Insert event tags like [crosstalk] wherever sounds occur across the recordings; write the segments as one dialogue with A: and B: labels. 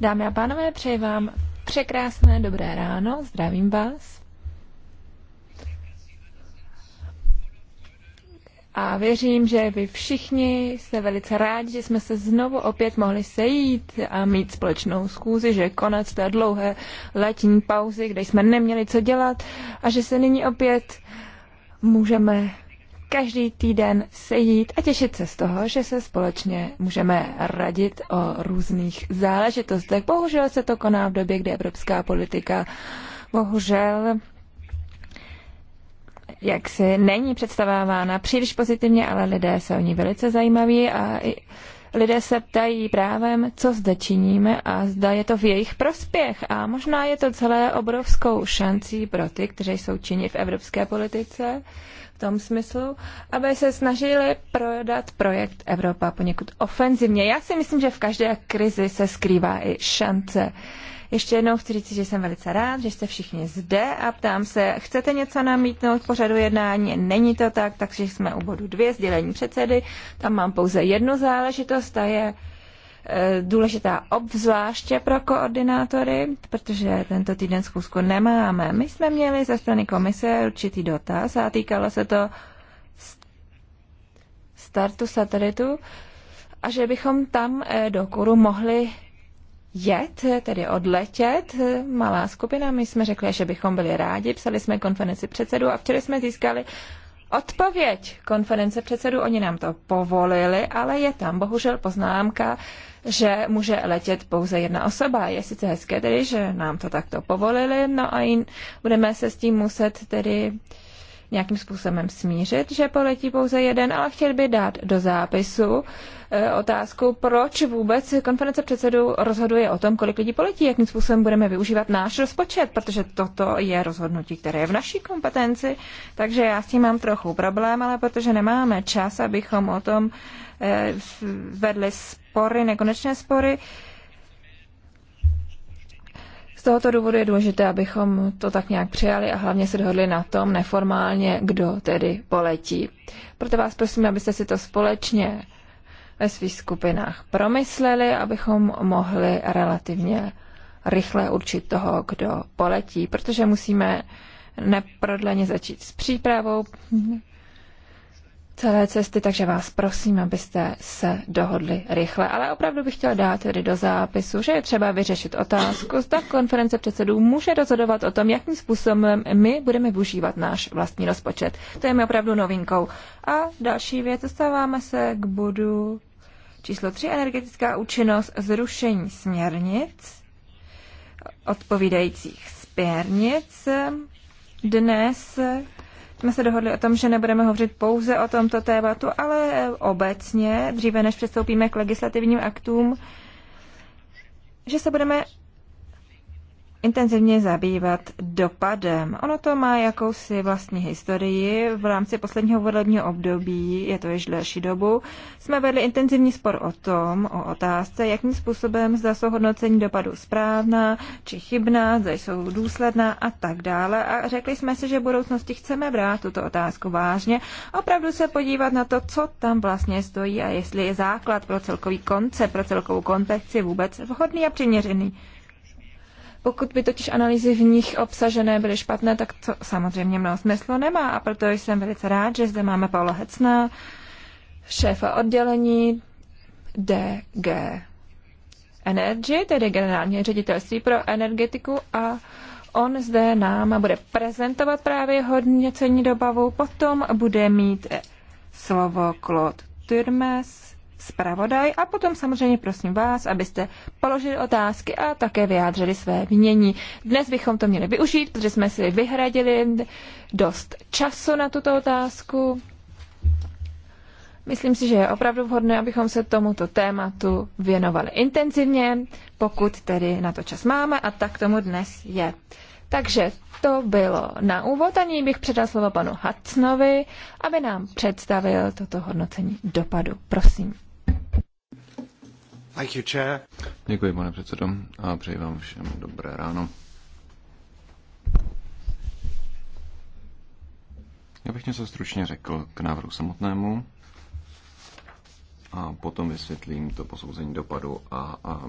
A: Dámy a pánové, přeji vám překrásné dobré ráno, zdravím vás. A věřím, že vy všichni jste velice rádi, že jsme se znovu opět mohli sejít a mít společnou schůzi, že konec té dlouhé letní pauzy, kde jsme neměli co dělat a že se nyní opět můžeme každý týden sejít a těšit se z toho, že se společně můžeme radit o různých záležitostech. Bohužel se to koná v době, kdy evropská politika bohužel jak si není představována příliš pozitivně, ale lidé se o ní velice zajímaví a i lidé se ptají právem, co zde činíme a zda je to v jejich prospěch. A možná je to celé obrovskou šancí pro ty, kteří jsou činí v evropské politice, tom smyslu, aby se snažili prodat projekt Evropa poněkud ofenzivně. Já si myslím, že v každé krizi se skrývá i šance. Ještě jednou chci říct, že jsem velice rád, že jste všichni zde a ptám se, chcete něco namítnout v pořadu jednání? Není to tak, takže jsme u bodu dvě, sdělení předsedy. Tam mám pouze jednu záležitost a je Eh, důležitá obzvláště pro koordinátory, protože tento týden zkusku nemáme. My jsme měli ze strany komise určitý dotaz a týkalo se to startu satelitu a že bychom tam eh, do Kuru mohli jet, tedy odletět, eh, malá skupina. My jsme řekli, že bychom byli rádi, psali jsme konferenci předsedu a včera jsme získali odpověď konference předsedů. Oni nám to povolili, ale je tam bohužel poznámka, že může letět pouze jedna osoba. Je sice hezké tedy, že nám to takto povolili, no a jin, budeme se s tím muset tedy uh, nějakým způsobem smířit, že poletí pouze jeden, ale chtěl by dát do zápisu eh, otázku, proč vůbec konference předsedů rozhoduje o tom, kolik lidí poletí, jakým způsobem budeme využívat náš rozpočet, protože toto je rozhodnutí, které je v naší kompetenci. Takže já s tím mám trochu problém, ale protože nemáme čas, abychom o tom eh, vedli spory, nekonečné spory, tohoto důvodu je důležité, abychom to tak nějak přijali a hlavně se dohodli na tom neformálně, kdo tedy poletí. Proto vás prosím, abyste si to společně ve svých skupinách promysleli, abychom mohli relativně rychle určit toho, kdo poletí, protože musíme neprodleně začít s přípravou celé cesty, takže vás prosím, abyste se dohodli rychle. Ale opravdu bych chtěla dát tedy do zápisu, že je třeba vyřešit otázku, zda konference předsedů může rozhodovat o tom, jakým způsobem my budeme využívat náš vlastní rozpočet. To je mi opravdu novinkou. A další věc, dostáváme se k bodu číslo 3, energetická účinnost zrušení směrnic, odpovídajících směrnic. Dnes jsme se dohodli o tom, že nebudeme hovořit pouze o tomto tématu, ale obecně, dříve než přistoupíme k legislativním aktům, že se budeme intenzivně zabývat dopadem. Ono to má jakousi vlastní historii. V rámci posledního volebního období, je to již delší dobu, jsme vedli intenzivní spor o tom, o otázce, jakým způsobem zda jsou hodnocení dopadu správná či chybná, zda jsou důsledná a tak dále. A řekli jsme si, že v budoucnosti chceme brát tuto otázku vážně, opravdu se podívat na to, co tam vlastně stojí a jestli je základ pro celkový koncept, pro celkovou koncepci vůbec vhodný a přiměřený. Pokud by totiž analýzy v nich obsažené byly špatné, tak to samozřejmě mnoho smyslu nemá a proto jsem velice rád, že zde máme Paula Hecna, šéfa oddělení DG Energy, tedy generální ředitelství pro energetiku a on zde nám bude prezentovat právě hodně cení dobavu, potom bude mít slovo Claude Turmes, zpravodaj a potom samozřejmě prosím vás, abyste položili otázky a také vyjádřili své mění. Dnes bychom to měli využít, protože jsme si vyhradili dost času na tuto otázku. Myslím si, že je opravdu vhodné, abychom se tomuto tématu věnovali intenzivně, pokud tedy na to čas máme a tak tomu dnes je. Takže to bylo na úvod a nyní bych předal slovo panu Hacnovi, aby nám představil toto hodnocení dopadu. Prosím.
B: Thank you,
C: chair. Děkuji, pane předsedo, a přeji vám všem dobré ráno. Já bych něco stručně řekl k návrhu samotnému a potom vysvětlím to posouzení dopadu a, a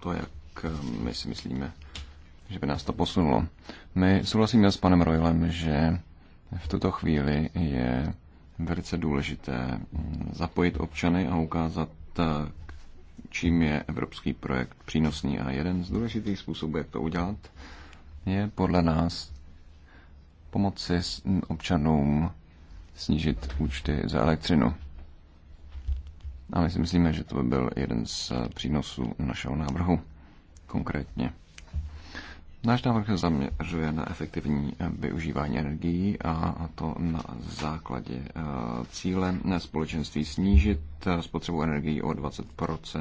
C: to, jak um, my si myslíme, že by nás to posunulo. My souhlasíme s panem Roylem, že v tuto chvíli je velice důležité mm, zapojit občany a ukázat, eh, čím je evropský projekt přínosný. A jeden z důležitých způsobů, jak to udělat, je podle nás pomoci občanům snížit účty za elektřinu. A my si myslíme, že to by byl jeden z přínosů našeho návrhu konkrétně. Náš návrh se zaměřuje na efektivní eh, využívání energií a to na základě eh, cíle eh, společenství snížit spotřebu energií o 20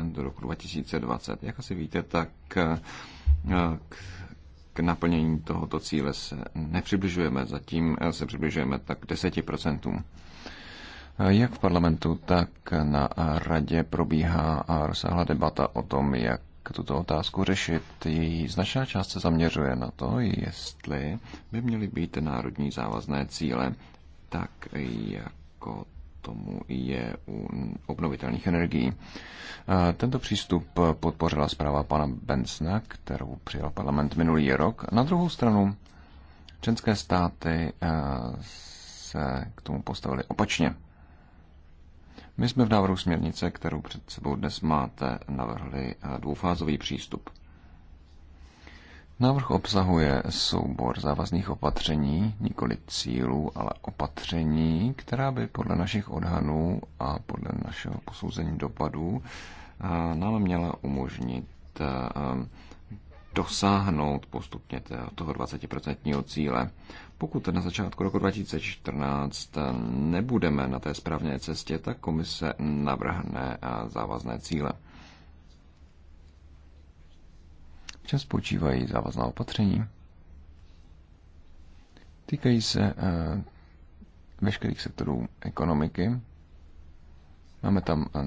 C: do roku 2020. Jak asi víte, tak k, k naplnění tohoto cíle se nepřibližujeme, zatím se přibližujeme tak 10 jak v parlamentu, tak na radě probíhá rozsáhlá debata o tom, jak tuto otázku řešit. Její značná část se zaměřuje na to, jestli by měly být národní závazné cíle, tak jako tomu je u obnovitelných energií. Tento přístup podpořila zpráva pana Bensna, kterou přijal parlament minulý rok. Na druhou stranu členské státy eh, se k tomu postavili opačně. My jsme v návrhu směrnice, kterou před sebou dnes máte, navrhli eh, dvoufázový přístup. Návrh obsahuje soubor závazných opatření, nikoli cílů, ale opatření, která by podle našich odhanů a podle našeho posouzení dopadů eh, nám měla umožnit eh, dosáhnout postupně toho 20% cíle. Pokud na začátku roku 2014 nebudeme na té správné cestě, tak komise navrhne závazné cíle. V čem spočívají závazná opatření? Týkají se eh, veškerých sektorů ekonomiky. Máme tam eh,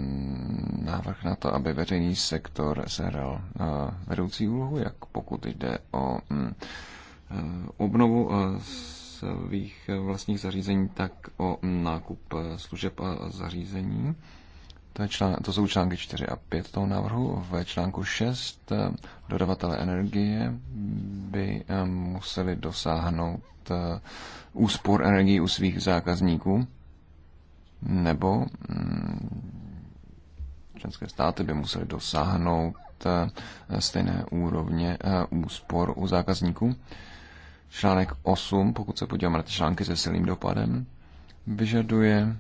C: návrh na to, aby veřejný sektor sehrál eh, vedoucí úlohu, jak pokud jde o hm, Eh, obnovu eh, svých eh, vlastních zařízení, tak o nákup služeb a zařízení. To, je člán, to jsou články 4 a 5 toho návrhu. V článku 6 dodavatele energie by museli dosáhnout úspor energii u svých zákazníků nebo mm, členské státy by museli dosáhnout stejné úrovně úspor u zákazníků. Článek 8, pokud se podíváme na ty články se silným dopadem, vyžaduje,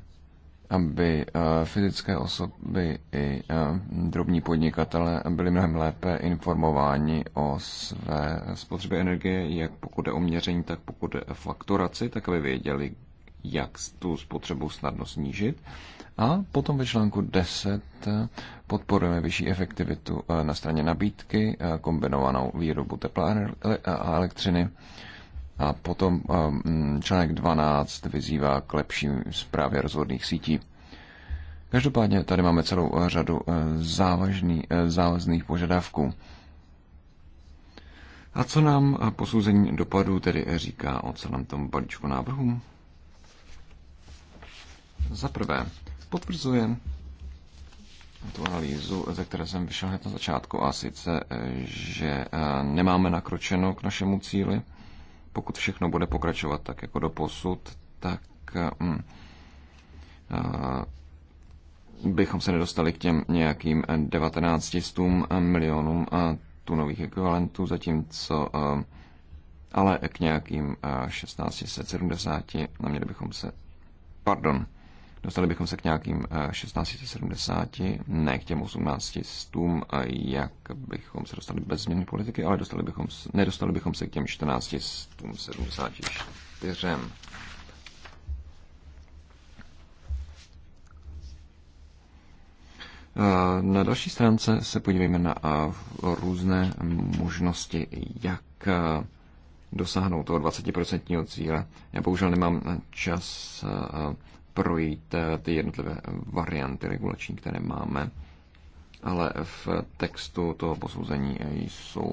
C: aby eh, fyzické osoby i eh, drobní podnikatele byli mnohem lépe informováni o své spotřebě energie, jak pokud je o měření, tak pokud je o fakturaci, tak aby věděli, jak tu spotřebu snadno snížit. A potom ve článku 10 eh, podporujeme vyšší efektivitu na straně nabídky, kombinovanou výrobu tepla a elektřiny a potom um, článek 12 vyzývá k lepší zprávě rozvodných sítí. Každopádně tady máme celou řadu eh, závažný, eh, závazných požadavků. A co nám eh, posouzení dopadů tedy říká o celém tom balíčku návrhu? Za prvé, potvrzuje tu analýzu, ze které jsem vyšel hned na začátku, a sice, že nemáme nakročeno k našemu cíli, pokud všechno bude pokračovat tak jako do posud, tak mm, a, eh, bychom se nedostali k těm nějakým 19 milionům eh, tunových ekvivalentů, zatímco eh, ale k nějakým 1670, měli bychom se, pardon, Dostali bychom se k nějakým 1670, eh, ne k těm 18 stům, eh, jak bychom se dostali bez změny politiky, ale dostali bychom, nedostali bychom se k těm 14 stům 74. Na další stránce se podívejme na eh, různé možnosti, jak dosáhnout toho 20% cíle. Já bohužel nemám čas projít eh, ty jednotlivé varianty regulační, které máme, ale v textu toho posouzení eh, jsou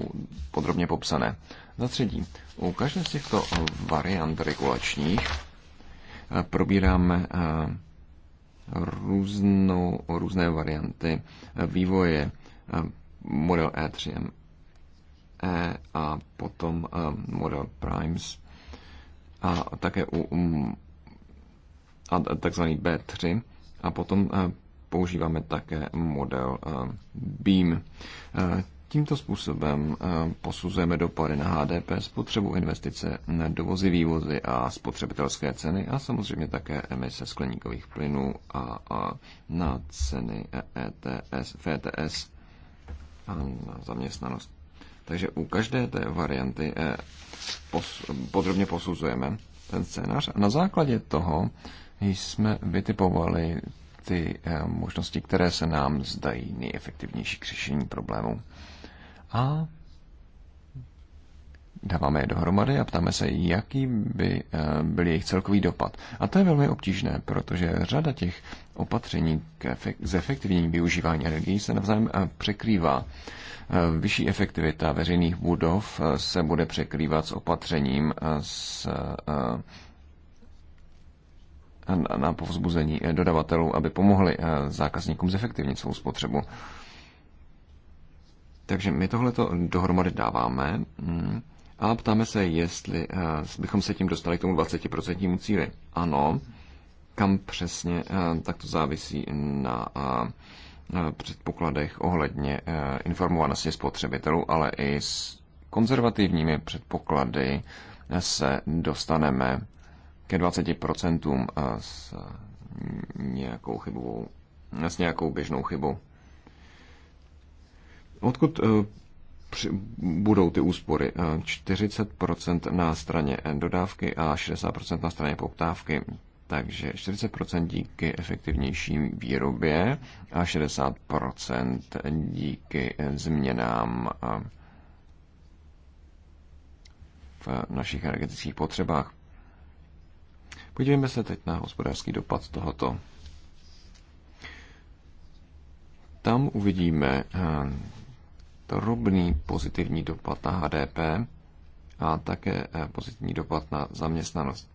C: podrobně popsané. Za třetí, u každé z těchto variant regulačních eh, probíráme různou, různé varianty vývoje model E3M E a potom model Primes a také u mm, a takzvaný B3 a potom eh, používáme také model eh, BEAM. Eh, tímto způsobem posuzujeme dopady na HDP, spotřebu investice, dovozy, vývozy a spotřebitelské ceny a samozřejmě také emise skleníkových plynů a, na ceny ETS, e VTS a na zaměstnanost. Takže u každé té varianty podrobně posuzujeme ten scénář a na základě toho jsme vytipovali ty eh, možnosti, které se nám zdají nejefektivnější k řešení problému. A dáváme je dohromady a ptáme se, jaký by eh, byl jejich celkový dopad. A to je velmi obtížné, protože řada těch opatření k zefektivnění využívání energií se navzájem eh, překrývá. Vyšší efektivita veřejných budov se bude překrývat s opatřením s na povzbuzení dodavatelů, aby pomohli eh, zákazníkům zefektivnit svou spotřebu. Takže my tohle dohromady dáváme mm, a ptáme se, jestli eh, bychom se tím dostali k tomu 20% cíli. Ano, kam přesně, eh, tak to závisí na předpokladech ohledně informovanosti spotřebitelů, ale i s konzervativními předpoklady se dostaneme ke 20% eh, s nějakou chybou, s nějakou běžnou chybou. Odkud eh, budou ty úspory? 40% eh, na straně dodávky a 60% na straně poptávky. Takže 40% díky efektivnější výrobě a 60% díky změnám v našich energetických potřebách. Podívejme se teď na hospodářský dopad tohoto. Tam uvidíme eh, drobný pozitivní dopad na HDP a také eh, pozitivní dopad na zaměstnanost.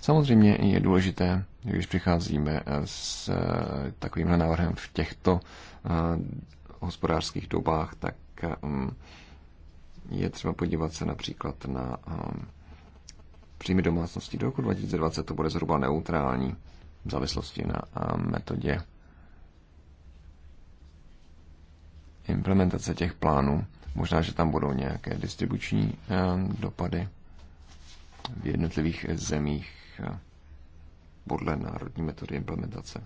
C: Samozřejmě je důležité, když přicházíme eh, s takovýmhle návrhem v těchto hospodářských dobách, tak mm, je třeba podívat se například na příjmy domácností do roku 2020 to bude zhruba neutrální v závislosti na metodě implementace těch plánů. Možná, že tam budou nějaké distribuční dopady v jednotlivých zemích podle národní metody implementace.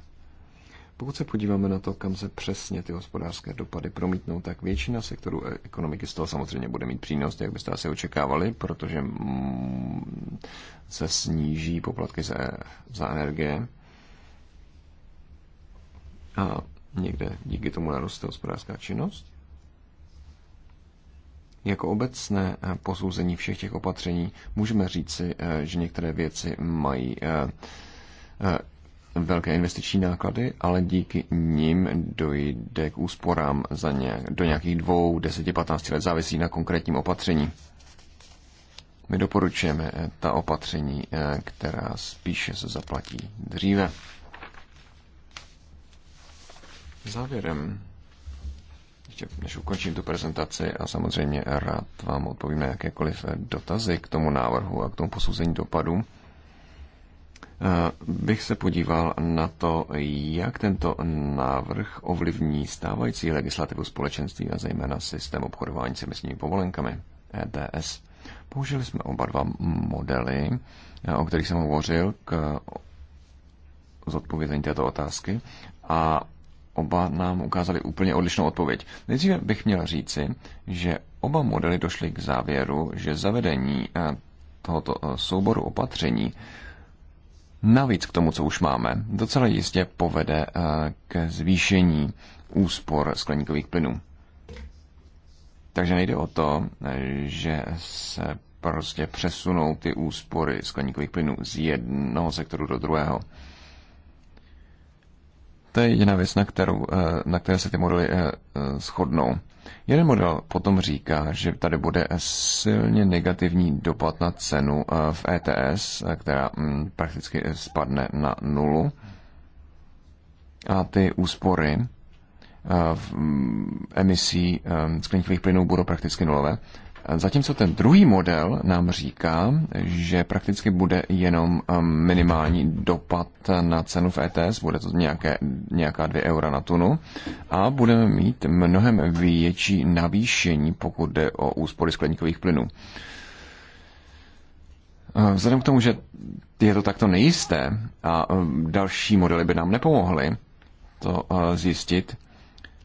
C: Pokud se podíváme na to, kam se přesně ty hospodářské dopady promítnou, tak většina sektorů e- ekonomiky z toho samozřejmě bude mít přínos, jak byste asi očekávali, protože se sníží poplatky za, e- za energie a někde díky tomu naroste hospodářská činnost. Jako obecné e, posouzení všech těch opatření můžeme říci, že některé věci mají velké investiční náklady, ale díky nim dojde k úsporám za nějak, do nějakých dvou, deseti, patnácti let, závisí na konkrétním opatření. My doporučujeme eh, ta opatření, eh, která spíše se zaplatí dříve. Závěrem, ještě než ukončím tu prezentaci a samozřejmě rád vám odpovíme jakékoliv eh, dotazy k tomu návrhu a k tomu posouzení dopadu, Eh, bych se podíval na to, jak tento návrh ovlivní stávající legislativu společenství a zejména systém obchodování s emisními povolenkami ETS. Použili jsme oba dva modely, eh, o kterých jsem hovořil k zodpovězení této otázky a oba nám ukázali úplně odlišnou odpověď. Nejdříve bych měl říci, že oba modely došly k závěru, že zavedení eh, tohoto souboru opatření navíc k tomu, co už máme, docela jistě povede eh, k zvýšení úspor skleníkových plynů. Takže nejde o to, že se prostě přesunou ty úspory skleníkových plynů z jednoho sektoru do druhého. To je jediná věc, na, kterou, eh, na které se ty modely eh, eh, shodnou. Jeden model potom říká, že tady bude silně negativní dopad na cenu v ETS, která hm, prakticky spadne na nulu. A ty úspory v hm, emisí skleníkových plynů budou prakticky nulové. Zatímco ten druhý model nám říká, že prakticky bude jenom um, minimální dopad na cenu v ETS, bude to nějaké, nějaká 2 eura na tunu a budeme mít mnohem větší navýšení, pokud jde o úspory skleníkových plynů. Uh, vzhledem k tomu, že je to takto nejisté a um, další modely by nám nepomohly to uh, zjistit,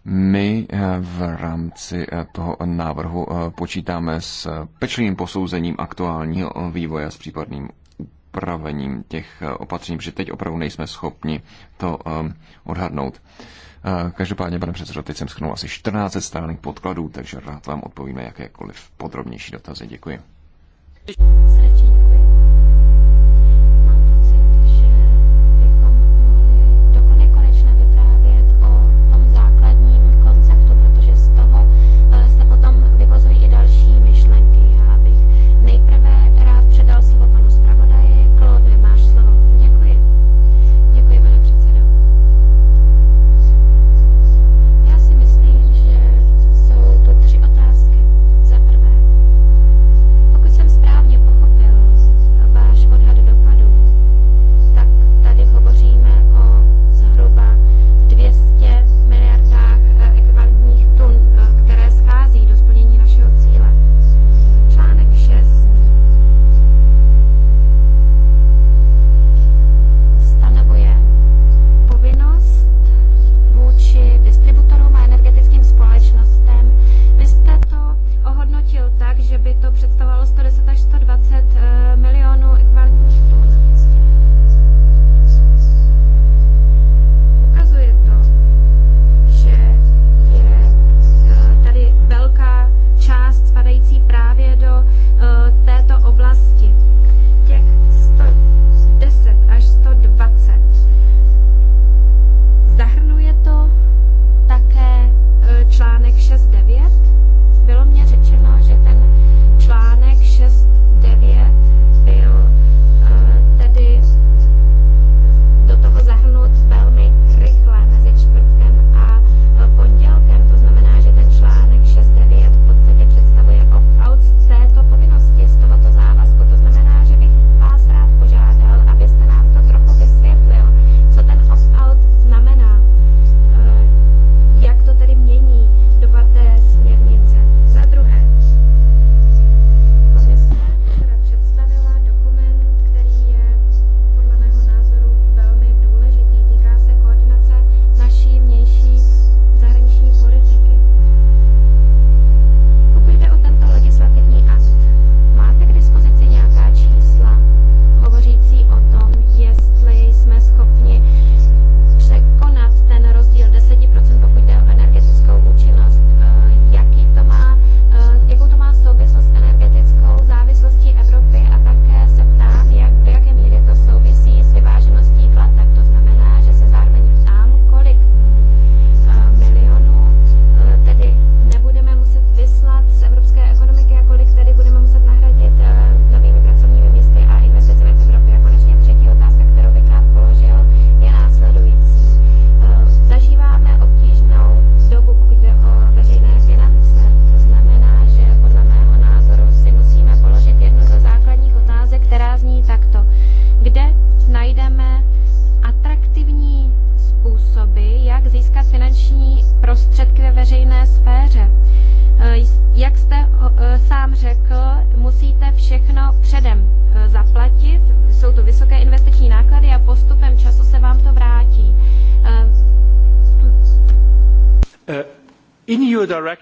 C: my eh, v rámci eh, toho návrhu eh, počítáme s pečlivým posouzením aktuálního vývoje s případným upravením těch opatření, protože teď opravdu nejsme schopni to odhadnout. Každopádně, pane předsedo, teď jsem schnul asi 14 stránek podkladů, takže rád vám odpovíme jakékoliv podrobnější dotazy. Děkuji.
B: Srdečně děkuji.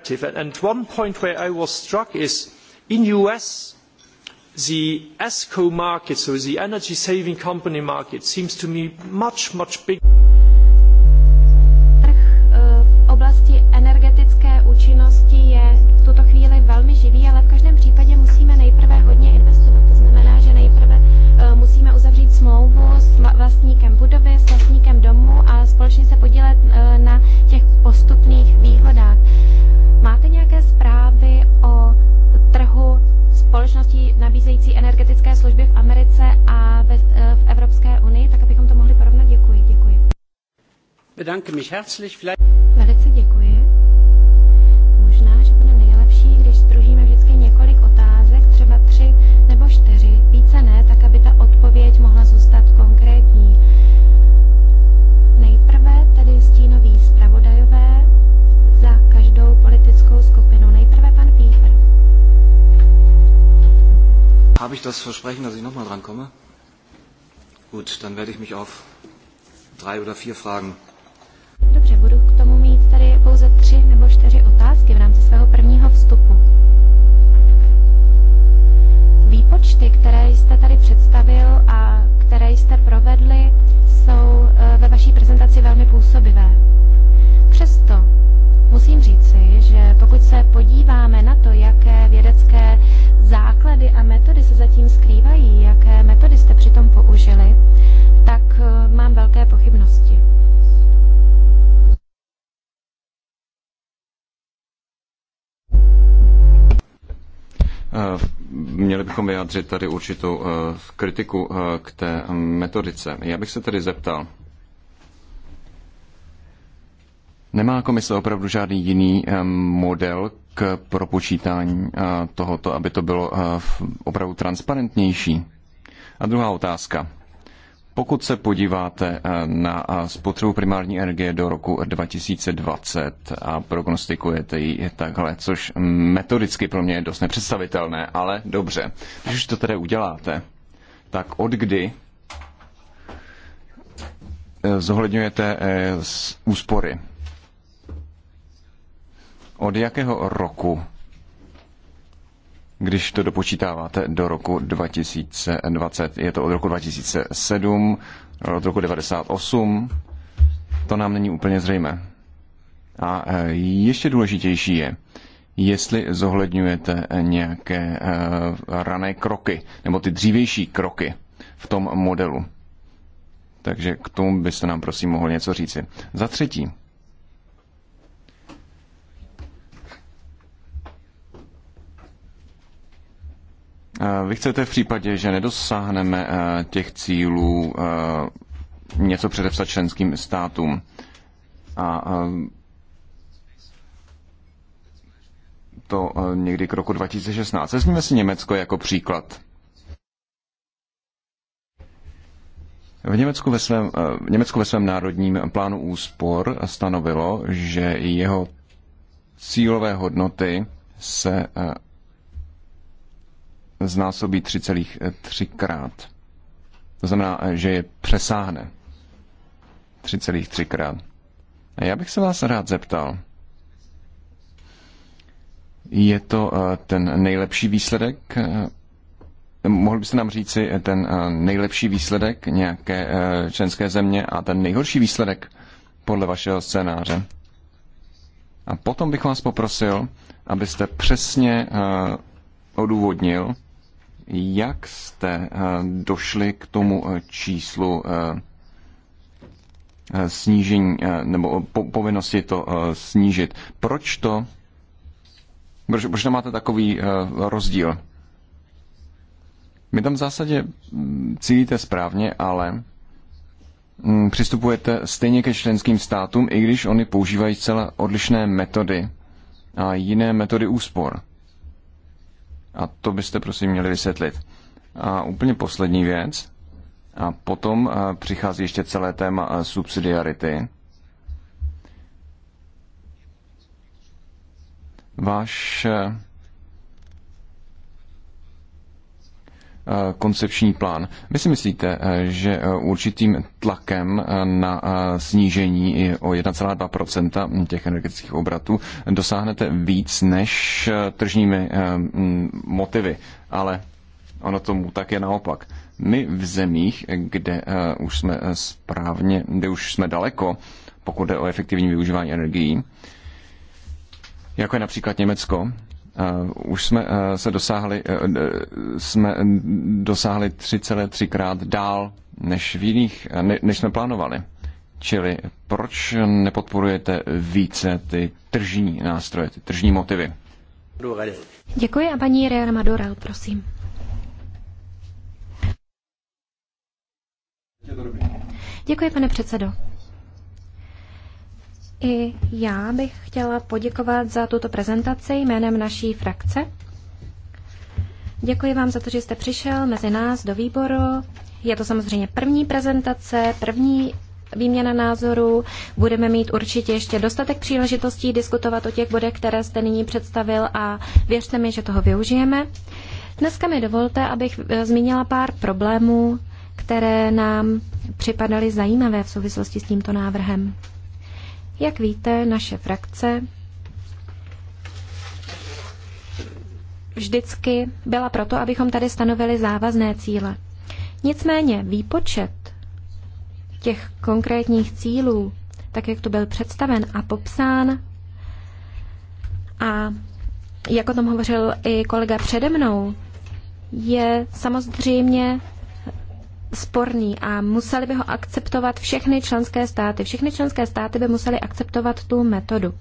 D: perspective. and one point where I was struck is in US,
A: the ESCO market, so the energy saving company market, seems to me
D: much, much bigger. Velice
E: děkuji. Možná, že bude nejlepší, když združíme vždycky několik otázek, třeba tři nebo čtyři, více ne, tak aby ta odpověď mohla zůstat konkrétní. Nejprve tedy stínový zpravodajové za každou politickou skupinu. Nejprve pan Píper.
C: Habe ich das Versprechen, dass ich nochmal drankomme? Gut, dann werde ich mich auf drei oder vier Fragen
E: Dobře, budu k tomu mít tady pouze tři nebo čtyři otázky v rámci svého prvního vstupu. Výpočty, které jste tady představil a které jste provedli, jsou eh, ve vaší prezentaci velmi působivé. Přesto musím říci, že pokud se podíváme na to, jaké vědecké základy a metody se zatím skrývají, jaké metody jste přitom použili, tak eh, mám velké pochybnosti.
C: Eh, měli bychom vyjádřit tady určitou eh, kritiku eh, k té metodice. Já bych se tedy zeptal, Nemá komise opravdu žádný jiný model k propočítání tohoto, aby to bylo opravdu transparentnější? A druhá otázka. Pokud se podíváte eh, na eh, spotřebu primární energie do roku 2020 a prognostikujete ji takhle, což metodicky pro mě je dost nepředstavitelné, ale dobře, když už to tedy uděláte, tak od kdy eh, zohledňujete úspory? Od jakého roku když to dopočítáváte do roku 2020, je to od roku 2007, od roku 98, to nám není úplně zřejmé. A e, ještě důležitější je, jestli zohledňujete nějaké e, rané kroky, nebo ty dřívější kroky v tom modelu. Takže k tomu byste nám prosím mohl něco říci. Za třetí, Vy chcete v případě, že nedosáhneme eh, těch cílů eh, něco předepsat členským státům. A eh, to někdy k roku 2016. Vezměme si Německo jako příklad. V Německu ve, svém, v Německu ve svém národním plánu úspor stanovilo, že jeho cílové hodnoty se znásobí 3,3 krát. To znamená, že je přesáhne 3,3 krát. A já bych se vás rád zeptal, je to eh, ten nejlepší výsledek? Eh, mohl byste nám říci eh, ten nejlepší výsledek nějaké členské země a ten nejhorší výsledek podle vašeho scénáře? A potom bych vás poprosil, abyste přesně odůvodnil, jak jste eh, došli k tomu eh, číslu eh, snížení nebo povinnosti to snížit? Proč to, proč, proč tam máte takový rozdíl? My tam v zásadě mm, cílíte správně, ale mm, přistupujete stejně ke členským státům, i když oni používají zcela odlišné metody a jiné metody úspor. A to byste prosím měli vysvětlit. A úplně poslední věc. A potom eh, přichází ještě celé téma eh, subsidiarity. Váš eh, Eh, koncepční plán. Vy si myslíte, eh, že eh, určitým tlakem na snížení o 1,2 těch energetických obratů dosáhnete víc než tržními motivy, ale ono tomu tak je naopak. My v zemích, kde už jsme správně, kde už jsme daleko, pokud jde o efektivní využívání energií, jako je například Německo, Eh, už jsme eh, se dosáhli, eh, jsme dosáhli 3,3 krát dál než v jiných, než jsme plánovali. Čili proč nepodporujete více ty tržní nástroje, ty tržní motivy?
E: Děkuji a paní Real Madoral, prosím. Děkuji, pane předsedo. I já bych chtěla poděkovat za tuto prezentaci jménem naší frakce. Děkuji vám za to, že jste přišel mezi nás do výboru. Je to samozřejmě první prezentace, první výměna názorů. Budeme mít určitě ještě dostatek příležitostí diskutovat o těch bodech, které jste nyní představil a věřte mi, že toho využijeme. Dneska mi dovolte, abych e, zmínila pár problémů, které nám připadaly zajímavé v souvislosti s tímto návrhem. Jak víte, naše frakce vždycky byla proto, abychom tady stanovili závazné cíle. Nicméně výpočet těch konkrétních cílů, tak jak to byl představen a popsán, a jak o tom hovořil i kolega přede mnou, je samozřejmě sporný a museli by ho akceptovat všechny členské státy. Všechny členské státy by museli akceptovat tu metodu.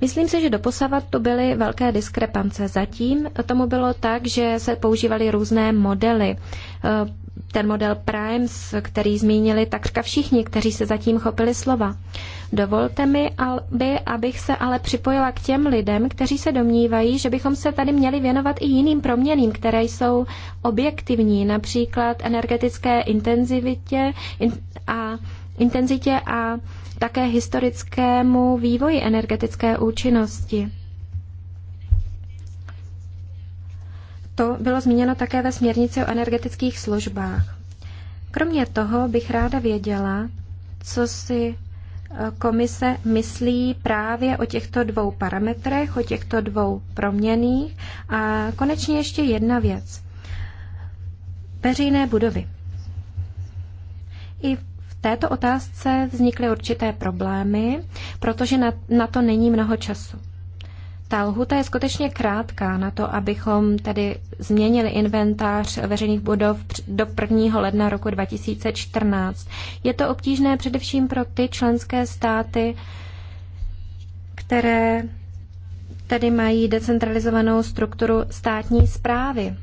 E: Myslím si, že doposavat to byly velké diskrepance. Zatím tomu bylo tak, že se používaly různé modely ten model Primes, který zmínili takřka všichni, kteří se zatím chopili slova. Dovolte mi, aby, abych se ale připojila k těm lidem, kteří se domnívají, že bychom se tady měli věnovat i jiným proměným, které jsou objektivní, například energetické intenzivitě a intenzitě a také historickému vývoji energetické účinnosti. To bylo zmíněno také ve směrnici o energetických službách. Kromě toho bych ráda věděla, co si e, komise myslí právě o těchto dvou parametrech, o těchto dvou proměných. A konečně ještě jedna věc. Veřejné budovy. I v této otázce vznikly určité problémy, protože na, na to není mnoho času. Ta lhuta je skutečně krátká na to, abychom tedy změnili inventář veřejných budov do 1. ledna roku 2014. Je to obtížné především pro ty členské státy, které tedy mají decentralizovanou strukturu státní zprávy.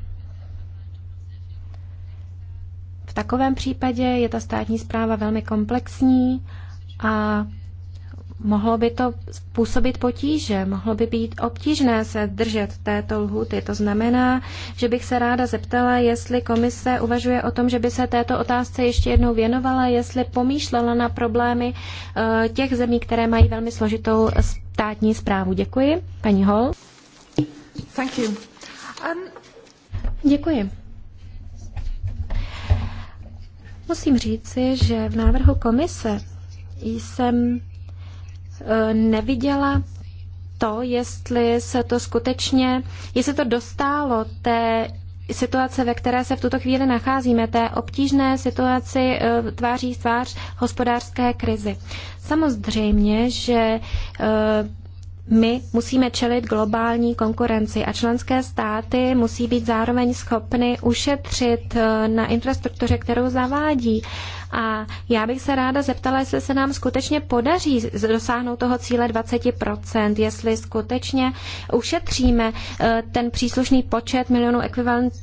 E: V takovém případě je ta státní zpráva velmi komplexní a mohlo by to působit potíže, mohlo by být obtížné se držet této lhuty. To znamená, že bych se ráda zeptala, jestli komise uvažuje o tom, že by se této otázce ještě jednou věnovala, jestli pomýšlela na problémy eh, těch zemí, které mají velmi složitou státní zprávu. Děkuji. Paní Hol. Thank you. Um... Děkuji. Musím říci, že v návrhu komise jsem neviděla to, jestli se to skutečně, jestli to dostálo té situace, ve které se v tuto chvíli nacházíme, té obtížné situaci eh, tváří tvář hospodářské krizi. Samozřejmě, že eh, my musíme čelit globální konkurenci a členské státy musí být zároveň schopny ušetřit eh, na infrastruktuře, kterou zavádí. A já bych se ráda zeptala, jestli se nám skutečně podaří dosáhnout toho cíle 20%, jestli skutečně ušetříme eh, ten příslušný počet milionů ekvivalent,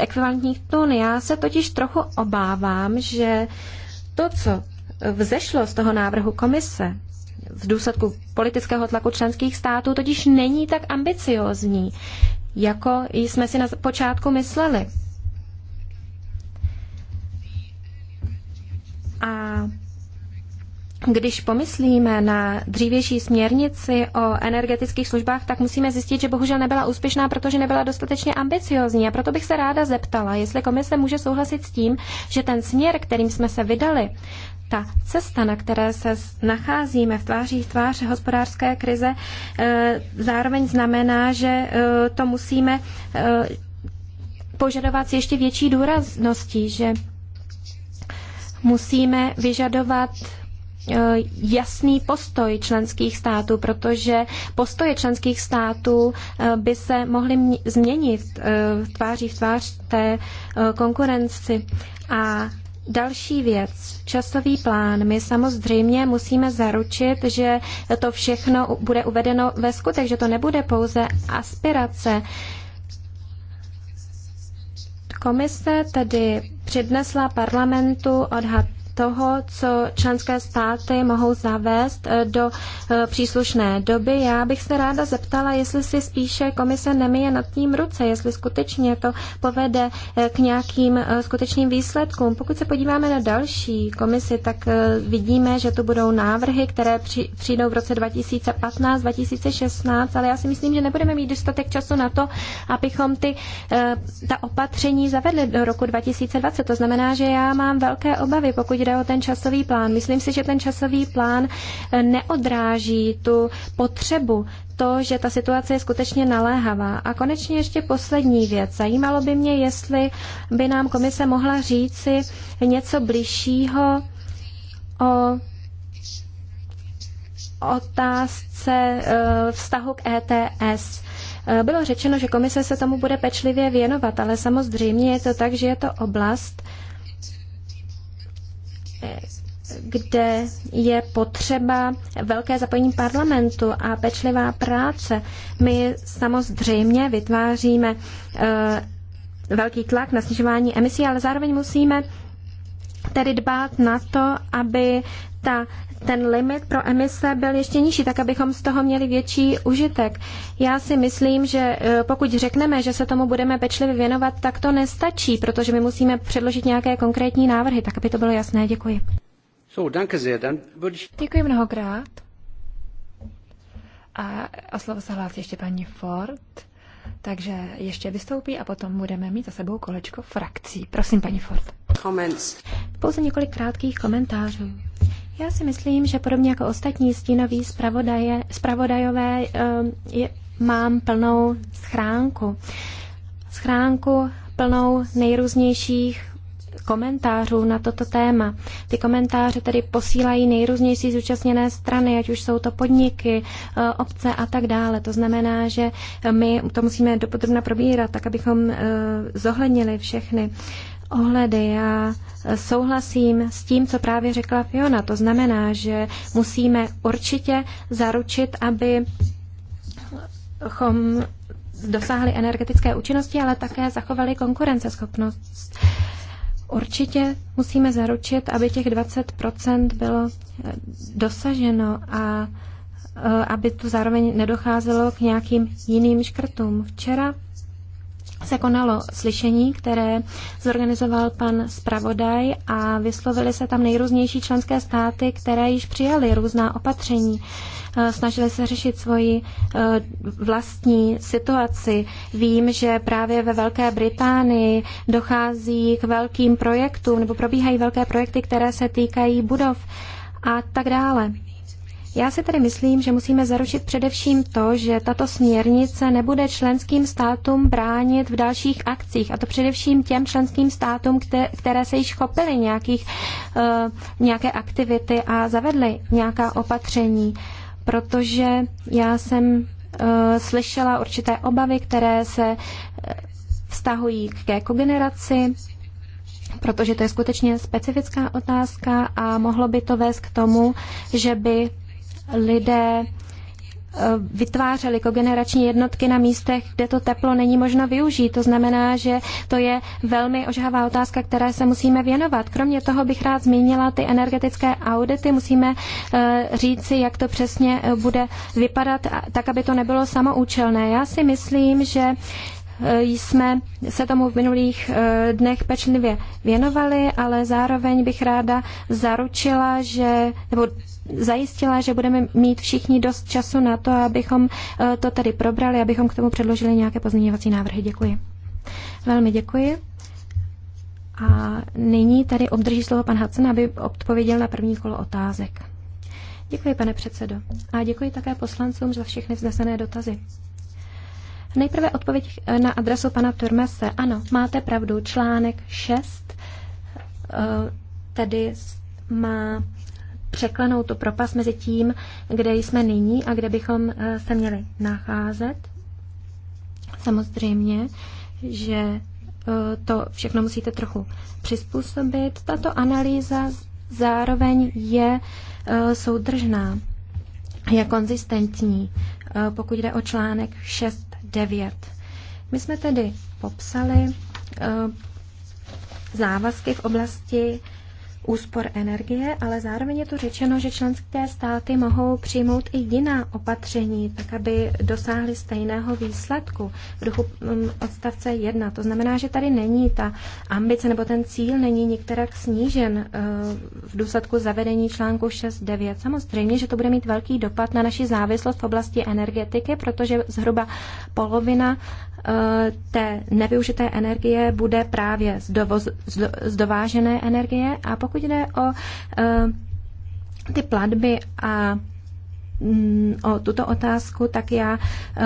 E: ekvivalentních tun. Já se totiž trochu obávám, že to, co vzešlo z toho návrhu komise, v důsledku politického tlaku členských států totiž není tak ambiciozní, jako jsme si na počátku mysleli. A když pomyslíme na dřívější směrnici o energetických službách, tak musíme zjistit, že bohužel nebyla úspěšná, protože nebyla dostatečně ambiciozní. A proto bych se ráda zeptala, jestli komise může souhlasit s tím, že ten směr, kterým jsme se vydali, ta cesta, na které se nacházíme v tváří v hospodářské krize, eh, zároveň znamená, že eh, to musíme eh, požadovat s ještě větší důrazností, že musíme vyžadovat jasný postoj členských států, protože postoje členských států by se mohly změnit v tváří v tvář té konkurenci. A Další věc, časový plán. My samozřejmě musíme zaručit, že to všechno bude uvedeno ve skutek, že to nebude pouze aspirace. Komise tedy přednesla parlamentu odhad toho, co členské státy mohou zavést eh, do eh, příslušné doby. Já bych se ráda zeptala, jestli si spíše komise nemije nad tím ruce, jestli skutečně to povede eh, k nějakým skutečným výsledkům. Pokud se podíváme na další komisi, tak vidíme, že to budou návrhy, které přijdou v roce 2015, 2016, ale já si myslím, že nebudeme mít dostatek času na to, abychom ty, ta opatření zavedli do roku 2020. To znamená, že já mám velké obavy, pokud jde o ten časový plán. Myslím si, že ten časový plán eh, neodráží tu potřebu to, že ta situace je skutečně naléhavá. A konečně ještě poslední věc. Zajímalo by mě, jestli by nám komise mohla říci něco bližšího o otázce eh, vztahu k ETS. Eh, bylo řečeno, že komise se tomu bude pečlivě věnovat, ale samozřejmě je to tak, že je to oblast, kde je potřeba velké zapojení parlamentu a pečlivá práce. My samozřejmě vytváříme eh, velký tlak na snižování emisí, ale zároveň musíme tedy dbát na to, aby ta, ten limit pro emise byl ještě nižší, tak abychom z toho měli větší užitek. Já si myslím, že e, pokud řekneme, že se tomu budeme pečlivě věnovat, tak to nestačí, protože my musíme předložit nějaké konkrétní návrhy, tak aby to bylo jasné. Děkuji.
D: So, danke sehr. Dann würde ich...
A: Děkuji mnohokrát. A a slovo se hlásí ještě paní Ford. Takže ještě vystoupí a potom budeme mít za sebou kolečko frakcí. Prosím, paní Ford.
E: Comments. Pouze několik krátkých komentářů. Já si myslím, že podobně jako ostatní stínoví zpravodajové eh, je, mám plnou schránku. Schránku plnou nejrůznějších komentářů na toto téma. Ty komentáře tedy posílají nejrůznější zúčastněné strany, ať už jsou to podniky, eh, obce a tak dále. To znamená, že my to musíme dopodrobně probírat, tak abychom eh, zohlednili všechny ohledy. Já souhlasím s tím, co právě řekla Fiona. To znamená, že musíme určitě zaručit, aby dosáhli energetické účinnosti, ale také zachovali konkurenceschopnost. Určitě musíme zaručit, aby těch 20 bylo eh, dosaženo a eh, aby tu zároveň nedocházelo k nějakým jiným škrtům. Včera se konalo slyšení, které zorganizoval pan zpravodaj a vyslovili se tam nejrůznější členské státy, které již přijaly různá opatření. Eh, snažili se řešit svoji eh, vlastní situaci. Vím, že právě ve Velké Británii dochází k velkým projektům nebo probíhají velké projekty, které se týkají budov a tak dále. Já si tedy myslím, že musíme zaručit především to, že tato směrnice nebude členským státům bránit v dalších akcích, a to především těm členským státům, které se již chopily nějakých, eh, nějaké aktivity a zavedly nějaká opatření, protože já jsem eh, slyšela určité obavy, které se eh, vztahují ke kogeneraci, protože to je skutečně specifická otázka a mohlo by to vést k tomu, že by lidé eh, vytvářeli kogenerační jednotky na místech, kde to teplo není možno využít. To znamená, že to je velmi ožhavá otázka, které se musíme věnovat. Kromě toho bych rád zmínila ty energetické audity. Musíme eh, říci, jak to přesně eh, bude vypadat, tak aby to nebylo samoučelné. Já si myslím, že jsme se tomu v minulých dnech pečlivě věnovali, ale zároveň bych ráda zaručila, že, nebo zajistila, že budeme mít všichni dost času na to, abychom eh, to tady probrali, abychom k tomu předložili nějaké pozměňovací návrhy. Děkuji. Velmi děkuji. A nyní tady obdrží slovo pan Hudson, aby odpověděl na první kolo otázek. Děkuji, pane předsedo. A děkuji také poslancům za všechny vznesené dotazy. Nejprve odpověď eh, na adresu pana Turmese. Ano, máte pravdu, článek 6 eh, tedy má překlenout tu propast mezi tím, kde jsme nyní a kde bychom eh, se měli nacházet. Samozřejmě, že eh, to všechno musíte trochu přizpůsobit. Tato analýza zároveň je eh, soudržná, je konzistentní, pokud jde o článek 6.9. My jsme tedy popsali závazky v oblasti úspor energie, ale zároveň je tu řečeno, že členské státy mohou přijmout i jiná opatření, tak aby dosáhly stejného výsledku v duchu mm, odstavce 1. To znamená, že tady není ta ambice nebo ten cíl není některak snížen eh, v důsledku zavedení článku 6.9. Samozřejmě, že to bude mít velký dopad na naši závislost v oblasti energetiky, protože zhruba polovina eh, té nevyužité energie bude právě z, dovoz, z dovážené energie a pokud pokud jde o eh, ty platby a mm, o tuto otázku, tak já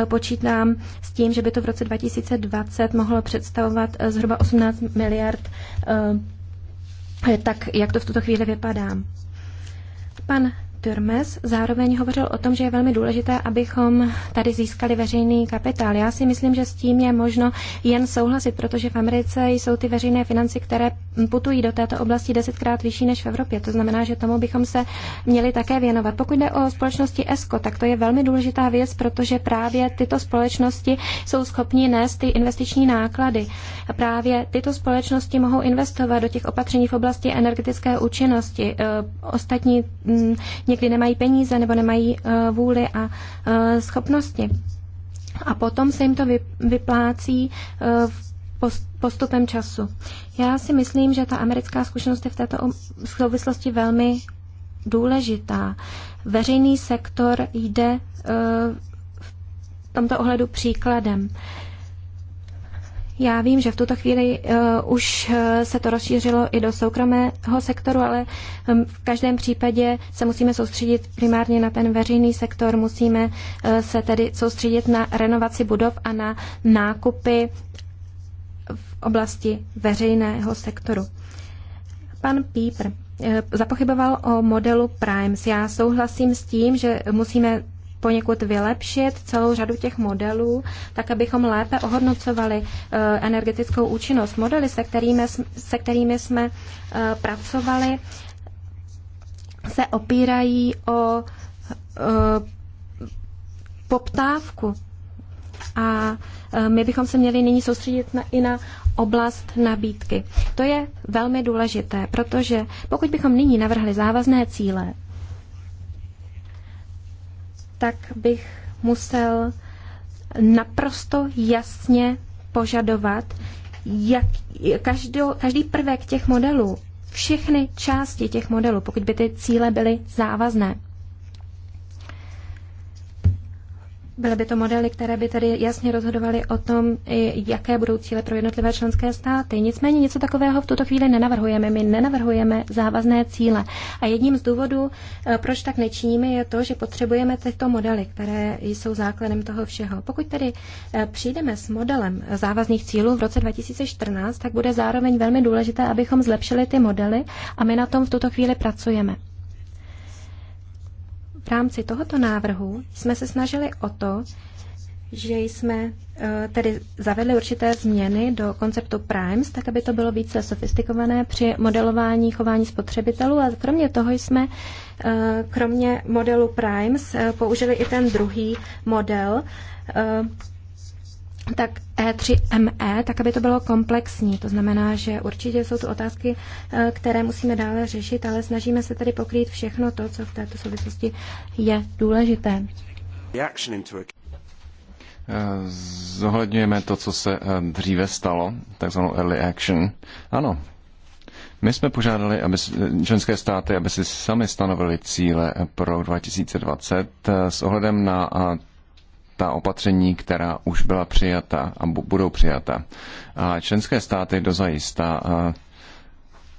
E: eh, počítám s tím, že by to v roce 2020 mohlo představovat eh, zhruba 18 miliard, tak jak to v tuto chvíli vypadá. Pan Turmes zároveň hovořil o tom, že je velmi důležité, abychom tady získali veřejný kapitál. Já si myslím, že s tím je možno jen souhlasit, protože v Americe jsou ty veřejné finance, které putují do této oblasti desetkrát vyšší než v Evropě. To znamená, že tomu bychom se měli také věnovat. Pokud jde o společnosti ESCO, tak to je velmi důležitá věc, protože právě tyto společnosti jsou schopni nést ty investiční náklady. A právě tyto společnosti mohou investovat do těch opatření v oblasti energetické účinnosti. E, ostatní mm, někdy nemají peníze nebo nemají eh, vůli a eh, schopnosti. A potom se jim to vyplácí eh, v postupem času. Já si myslím, že ta americká zkušenost je v této souvislosti velmi důležitá. Veřejný sektor jde v tomto ohledu příkladem. Uh, já vím, že v tuto chvíli uh, už uh, se to rozšířilo i do soukromého sektoru, ale um, v každém případě se musíme soustředit primárně na ten veřejný sektor, musíme uh, se tedy soustředit na renovaci budov a na nákupy v oblasti veřejného sektoru. Pan Pípr zapochyboval o modelu Primes. Já souhlasím s tím, že musíme poněkud vylepšit celou řadu těch modelů, tak abychom lépe ohodnocovali eh, energetickou účinnost. Modely, se kterými, se kterými jsme eh, pracovali, se opírají o eh, poptávku. A my bychom se měli nyní soustředit na, i na oblast nabídky. To je velmi důležité, protože pokud bychom nyní navrhli závazné cíle, tak bych musel naprosto jasně požadovat, jak každou, každý prvek těch modelů, všechny části těch modelů, pokud by ty cíle byly závazné. Byly by to modely, které by tedy jasně rozhodovaly o tom, jaké budou cíle pro jednotlivé členské státy. Nicméně něco takového v tuto chvíli nenavrhujeme. My nenavrhujeme závazné cíle. A jedním z důvodů, eh, proč tak nečiníme, je to, že potřebujeme tyto modely, které jsou základem toho všeho. Pokud tedy eh, přijdeme s modelem závazných cílů v roce 2014, tak bude zároveň velmi důležité, abychom zlepšili ty modely a my na tom v tuto chvíli pracujeme v rámci tohoto návrhu jsme se snažili o to, že jsme e, tedy zavedli určité změny do konceptu Primes, tak aby to bylo více sofistikované při modelování chování spotřebitelů a kromě toho jsme e, kromě modelu Primes e, použili i ten druhý model tak E3ME, e, tak aby to bylo komplexní. To znamená, že určitě jsou tu otázky, e, které musíme dále řešit, ale snažíme se tady pokrýt všechno to, co v této souvislosti je důležité.
B: E,
C: zohledňujeme to, co se dříve stalo, takzvanou early action. Ano, my jsme požádali aby členské státy, aby si sami stanovili cíle pro 2020 s ohledem na ta opatření, která už byla přijata a budou přijata. A členské státy dozajista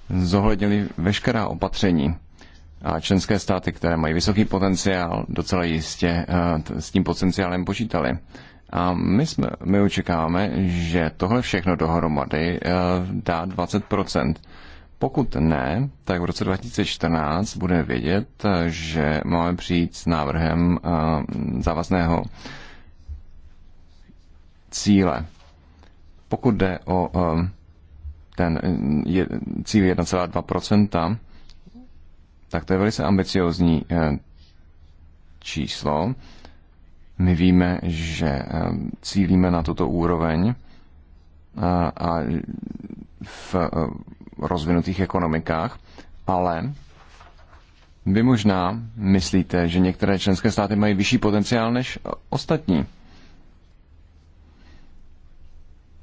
C: zohlednili veškerá opatření. A členské státy, které mají vysoký potenciál, docela jistě s tím potenciálem počítali. A my, jsme, my očekáváme, že tohle všechno dohromady dá 20%. Pokud ne, tak v roce 2014 budeme vědět, že máme přijít s návrhem závazného cíle. Pokud jde o um, ten cíl 1,2%, tak to je velice ambiciozní eh, číslo. My víme, že eh, cílíme na tuto úroveň a v eh, rozvinutých ekonomikách, ale vy možná myslíte, že některé členské státy mají vyšší potenciál než ostatní.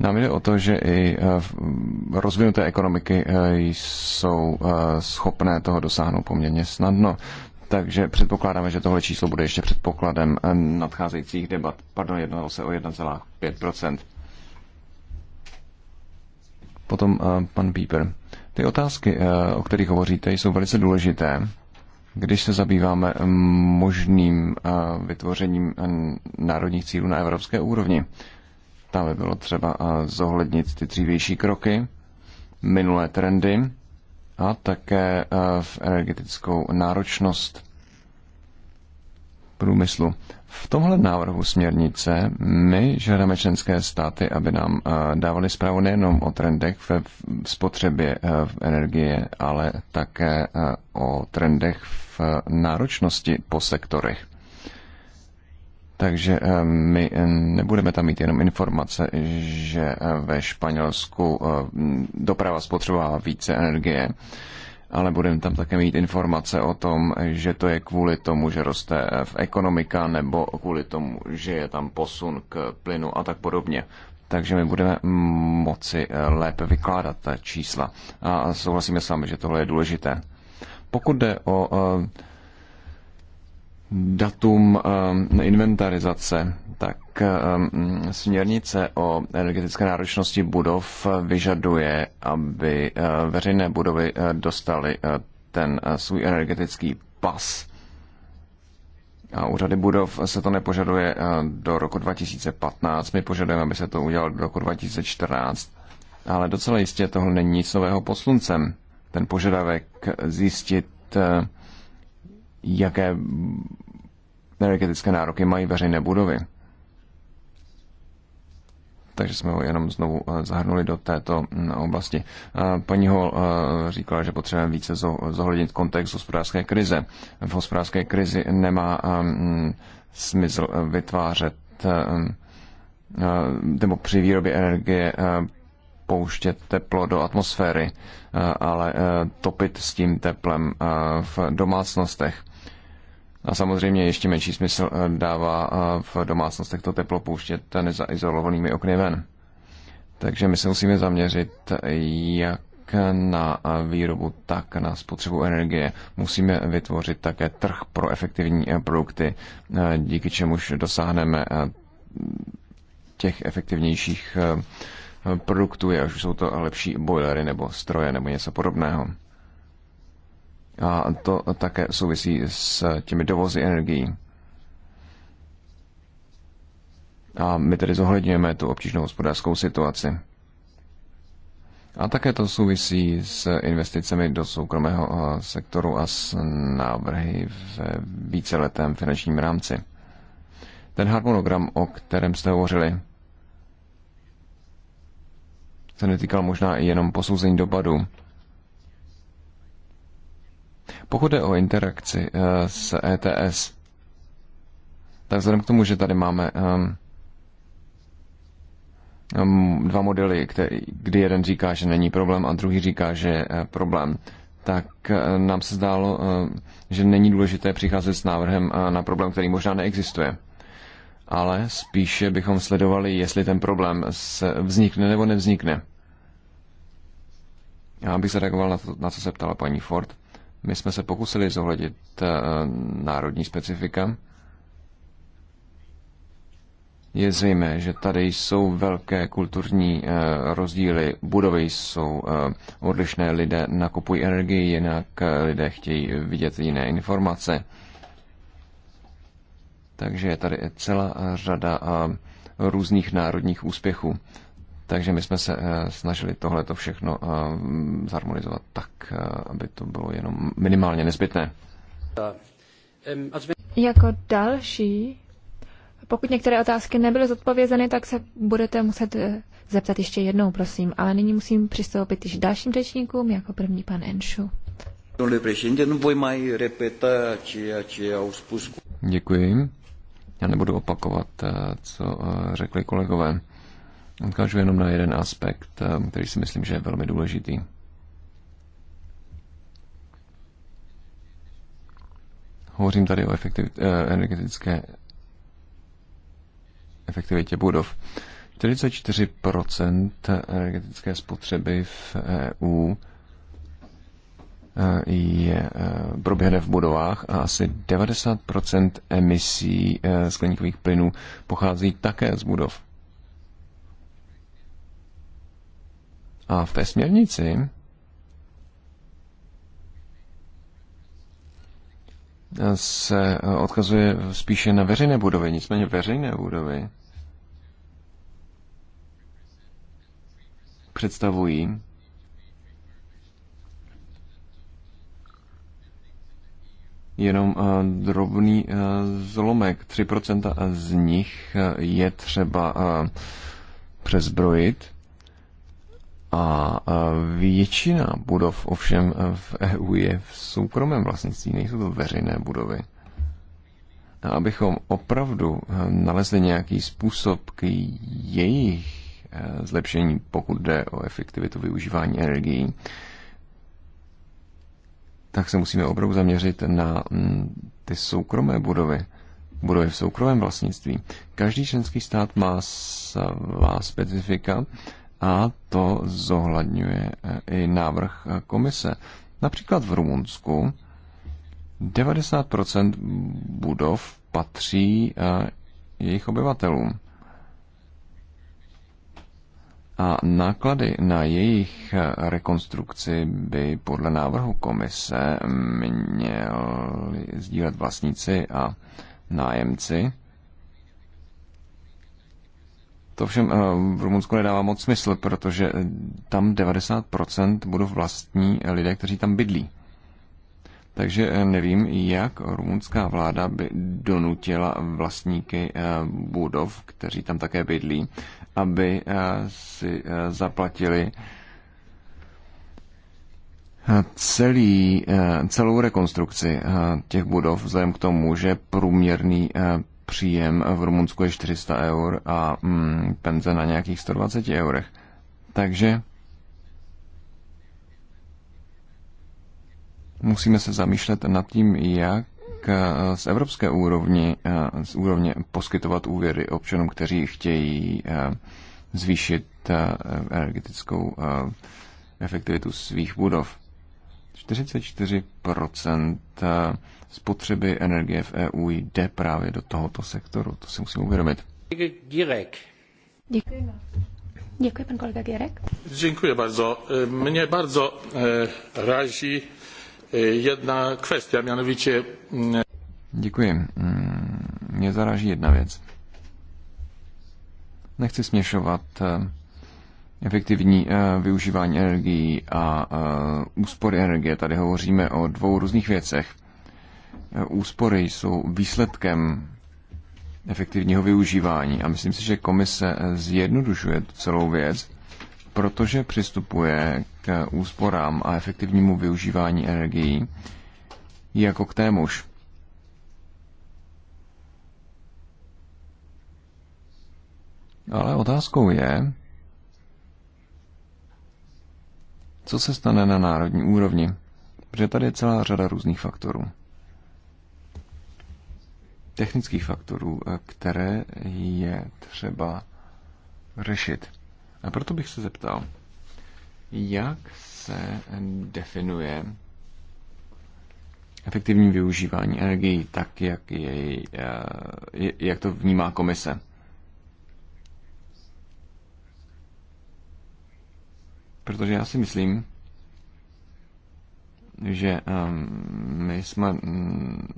C: Nám jde o to, že i eh, mm, rozvinuté ekonomiky eh, jsou eh, schopné toho dosáhnout poměrně snadno. Takže předpokládáme, že tohle číslo bude ještě předpokladem nadcházejících debat. Pardon, jednalo se o 1,5 Potom pan Bieber, Ty otázky, o kterých hovoříte, jsou velice důležité když se zabýváme možným vytvořením národních cílů na evropské úrovni. Tam by bylo třeba zohlednit ty dřívější kroky, minulé trendy a také v energetickou náročnost průmyslu. V tomhle návrhu směrnice my žádáme členské státy, aby nám dávali zprávu nejenom o trendech ve spotřebě v energie, ale také o trendech v náročnosti po sektorech. Takže eh, my eh, nebudeme tam mít jenom informace, že eh, ve Španělsku doprava spotřebovává více energie, ale budeme tam také mít informace o tom, že to je kvůli tomu, že roste v ekonomika, nebo kvůli tomu, že je tam posun k plynu a tak podobně. Takže my budeme mm, moci lépe vykládat ta čísla. A souhlasíme s vámi, že tohle je důležité. Pokud jde o datum eh, inventarizace, tak eh, směrnice o energetické náročnosti budov vyžaduje, aby eh, veřejné budovy dostaly ten svůj energetický pas. A u řady budov se to nepožaduje do roku 2015, my požadujeme, aby se to udělalo do roku 2014, ale docela jistě tohle není nic nového posluncem. Ten požadavek zjistit jaké energetické nároky mají veřejné budovy. Takže jsme ho jenom znovu eh, zahrnuli do této mm, oblasti. Paní Hol eh, říkala, že potřebujeme více zohlednit kontext hospodářské krize. V hospodářské krizi nemá ehm, smysl eh, vytvářet ehm, nebo při výrobě energie pouštět teplo do atmosféry, ale topit s tím teplem v domácnostech. A samozřejmě ještě menší smysl eh, dává eh, v domácnostech to teplo pouštět nezaizolovanými okny ven. Takže my se musíme zaměřit eh, jak na výrobu, tak na spotřebu energie. Musíme vytvořit také trh pro efektivní produkty, díky čemuž dosáhneme těch efektivnějších produktů, už jsou to lepší boilery nebo stroje nebo něco podobného. A to také souvisí s těmi dovozy energií. A my tedy zohledňujeme tu obtížnou hospodářskou situaci. A také to souvisí s investicemi do soukromého eh, sektoru a s návrhy v víceletém finančním rámci. Ten harmonogram, o kterém jste hovořili, se netýkal možná i jenom posouzení dopadu pokud je o interakci eh, s ETS, tak vzhledem k tomu, že tady máme ehm, ehm, dva modely, kdy jeden říká, že není problém a druhý říká, že je eh, problém, tak eh, nám se zdálo, že není důležité přicházet s návrhem na problém, který možná neexistuje. Ale spíše bychom sledovali, jestli ten problém vznikne nebo nevznikne. Já bych zareagoval na to, na co se ptala paní Ford. My jsme se pokusili zohlednit eh, národní specifika. Je zřejmé, že tady jsou velké kulturní eh, rozdíly, budovy jsou eh, odlišné, lidé nakupují energii, jinak lidé chtějí vidět jiné informace. Takže je tady celá řada různých národních úspěchů. Takže my jsme se eh, snažili tohle to všechno eh, zharmonizovat tak, eh, aby to bylo jenom minimálně nezbytné.
A: Jako další, pokud některé otázky nebyly zodpovězeny, tak se budete muset zeptat ještě jednou, prosím. Ale nyní musím přistoupit již dalším řečníkům, jako první pan Enšu.
C: Děkuji. Já nebudu opakovat, co řekli kolegové odkážu jenom na jeden aspekt, eh, který si myslím, že je velmi důležitý. Hovořím tady o eh, energetické efektivitě budov. 44% energetické spotřeby v EU eh, je, eh, proběhne v budovách a asi 90% emisí skleníkových plynů pochází také z budov. A v té směrnici se odkazuje spíše na veřejné budovy, nicméně veřejné budovy představují jenom eh, drobný eh, zlomek. 3% z nich eh, je třeba přezbrojit a většina budov ovšem v EU je v soukromém vlastnictví, nejsou to veřejné budovy. A abychom opravdu eh, nalezli nějaký způsob k jejich eh, zlepšení, pokud jde o efektivitu využívání energií, tak se musíme opravdu zaměřit na mm, ty soukromé budovy, budovy v soukromém vlastnictví. Každý členský stát má svá specifika a to zohledňuje eh, i návrh eh, komise. Například v Rumunsku 90% budov patří eh, jejich obyvatelům. A náklady na jejich rekonstrukci by podle návrhu komise měli sdílet vlastníci a nájemci to všem eh, v Rumunsku nedává moc smysl, protože eh, tam 90% budou vlastní eh, lidé, kteří tam bydlí. Takže nevím, jak rumunská vláda by donutila vlastníky budov, kteří tam také bydlí, aby si zaplatili celý, celou rekonstrukci těch budov, vzhledem k tomu, že průměrný příjem v Rumunsku je 400 eur a mm, penze na nějakých 120 eurech. Takže musíme se zamýšlet nad tím, jak eh, z evropské úrovni, eh, z úrovně poskytovat úvěry občanům, kteří chtějí eh, zvýšit energetickou efektivitu svých budov. 44% spotřeby energie v EU jde právě do tohoto sektoru. To si musím uvědomit.
D: Děkuji.
E: Děkuji, pan kolega Girek.
D: Dziękuję bardzo. Mnie bardzo e, razi e, jedna kwestia, mianowicie...
C: Mm, Děkuji. Mm, mě zaráží jedna věc. Nechci směšovat e, efektivní využívání energií a úspory energie. Tady hovoříme o dvou různých věcech úspory jsou výsledkem efektivního využívání. A myslím si, že komise zjednodušuje celou věc, protože přistupuje k úsporám a efektivnímu využívání energií jako k témuž. Ale otázkou je, co se stane na národní úrovni, protože tady je celá řada různých faktorů technických faktorů, eh, které je třeba řešit. A proto bych se zeptal, jak se definuje efektivní využívání energii tak, jak, jej, eh, jak to vnímá komise. Protože já si myslím, že ehm, my jsme mm,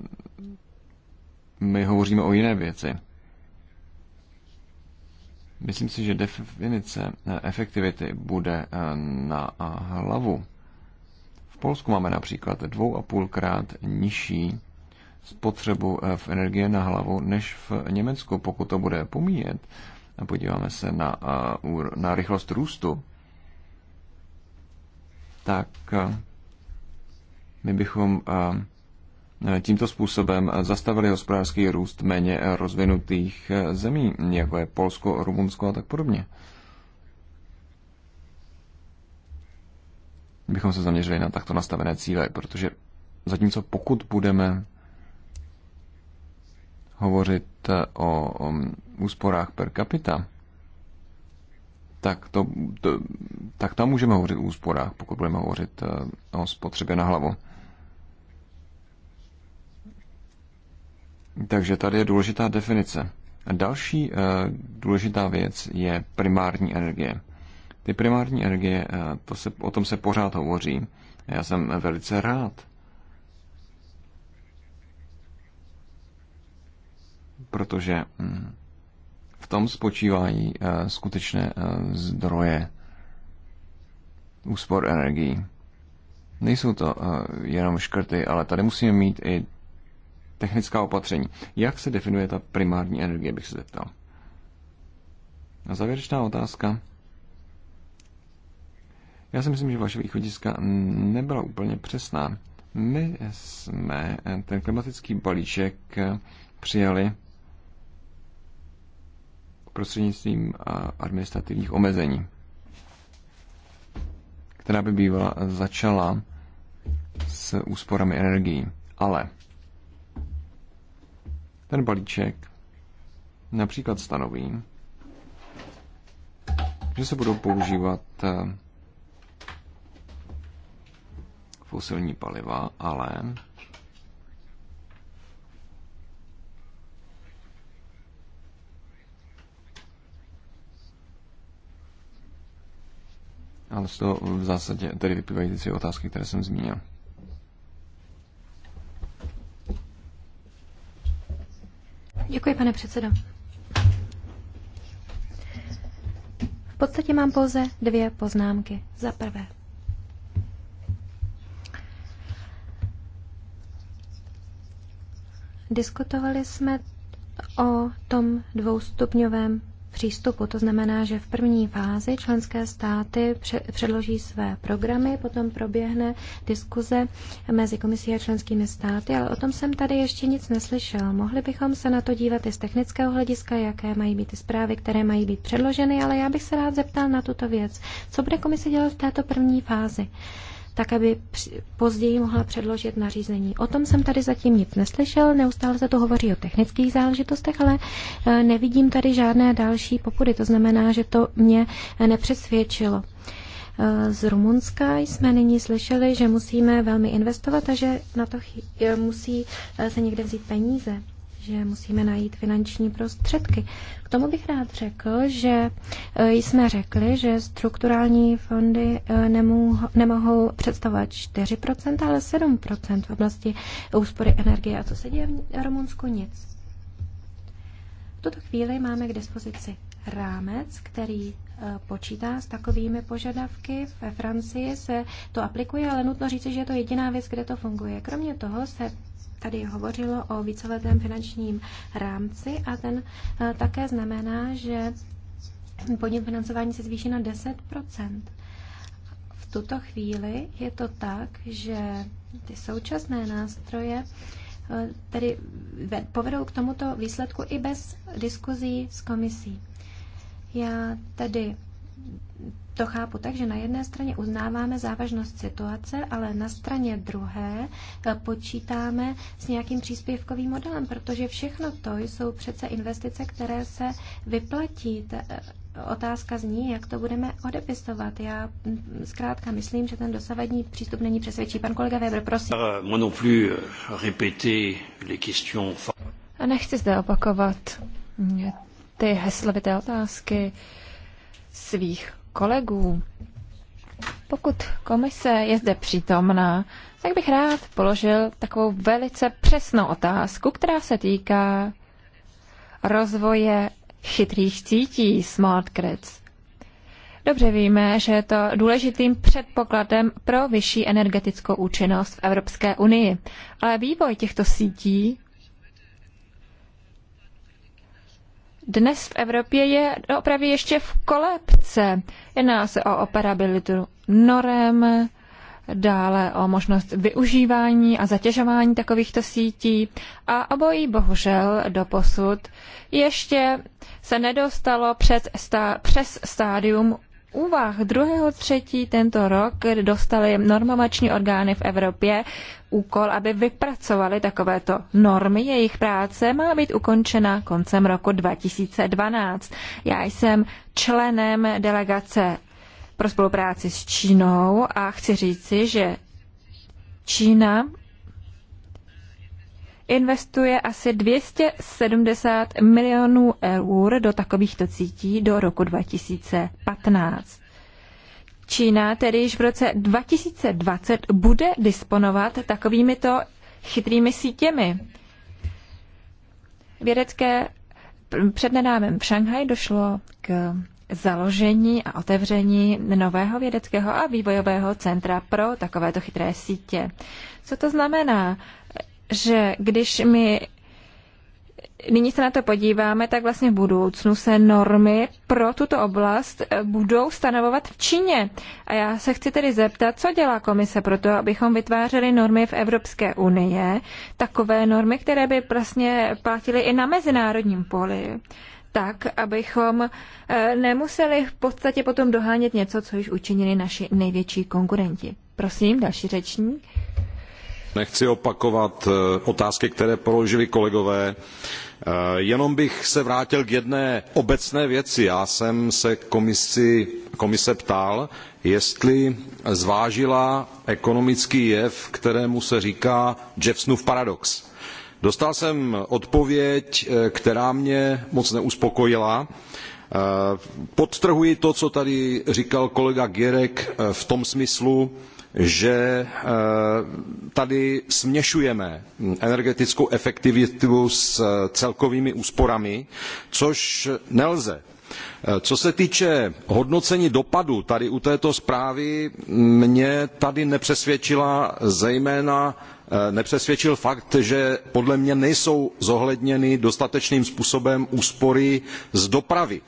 C: my hovoříme o jiné věci. Myslím si, že definice eh, efektivity bude eh, na eh, hlavu. V Polsku máme například dvou a půlkrát nižší spotřebu v energie na hlavu než v Německu. Pokud to bude pomíjet a podíváme se na, na rychlost růstu, tak my bychom Eh, tímto způsobem eh, zastavili hospodářský růst méně eh, rozvinutých zemí, jako je Polsko, Rumunsko a tak podobně. Bychom se zaměřili na takto nastavené cíle, protože zatímco pokud budeme hovořit o mm, úsporách per capita, tak, to, to, tak tam můžeme hovořit o úsporách, pokud budeme hovořit o spotřebě na hlavu. Takže tady je důležitá definice. A další eh, důležitá věc je primární energie. Ty primární energie, eh, to se, o tom se pořád hovoří. Já jsem velice rád, protože hm, v tom spočívají eh, skutečné zdroje úspor energií. Nejsou to jenom škrty, ale tady musíme mít i technická opatření. Jak se definuje ta primární energie, bych se zeptal. A závěrečná otázka. Já si myslím, že vaše východiska nebyla úplně přesná. My jsme ten klimatický balíček přijali prostřednictvím administrativních omezení, která by bývala začala s úsporami energií. Ale ten balíček například stanoví, že se budou používat eh, fosilní paliva, ale ale z toho v zásadě tedy vyplývají ty otázky, které jsem zmínil.
E: Děkuji, pane předsedo. V podstatě mám pouze dvě poznámky. Za prvé. Diskutovali jsme o tom dvoustupňovém přístupu. To znamená, že v první fázi členské státy předloží své programy, potom proběhne diskuze mezi komisí a členskými státy, ale o tom jsem tady ještě nic neslyšel. Mohli bychom se na to dívat i z technického hlediska, jaké mají být ty zprávy, které mají být předloženy, ale já bych se rád zeptal na tuto věc. Co bude komise dělat v této první fázi? tak aby později mohla předložit nařízení. O tom jsem tady zatím nic neslyšel, neustále se to hovoří o technických záležitostech, ale eh, nevidím tady žádné další popudy, to znamená, že to mě eh, nepřesvědčilo. Eh, z Rumunska jsme nyní slyšeli, že musíme velmi investovat a že na to musí se někde vzít peníze že musíme najít finanční prostředky. K tomu bych rád řekl, že e, jsme řekli, že strukturální fondy e, nemohou představovat 4%, ale 7% v oblasti úspory energie. A co se děje v Rumunsku? Nic. V tuto chvíli máme k dispozici rámec, který e, počítá s takovými požadavky. Ve Francii se to aplikuje, ale nutno říci, že je to jediná věc, kde to funguje. Kromě toho se tady hovořilo o víceletém finančním rámci a ten eh, také znamená, že podíl financování se zvýší na 10 V tuto chvíli je to tak, že ty současné nástroje eh, tedy povedou k tomuto výsledku i bez diskuzí s komisí. Já tedy to chápu tak, že na jedné straně uznáváme závažnost situace, ale na straně druhé eh, počítáme s nějakým příspěvkovým modelem, protože všechno to jsou přece investice, které se vyplatí. Eh, otázka zní, jak to budeme odepisovat. Já mm, zkrátka myslím, že ten dosavadní přístup není přesvědčí. Pan kolega Weber, prosím.
B: Euh,
C: euh,
A: Nechci zde opakovat mm, ty heslovité otázky svých kolegů. Pokud komise je zde přítomná, tak bych rád položil takovou velice přesnou otázku, která se týká rozvoje chytrých sítí Smart Grids. Dobře víme, že je to důležitým předpokladem pro vyšší energetickou účinnost v Evropské unii, ale vývoj těchto sítí dnes v Evropě je opravdu ještě v kolebce. Jedná se o operabilitu norem, dále o možnost využívání a zatěžování takovýchto sítí a obojí bohužel do posud ještě se nedostalo před stá- přes stádium úvah. 2. třetí tento rok dostali normovační orgány v Evropě úkol, aby vypracovali takovéto normy. Jejich práce má být ukončena koncem roku 2012. Já jsem členem delegace pro spolupráci s Čínou a chci říci, že Čína investuje asi 270 milionů eur do takovýchto cítí do roku 2015. Čína tedy již v roce 2020 bude disponovat takovýmito chytrými sítěmi. Vědecké před nedávem v Šanghaji došlo k založení a otevření nového vědeckého a vývojového centra pro takovéto chytré sítě. Co to znamená? Že když my nyní se na to podíváme, tak vlastně v budoucnu se normy pro tuto oblast eh, budou stanovovat v Číně. A já se chci tedy zeptat, co dělá komise pro to, abychom vytvářeli normy v Evropské unie, takové normy, které by vlastně platily i na mezinárodním poli, tak, abychom eh, nemuseli v podstatě potom dohánět něco, co již učinili naši největší konkurenti. Prosím, další řečník.
D: Nechci opakovat eh, otázky, které položili kolegové. Eh, jenom bych se vrátil k jedné obecné věci. Já jsem se komisi, komise ptal, jestli zvážila ekonomický jev, kterému se říká Jeffsonův paradox. Dostal jsem odpověď, eh, která mě moc neuspokojila. Podtrhuji to, co tady říkal kolega Girek v tom smyslu, že eh, tady směšujeme energetickou efektivitu s eh, celkovými úsporami, což nelze. Eh, co se týče hodnocení dopadu tady u této zprávy, mě tady nepřesvědčila zejména nepřesvědčil fakt, že podle mě nejsou zohledněny dostatečným způsobem úspory z dopravy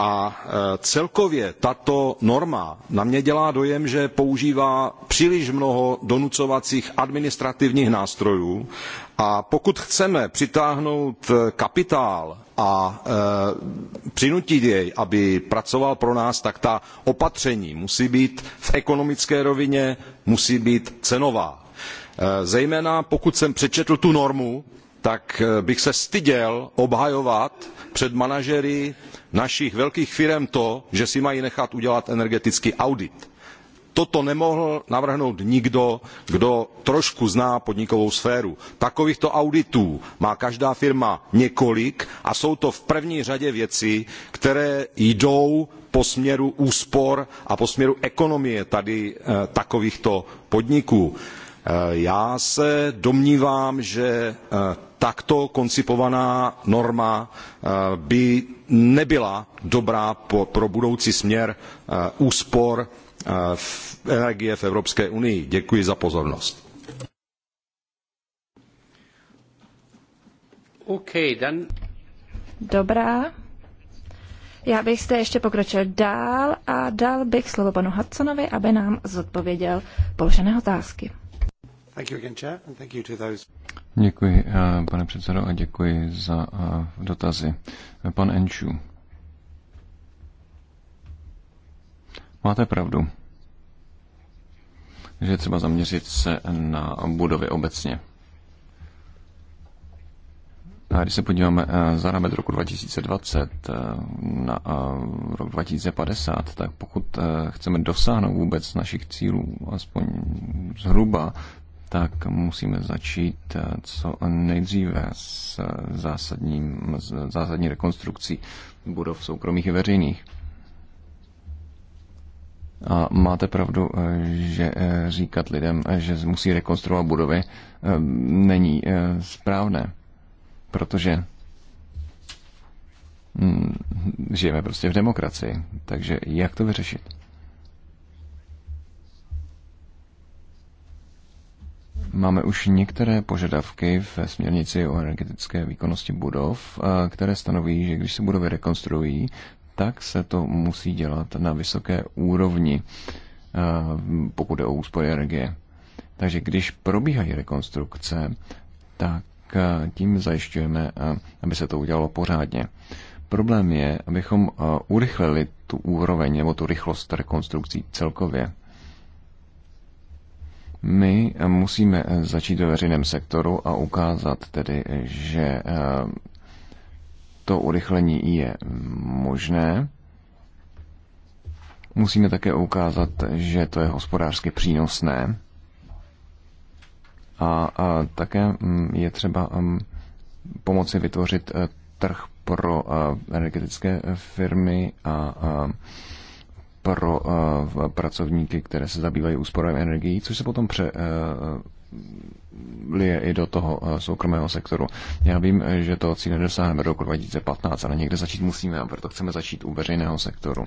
D: a e, celkově tato norma na mě dělá dojem, že používá příliš mnoho donucovacích administrativních nástrojů a pokud chceme přitáhnout e, kapitál a e, přinutit jej, aby pracoval pro nás, tak ta opatření musí být v ekonomické rovině, musí být cenová. E, zejména pokud jsem přečetl tu normu, tak e, bych se styděl obhajovat před manažery našich velkých firm to, že si mají nechat udělat energetický audit. Toto nemohl navrhnout nikdo, kdo trošku zná podnikovou sféru. Takovýchto auditů má každá firma několik a jsou to v první řadě věci, které jdou po směru úspor a po směru ekonomie tady eh, takovýchto podniků. Eh, já se domnívám, že eh, takto koncipovaná norma by nebyla dobrá pro budoucí směr eh, úspor eh, v energie v Evropské unii. Děkuji za pozornost. Okay, then...
A: Dobrá. Já bych zde ještě pokročil dál a dal bych slovo panu Hudsonovi, aby nám zodpověděl položené otázky.
C: Děkuji, eh, pane předsedo, a děkuji za eh, dotazy. Pan Enšu. Máte pravdu, že je třeba zaměřit se na budovy obecně. A když se podíváme eh, za rámec roku 2020 na rok 2050, tak pokud chceme dosáhnout vůbec našich cílů, aspoň zhruba, tak musíme začít eh, co nejdříve s eh, zásadním, s zásadní rekonstrukcí budov soukromých i veřejných. A máte pravdu, eh, že říkat lidem, že musí rekonstruovat budovy, není správné, protože hm, žijeme prostě v demokracii. Takže jak to vyřešit? Máme už některé požadavky v směrnici o energetické výkonnosti budov, eh, které stanoví, že když se budovy rekonstruují, tak se to musí dělat na vysoké úrovni, eh, pokud je o úspory energie. Takže když probíhají rekonstrukce, tak eh, tím zajišťujeme, aby se to udělalo pořádně. Problém je, abychom urychlili tu úroveň nebo tu rychlost rekonstrukcí celkově. My musíme začít ve veřejném sektoru a ukázat tedy, že eh, to urychlení je možné. Musíme také ukázat, že to je hospodářsky přínosné. A, a také mm, je třeba mm, pomoci vytvořit eh, trh pro eh, energetické firmy a, a pro eh, pracovníky, které se zabývají úsporou energií, což se potom pře, eh, lije i do toho eh, soukromého sektoru. Já vím, že to cíle nedosáhneme do roku 2015, ale někde začít musíme a proto chceme začít u veřejného sektoru.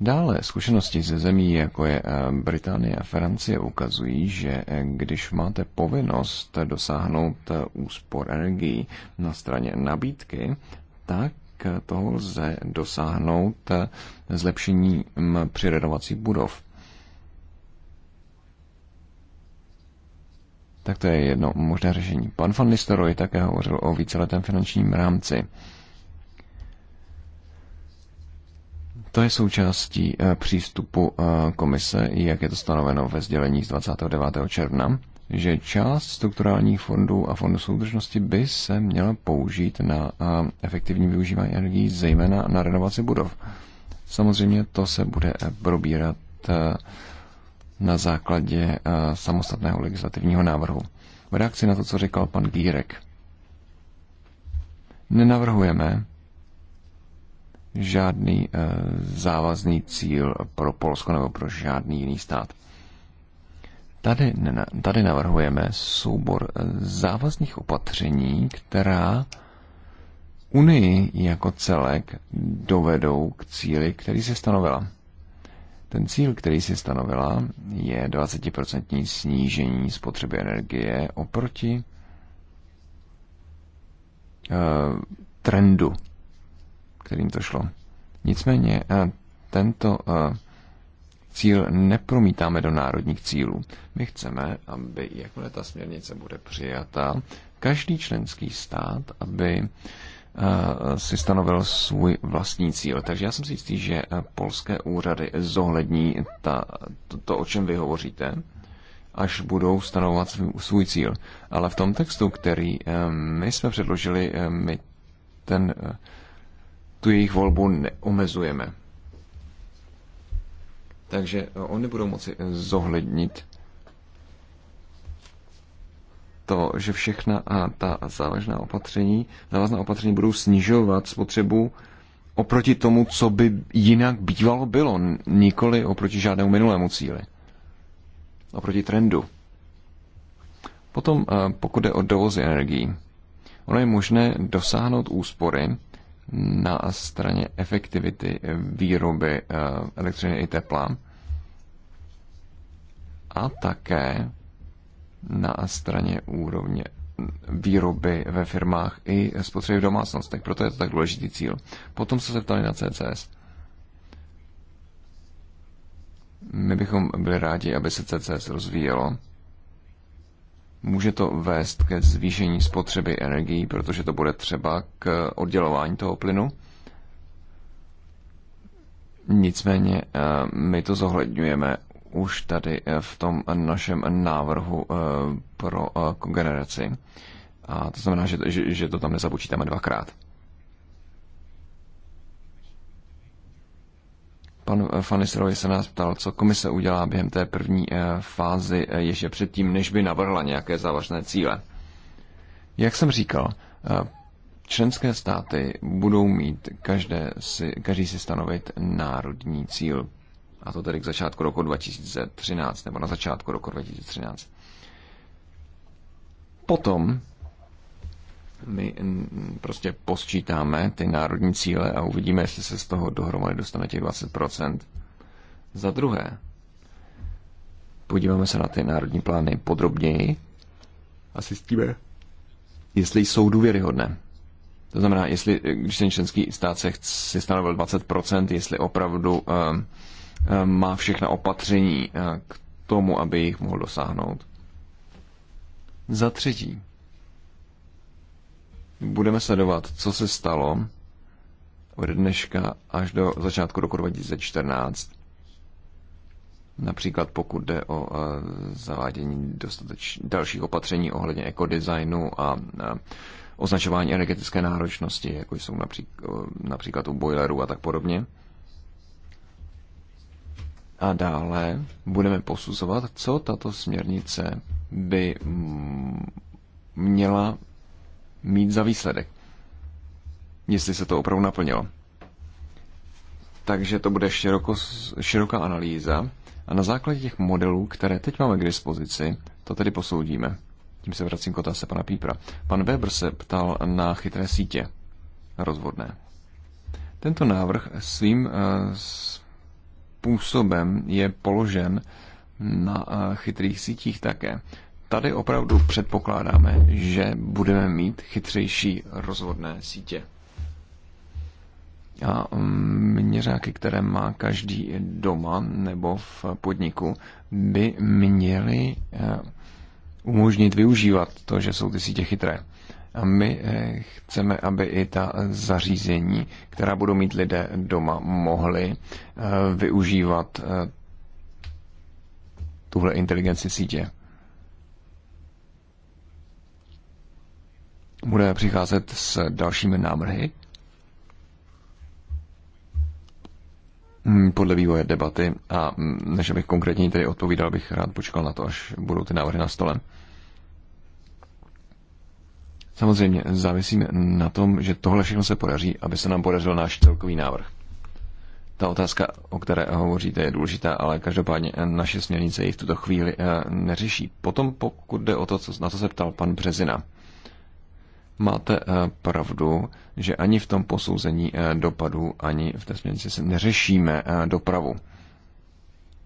C: Dále zkušenosti ze zemí, jako je Británie a Francie, ukazují, že když máte povinnost dosáhnout úspor energií na straně nabídky, tak toho lze dosáhnout zlepšení mm, při budov. Tak to je jedno možné řešení. Pan van Nistelrooy také hovořil o víceletém finančním rámci. To je součástí eh, přístupu eh, komise, jak je to stanoveno ve sdělení z 29. června že část strukturálních fondů a fondů soudržnosti by se měla použít na efektivní využívání energií, zejména na renovaci budov. Samozřejmě to se bude eh, probírat eh, na základě eh, samostatného legislativního návrhu. V reakci na to, co říkal pan Gírek, nenavrhujeme žádný závazný cíl pro Polsko nebo pro žádný jiný stát. Tady, tady navrhujeme soubor eh, závazných opatření, která Unii jako celek dovedou k cíli, který si stanovila. Ten cíl, který si stanovila, je 20% snížení spotřeby energie oproti uh, trendu, kterým to šlo. Nicméně uh, tento uh, cíl nepromítáme do národních cílů. My chceme, aby, jakmile ta směrnice bude přijata, každý členský stát, aby eh, si stanovil svůj vlastní cíl. Takže já jsem si jistý, že eh, polské úřady zohlední ta, to, to, o čem vy hovoříte, až budou stanovovat svůj, svůj cíl. Ale v tom textu, který eh, my jsme předložili, my ten, tu jejich volbu neomezujeme. Takže eh, oni budou moci eh, zohlednit to, že všechna a ta závažná opatření, závažná opatření budou snižovat spotřebu oproti tomu, co by jinak bývalo bylo, nikoli oproti žádnému minulému cíli. Oproti trendu. Potom, eh, pokud jde o dovozy energií, ono je možné dosáhnout úspory na straně efektivity výroby eh, elektřiny i tepla a také na straně úrovně výroby ve firmách i spotřeby v domácnostech. Proto je to tak důležitý cíl. Potom se ptali na CCS. My bychom byli rádi, aby se CCS rozvíjelo Může to vést ke zvýšení spotřeby energií, protože to bude třeba k oddělování toho plynu. Nicméně eh, my to zohledňujeme už tady eh, v tom našem návrhu eh, pro kogeneraci. A to znamená, že, že to tam nezapočítáme dvakrát. Pan Fanisrovi eh, se nás ptal, co komise udělá během té první eh, fázy eh, ještě předtím, než by navrhla nějaké závažné cíle. Jak jsem říkal, členské státy budou mít každé si, každý si stanovit národní cíl. A to tedy k začátku roku 2013, nebo na začátku roku 2013. Potom my mm, prostě posčítáme ty národní cíle a uvidíme, jestli se z toho dohromady dostane těch 20%. Za druhé, podíváme se na ty národní plány podrobněji a zjistíme, jestli jsou důvěryhodné. To znamená, jestli, když ten členský stát se si stanovil 20%, jestli opravdu um, um, má všechna opatření uh, k tomu, aby jich mohl dosáhnout. Za třetí, budeme sledovat, co se stalo od dneška až do začátku roku 2014. Například pokud jde o e, zavádění dostateč, dalších opatření ohledně ekodesignu a označování energetické náročnosti, jako jsou například, například u boilerů a tak podobně. A dále budeme posuzovat, co tato směrnice by měla mít za výsledek. Jestli se to opravdu naplnilo. Takže to bude široko, široká analýza a na základě těch modelů, které teď máme k dispozici, to tedy posoudíme. Tím se vracím k otázce pana Pípra. Pan Weber se ptal na chytré sítě rozvodné. Tento návrh svým eh, způsobem je položen na eh, chytrých sítích také tady opravdu předpokládáme, že budeme mít chytřejší rozvodné sítě. A mm, měřáky, které má každý doma nebo v podniku, by měly eh, umožnit využívat to, že jsou ty sítě chytré. A my eh, chceme, aby i ta zařízení, která budou mít lidé doma, mohly eh, využívat tuhle inteligenci sítě. bude přicházet s dalšími návrhy hmm, podle vývoje debaty a hmm, než abych konkrétně tedy odpovídal, bych rád počkal na to, až budou ty návrhy na stole. Samozřejmě závisíme na tom, že tohle všechno se podaří, aby se nám podařil náš celkový návrh. Ta otázka, o které hovoříte, je důležitá, ale každopádně naše směrnice ji v tuto chvíli eh, neřeší. Potom, pokud jde o to, na co se ptal pan Březina – máte eh, pravdu, že ani v tom posouzení eh, dopadu, ani v té směrnici se neřešíme eh, dopravu,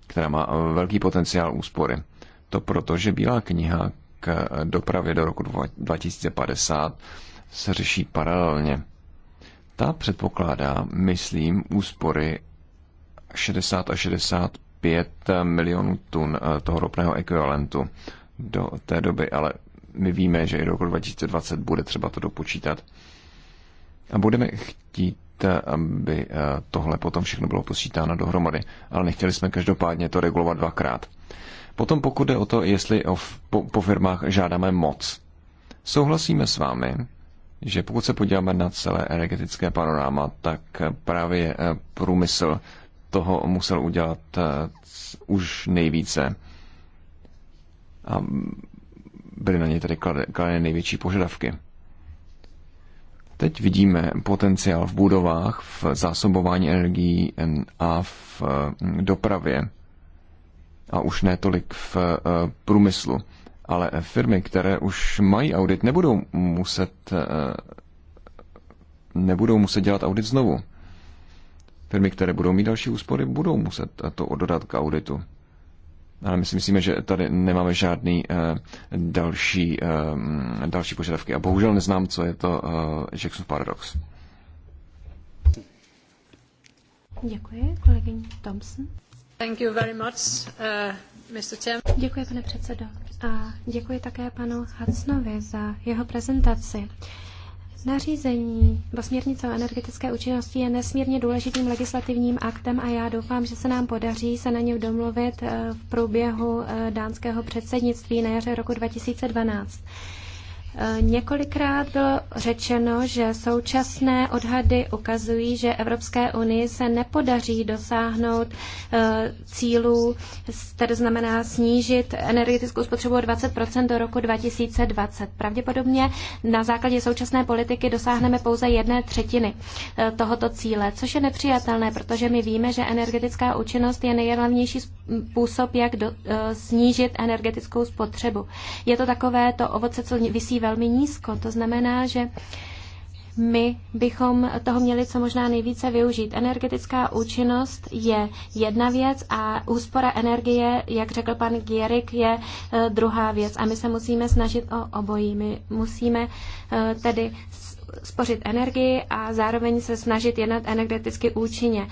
C: která má velký potenciál úspory. To proto, že Bílá kniha k dopravě do roku 2050 se řeší paralelně. Ta předpokládá, myslím, úspory 60 a 65 milionů tun toho ropného ekvivalentu do té doby, ale my víme, že i do roku 2020 bude třeba to dopočítat. A budeme chtít, aby eh, tohle potom všechno bylo posčítáno dohromady, ale nechtěli jsme každopádně to regulovat dvakrát. Potom pokud jde o to, jestli o, po, po firmách žádáme moc. Souhlasíme s vámi, že pokud se podíváme na celé energetické panoráma, tak právě eh, průmysl toho musel udělat eh, už nejvíce. A byly na ně tedy kladeny největší požadavky. Teď vidíme potenciál v budovách, v zásobování energií a v eh, dopravě. A už ne tolik v eh, průmyslu. Ale firmy, které už mají audit, nebudou muset, eh, nebudou muset dělat audit znovu. Firmy, které budou mít další úspory, budou muset to dodat k auditu ale my si myslíme, že tady nemáme žádný eh, další, eh, další požadavky. A bohužel neznám, co je to eh, Jackson paradox.
E: Děkuji, kolegyně Thompson.
A: Thank you very much, uh, Mr. Chairman. Děkuji, pane předsedo.
E: A děkuji také panu Hacnovi za jeho prezentaci. Uh, Nařízení nebo směrnice o energetické účinnosti je nesmírně důležitým legislativním aktem a já doufám, že se nám podaří se na něm domluvit eh, v průběhu eh, dánského předsednictví na jaře roku 2012. Několikrát bylo řečeno, že současné odhady ukazují, že Evropské unii se nepodaří dosáhnout eh, cílů, tedy znamená snížit energetickou spotřebu o 20 do roku 2020. Pravděpodobně na základě současné politiky dosáhneme pouze jedné třetiny eh, tohoto cíle, což je nepřijatelné, protože my víme, že energetická účinnost je nejhlavnější způsob, jak do, eh, snížit energetickou spotřebu. Je to takové to ovoce, co vysí velmi nízko. To znamená, že my bychom toho měli co možná nejvíce využít. Energetická účinnost je jedna věc a úspora energie, jak řekl pan Gierik, je e, druhá věc. A my se musíme snažit o obojí. My musíme e, tedy spořit energii a zároveň se snažit jednat energeticky účinně.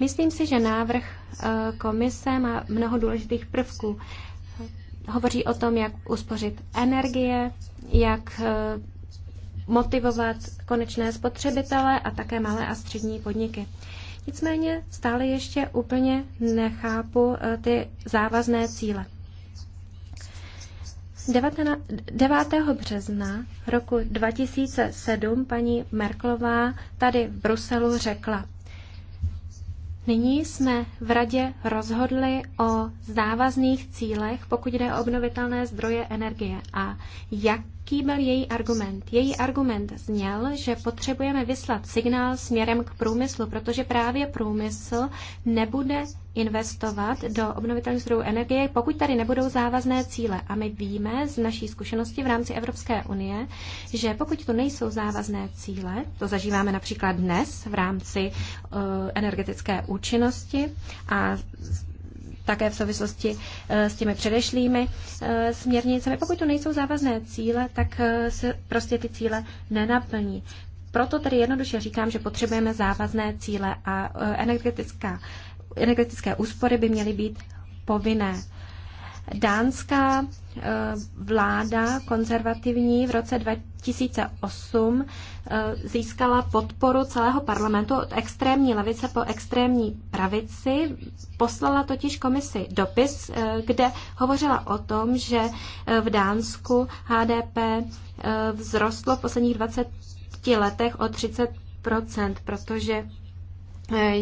E: Myslím si, že návrh e, komise má mnoho důležitých prvků. Hovoří o tom, jak uspořit energie, jak eh, motivovat konečné spotřebitele a také malé a střední podniky. Nicméně stále ještě úplně nechápu eh, ty závazné cíle. 9. března roku 2007 paní Merklová tady v Bruselu řekla, Nyní jsme v Radě rozhodli o závazných cílech, pokud jde o obnovitelné zdroje energie. A jak Kýbel její argument. Její argument zněl, že potřebujeme vyslat signál směrem k průmyslu, protože právě průmysl nebude investovat do obnovitelných zdrojů energie, pokud tady nebudou závazné cíle. A my víme z naší zkušenosti v rámci Evropské unie, že pokud to nejsou závazné cíle, to zažíváme například dnes v rámci uh, energetické účinnosti a také v souvislosti eh, s těmi předešlými eh, směrnicemi. Pokud to nejsou závazné cíle, tak eh, se prostě ty cíle nenaplní. Proto tedy jednoduše říkám, že potřebujeme závazné cíle a energetická, energetické úspory by měly být povinné. Dánská eh, vláda konzervativní v roce 2008 eh, získala podporu celého parlamentu od extrémní levice po extrémní pravici. Poslala totiž komisi dopis, eh, kde hovořila o tom, že v Dánsku HDP vzrostlo v posledních 20 letech o 30 protože Eh,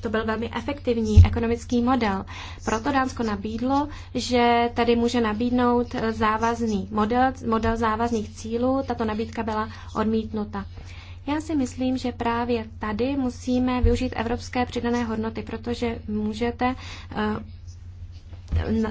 E: to byl velmi efektivní ekonomický model. Proto Dánsko nabídlo, že tady může nabídnout závazný model, model závazných cílů. Tato nabídka byla odmítnuta. Já si myslím, že právě tady musíme využít evropské přidané hodnoty, protože můžete eh,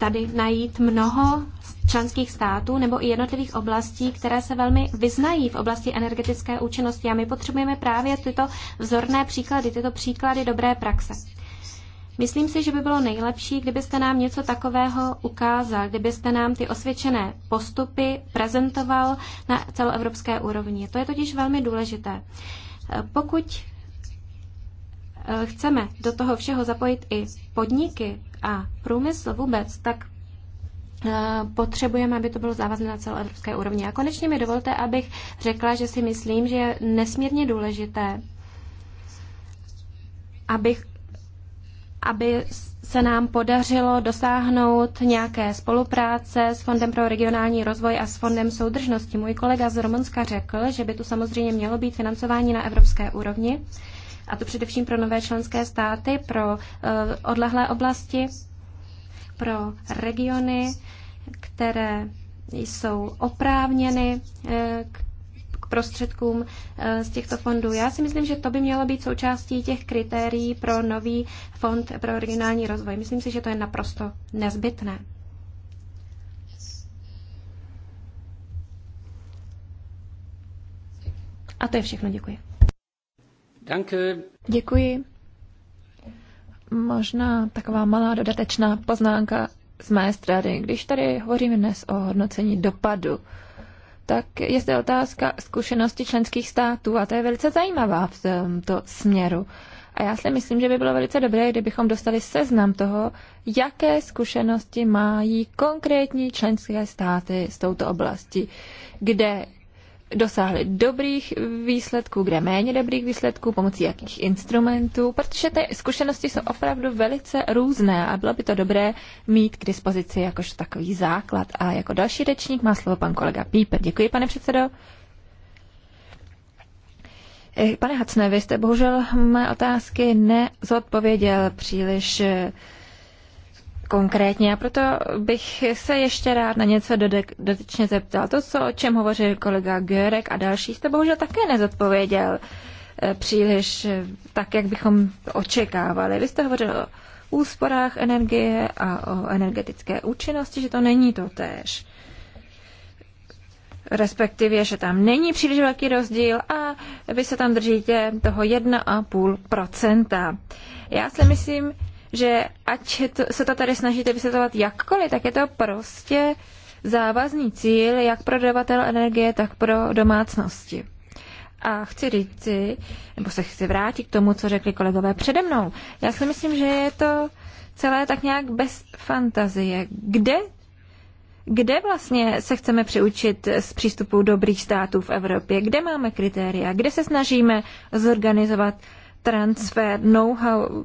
E: tady najít mnoho členských států nebo i jednotlivých oblastí, které se velmi vyznají v oblasti energetické účinnosti. A my potřebujeme právě tyto vzorné příklady, tyto příklady dobré praxe. Myslím si, že by bylo nejlepší, kdybyste nám něco takového ukázal, kdybyste nám ty osvědčené postupy prezentoval na celoevropské úrovni. To je totiž velmi důležité. Pokud Eh, chceme do toho všeho zapojit i podniky a průmysl vůbec, tak eh, potřebujeme, aby to bylo závazné na celoevropské úrovni. A konečně mi dovolte, abych řekla, že si myslím, že je nesmírně důležité, abych, aby se nám podařilo dosáhnout nějaké spolupráce s Fondem pro regionální rozvoj a s Fondem soudržnosti. Můj kolega z Romunska řekl, že by tu samozřejmě mělo být financování na evropské úrovni a to především pro nové členské státy, pro eh, odlehlé oblasti, pro regiony, které jsou oprávněny eh, k prostředkům eh, z těchto fondů. Já si myslím, že to by mělo být součástí těch kritérií pro nový fond pro regionální rozvoj. Myslím si, že to je naprosto nezbytné. A
A: to je všechno. Děkuji. Danke. Děkuji. Možná taková malá dodatečná poznámka z mé strany. Když tady hovoříme dnes o hodnocení dopadu, tak je zde otázka zkušenosti členských států a to je velice zajímavá v tomto směru. A já si myslím, že by bylo velice dobré, kdybychom dostali seznam toho, jaké zkušenosti mají konkrétní členské státy z touto oblasti, kde dosáhli dobrých výsledků, kde méně dobrých výsledků, pomocí jakých instrumentů, protože ty zkušenosti jsou opravdu velice různé a bylo by to dobré mít k dispozici jakož takový základ. A jako další řečník má slovo pan kolega Píper. Děkuji, pane předsedo. Eh, pane Hacne, vy jste bohužel mé otázky nezodpověděl příliš eh, konkrétně a proto bych se ještě rád na něco dotyčně zeptal. To, co, o čem hovořil kolega Görek a další, jste bohužel také nezodpověděl eh, příliš eh, tak, jak bychom očekávali. Vy jste hovořil o úsporách energie a o energetické účinnosti, že to není to též respektive, že tam není příliš velký rozdíl a vy se tam držíte toho 1,5%. Já si myslím, že ať se to tady snažíte vysvětlovat jakkoliv, tak je to prostě závazný cíl jak pro dodavatel energie, tak pro domácnosti. A chci říci, nebo se chci vrátit k tomu, co řekli kolegové přede mnou. Já si myslím, že je to celé tak nějak bez fantazie. Kde kde vlastně se chceme přiučit z přístupu dobrých států v Evropě? Kde máme kritéria? Kde se snažíme zorganizovat transfer know-how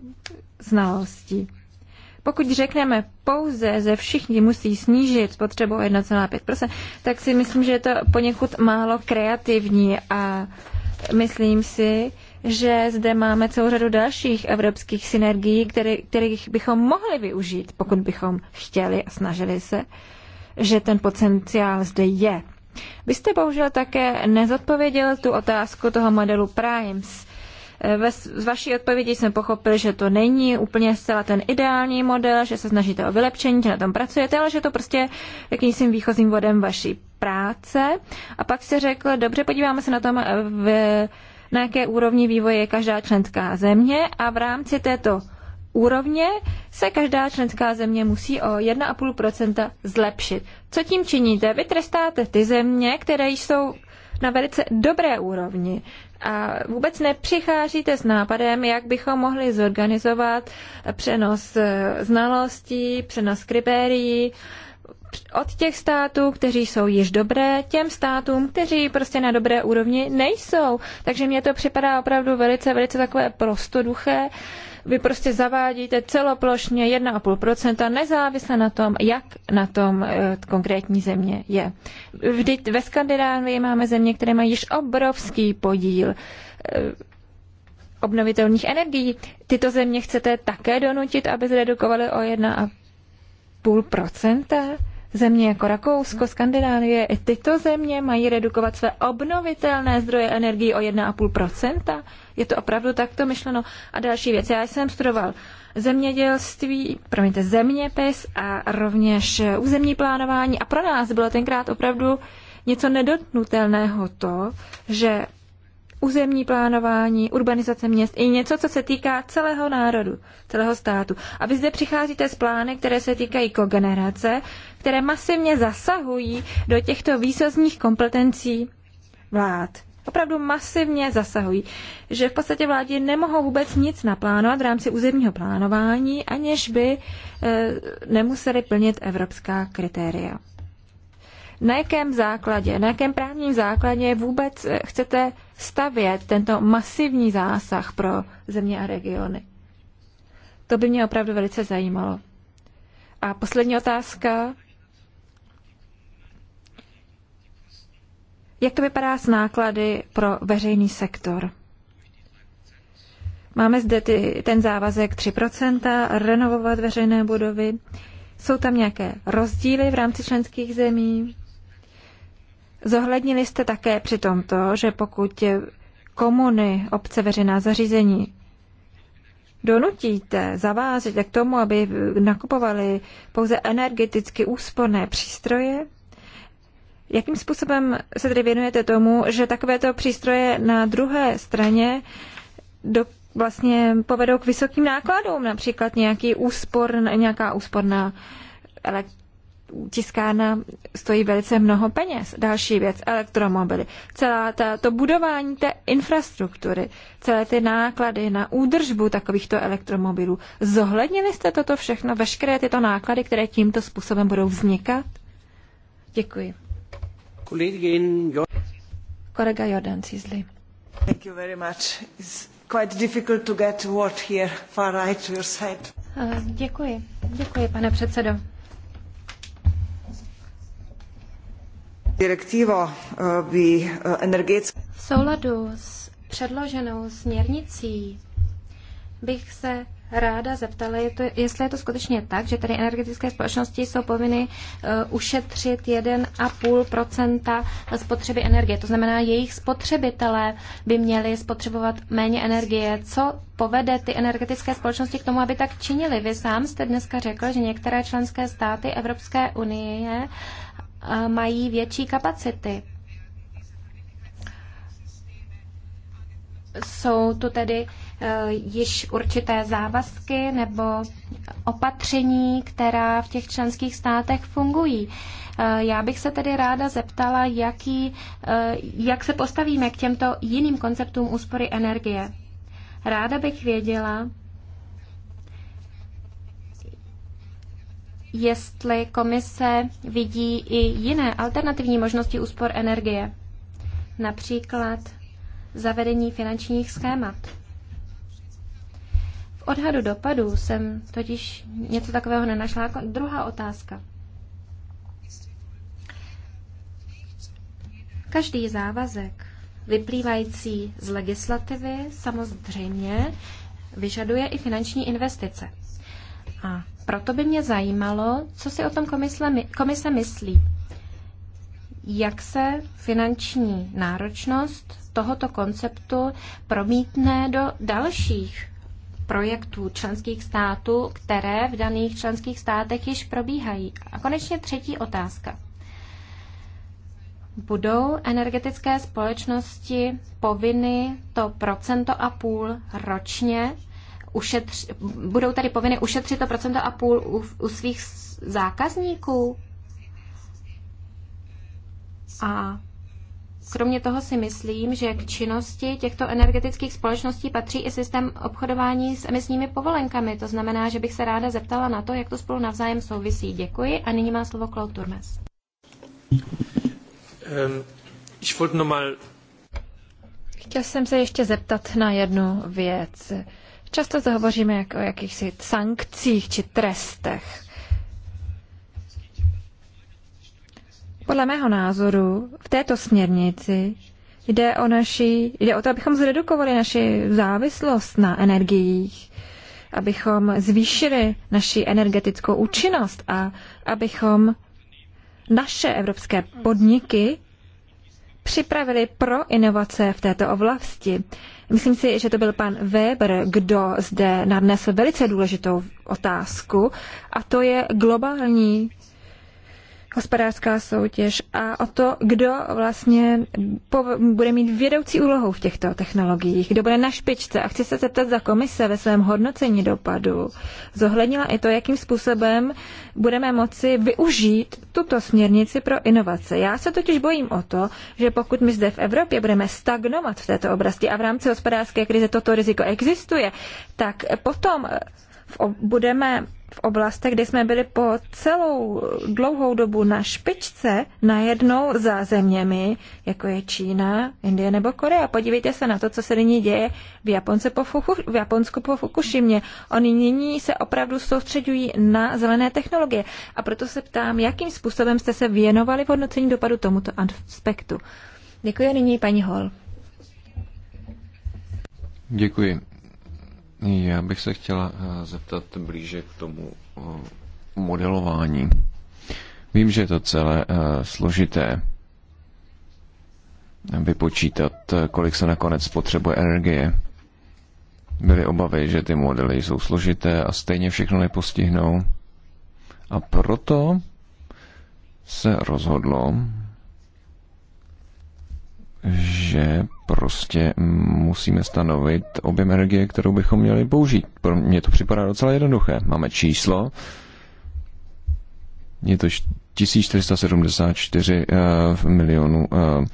A: znalosti. Pokud řekneme pouze, že všichni musí snížit spotřebu o 1,5%, tak si myslím, že je to poněkud málo kreativní a myslím si, že zde máme celou řadu dalších evropských synergií, který, kterých bychom mohli využít, pokud bychom chtěli a snažili se, že ten potenciál zde je. Vy jste bohužel také nezodpověděl tu otázku toho modelu Primes. Eh, ve, z vaší odpovědi jsem pochopil, že to není úplně zcela ten ideální model, že se snažíte o vylepšení, že na tom pracujete, ale že to prostě jakýmsi výchozím vodem vaší práce. A pak se řekl, dobře, podíváme se na tom eh, v, na jaké úrovni vývoje je každá členská země a v rámci této úrovně se každá členská země musí o 1,5 zlepšit. Co tím činíte? Vy trestáte ty země, které jsou na velice dobré úrovni a vůbec nepřicházíte s nápadem, jak bychom mohli zorganizovat přenos eh, znalostí, přenos kritérií od těch států, kteří jsou již dobré, těm státům, kteří prostě na dobré úrovni nejsou. Takže mně to připadá opravdu velice, velice takové prostoduché vy prostě zavádíte celoplošně 1,5% nezávisle na tom, jak na tom eh, konkrétní země je. Vždyť ve Skandinávii máme země, které mají již obrovský podíl eh, obnovitelných energií. Tyto země chcete také donutit, aby zredukovaly o 1,5%? Země jako Rakousko, Skandinávie, i tyto země mají redukovat své obnovitelné zdroje energii o 1,5%. Je to opravdu takto myšleno. A další věc. Já jsem studoval zemědělství, promiňte, zeměpis a rovněž eh, územní plánování. A pro nás bylo tenkrát opravdu něco nedotnutelného to, že územní plánování, urbanizace měst, i něco, co se týká celého národu, celého státu. A vy zde přicházíte s plány, které se týkají kogenerace, které masivně zasahují do těchto výsozních kompetencí vlád. Opravdu masivně zasahují, že v podstatě vládě nemohou vůbec nic naplánovat v rámci územního plánování, aniž by e, nemuseli plnit evropská kritéria na jakém základě, na jakém právním základě vůbec e, chcete stavět tento masivní zásah pro země a regiony. To by mě opravdu velice zajímalo. A poslední otázka. Jak to vypadá s náklady pro veřejný sektor? Máme zde ty, ten závazek 3%, renovovat veřejné budovy. Jsou tam nějaké rozdíly v rámci členských zemí? Zohlednili jste také přitom to, že pokud komuny, obce, veřejná zařízení donutíte, zavázíte k tomu, aby nakupovali pouze energeticky úsporné přístroje, jakým způsobem se tedy věnujete tomu, že takovéto přístroje na druhé straně do, vlastně povedou k vysokým nákladům, například nějaký úspor, nějaká úsporná tiskárna stojí velice mnoho peněz. Další věc, elektromobily. Celá ta, to budování té infrastruktury, celé ty náklady na údržbu takovýchto elektromobilů. Zohlednili jste toto všechno, veškeré tyto náklady, které tímto způsobem budou vznikat? Děkuji. Kolega Jordan Cizli. Thank you very much. It's quite difficult
C: to get word here, far right your side.
A: Eh, děkuji. Děkuji, pane předsedo. Direktivo eh, by eh, energetické...
E: V souladu s předloženou směrnicí bych se ráda zeptala, je to, jestli je to skutečně tak, že tady energetické společnosti jsou povinny uh, ušetřit 1,5 spotřeby energie. To znamená, jejich spotřebitelé by měli spotřebovat méně energie. Co povede ty energetické společnosti k tomu, aby tak činili? Vy sám jste dneska řekl, že některé členské státy Evropské unie mají větší kapacity. Jsou tu tedy eh, již určité závazky nebo opatření, která v těch členských státech fungují. Eh, já bych se tedy ráda zeptala, jaký, eh, jak se postavíme k těmto jiným konceptům úspory energie. Ráda bych věděla, jestli komise vidí i jiné alternativní možnosti úspor energie, například zavedení finančních schémat. V odhadu dopadu jsem totiž něco takového nenašla. Jako druhá otázka. Každý závazek vyplývající z legislativy samozřejmě vyžaduje i finanční investice. A proto by mě zajímalo, co si o tom komise, komise myslí. Jak se finanční náročnost tohoto konceptu promítne do dalších projektů členských států, které v daných členských státech již probíhají. A konečně třetí otázka. Budou energetické společnosti povinny to procento a půl ročně ušetř, budou tady povinny ušetřit to procento a půl u, u svých zákazníků. A kromě toho si myslím, že k činnosti těchto energetických společností patří i systém obchodování s emisními povolenkami. To znamená, že bych se ráda zeptala na to, jak to spolu navzájem souvisí. Děkuji a nyní má slovo Claude Turmes.
B: Ehm,
A: Chtěl jsem se ještě zeptat na jednu věc. Často to hovoříme jak o jakýchsi sankcích či trestech. Podle mého názoru v této směrnici jde o, naši, jde o to, abychom zredukovali naši závislost na energiích, abychom zvýšili naši energetickou účinnost a abychom naše evropské podniky připravili pro inovace v této oblasti. Myslím si, že to byl pan Weber, kdo zde nadnesl velice důležitou otázku, a to je globální hospodářská soutěž a o to, kdo vlastně bude mít vědoucí úlohu v těchto technologiích, kdo bude na špičce. A chci se zeptat, za komise ve svém hodnocení dopadu zohlednila i to, jakým způsobem budeme moci využít tuto směrnici pro inovace. Já se totiž bojím o to, že pokud my zde v Evropě budeme stagnovat v této oblasti a v rámci hospodářské krize toto riziko existuje, tak potom eh, budeme v oblastech, kde jsme byli po celou dlouhou dobu na špičce, najednou za zeměmi, jako je Čína, Indie nebo Korea. Podívejte se na to, co se nyní děje v, Japonce po Fuku, v Japonsku po Fukushimě. Oni nyní se opravdu soustředují na zelené technologie. A proto se ptám, jakým způsobem jste se věnovali v hodnocení dopadu tomuto aspektu. Děkuji nyní paní Hol.
C: Děkuji. Já bych se chtěla eh, zeptat blíže k tomu eh, modelování. Vím, že je to celé eh, složité vypočítat, kolik se nakonec potřebuje energie. Byly obavy, že ty modely jsou složité a stejně všechno nepostihnou. A proto se rozhodlo, že prostě musíme stanovit objem energie, kterou bychom měli použít. Pro mě to připadá docela jednoduché. Máme číslo, je to 1474 uh, milionů uh,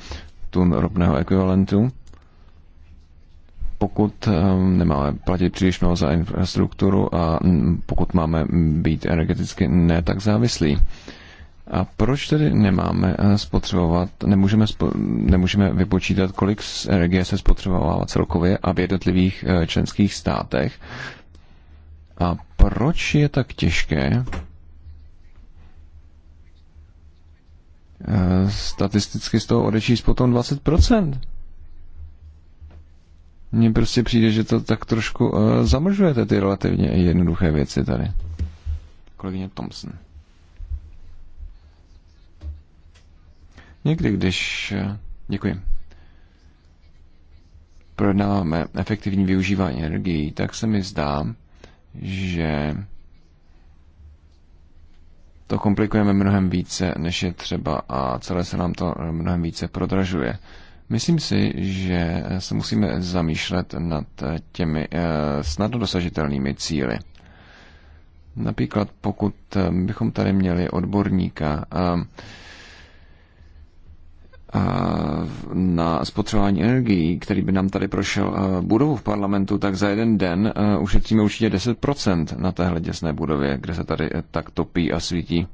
C: tun ropného ekvivalentu. Pokud um, nemáme platit příliš mnoho za infrastrukturu a um, pokud máme být energeticky ne tak závislí, a proč tedy nemáme eh, spotřebovat, nemůžeme, spo, nemůžeme vypočítat, kolik energie se spotřebovává celkově a v jednotlivých eh, členských státech? A proč je tak těžké eh, statisticky z toho odečíst potom 20%? Mně prostě přijde, že to tak trošku zamlžujete ty relativně jednoduché věci tady. Kolegyně Thompson. Někdy, když... Eh, děkuji. Projednáváme efektivní využívání energií, tak se mi zdá, že to komplikujeme mnohem více, než je třeba a celé se nám to mnohem více prodražuje. Myslím si, že se musíme zamýšlet nad těmi eh, snadno dosažitelnými cíly. Například pokud eh, bychom tady měli odborníka, na spotřebování energií, který by nám tady prošel budovu v parlamentu, tak za jeden den ušetříme určitě 10% na téhle děsné budově, kde se tady e, tak topí a svítí.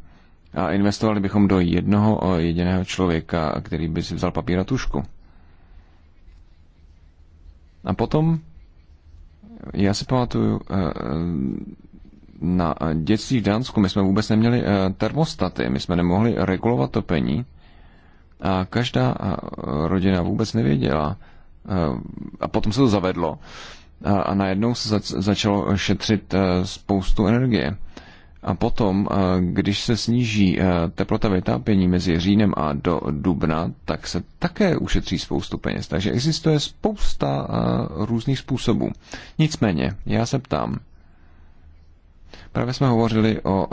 C: A investovali bychom do jednoho e, jediného člověka, který by si vzal papír a tušku. A potom, já si pamatuju, e, na dětství v Dánsku my jsme vůbec neměli termostaty, my jsme nemohli regulovat topení, a každá rodina vůbec nevěděla. A potom se to zavedlo. A najednou se začalo šetřit e, spoustu energie. A potom, e, když se sníží e, teplota vytápění mezi říjnem a do dubna, tak se také ušetří spoustu peněz. Takže existuje spousta různých způsobů. Nicméně, já se ptám. Právě jsme hovořili o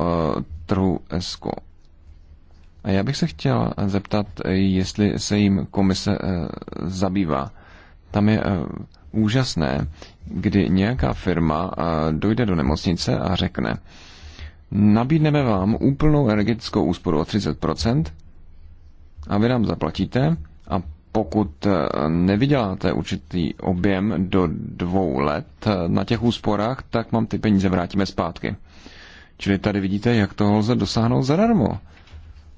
C: trhu ESCO a Já bych se chtěl zeptat, jestli se jim komise eh, zabývá. Tam je eh, úžasné, kdy nějaká firma eh, dojde do nemocnice a řekne, nabídneme vám úplnou energetickou úsporu o 30% a vy nám zaplatíte a pokud nevyděláte určitý objem do dvou let na těch úsporách, tak vám ty peníze vrátíme zpátky. Čili tady vidíte, jak toho lze dosáhnout zadarmo.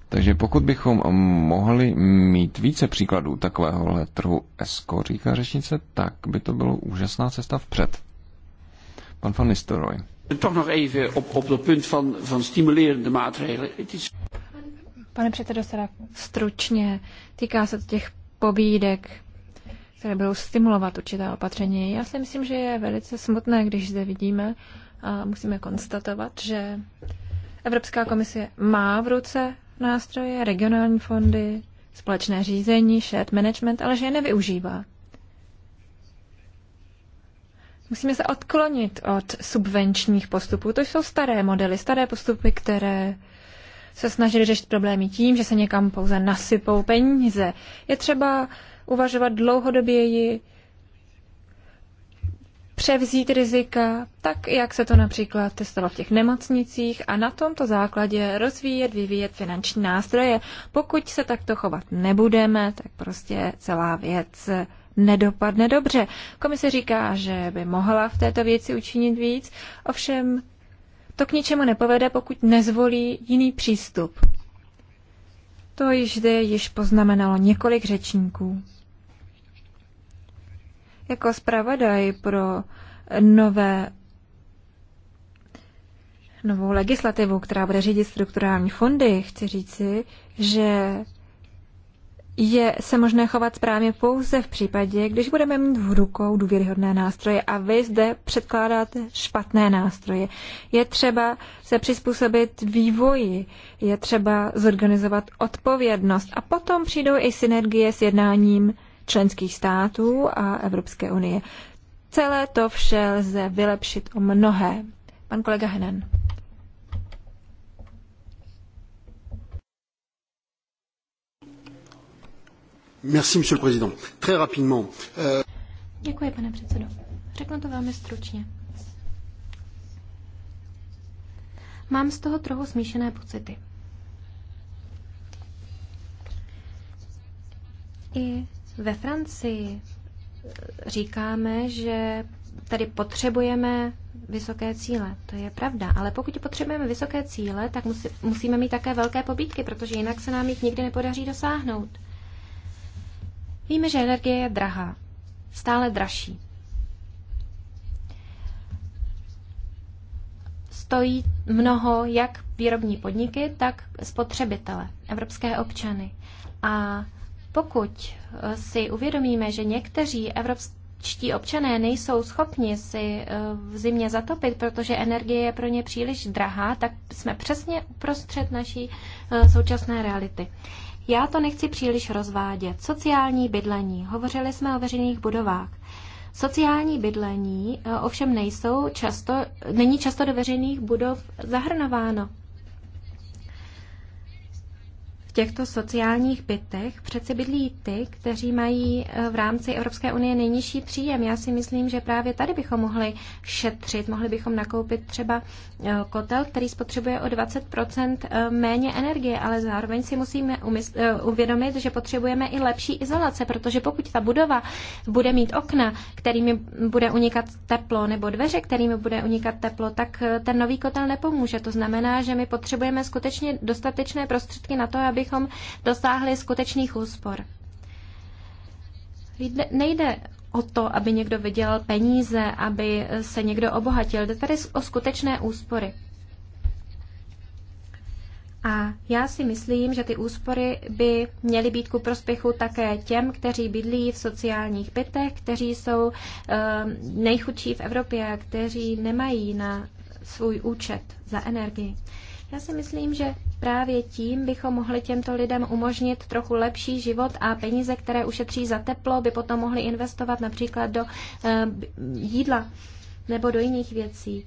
C: Takže pokud bychom mohli mít více příkladů takového trhu ESCO, říká řečnice, tak by to bylo úžasná cesta vpřed. Pan van Nistelrooy.
D: van,
A: Pane předsedo, stručně týká se těch pobídek, které budou stimulovat určitá opatření. Já si myslím, že je velice smutné, když zde vidíme a musíme konstatovat, že Evropská komise má v ruce nástroje, regionální fondy, společné řízení, shared management, ale že je nevyužívá. Musíme se odklonit od subvenčních postupů. To jsou staré modely, staré postupy, které se snažili řešit problémy tím, že se někam pouze nasypou peníze. Je třeba uvažovat dlouhodoběji, převzít rizika, tak jak se to například testovalo v těch nemocnicích a na tomto základě rozvíjet, vyvíjet finanční nástroje. Pokud se takto chovat nebudeme, tak prostě celá věc nedopadne dobře. Komise říká, že by mohla v této věci učinit víc, ovšem to k ničemu nepovede, pokud nezvolí jiný přístup. To již zde již poznamenalo několik řečníků. Jako zpravodaj pro nové novou legislativu, která bude řídit strukturální fondy, chci říci, že je se možné chovat správně pouze v případě, když budeme mít v rukou důvěryhodné nástroje a vy zde předkládáte špatné nástroje. Je třeba se přizpůsobit vývoji, je třeba zorganizovat odpovědnost a potom přijdou i synergie s jednáním členských států a Evropské unie. Celé to vše lze vylepšit o mnohé. Pan kolega Henen.
D: Merci, monsieur le président. Très rapidement. Euh,
E: Děkuji, pane předsedo. Řeknu to velmi stručně. Mám z toho trochu smíšené pocity. I ve Francii říkáme, že tady potřebujeme vysoké cíle. To je pravda. Ale pokud potřebujeme vysoké cíle, tak musí, musíme mít také velké pobídky, protože jinak se nám jich nikdy nepodaří dosáhnout. Víme, že energie je drahá. Stále dražší. Stojí mnoho jak výrobní podniky, tak spotřebitele, evropské občany. A pokud eh, si uvědomíme, že někteří evropští občané nejsou schopni si eh, v zimě zatopit, protože energie je pro ně příliš drahá, tak jsme přesně uprostřed naší eh, současné reality. Já to nechci příliš rozvádět. Sociální bydlení. Hovořili jsme o veřejných budovách. Sociální bydlení ovšem nejsou často, není často do veřejných budov zahrnováno těchto sociálních bytech přece bydlí ty, kteří mají eh, v rámci Evropské unie nejnižší příjem. Já si myslím, že právě tady bychom mohli šetřit, mohli bychom nakoupit třeba eh, kotel, který spotřebuje o 20 eh, méně energie, ale zároveň si musíme uvědomit, že potřebujeme i lepší izolace, protože pokud ta budova bude mít okna, kterými bude unikat teplo, nebo dveře, kterými bude unikat teplo, tak ten nový kotel nepomůže. To znamená, že my potřebujeme skutečně dostatečné prostředky na to, aby abychom dosáhli skutečných úspor. Nejde o to, aby někdo vydělal peníze, aby se někdo obohatil. Jde tady o skutečné úspory. A já si myslím, že ty úspory by měly být ku prospěchu také těm, kteří bydlí v sociálních bytech, kteří jsou ehm, nejchudší v Evropě a kteří nemají na svůj účet za energii. Já si myslím, že právě tím bychom mohli těmto lidem umožnit trochu lepší život a peníze, které ušetří za teplo, by potom mohli investovat například do eh, jídla nebo do jiných věcí.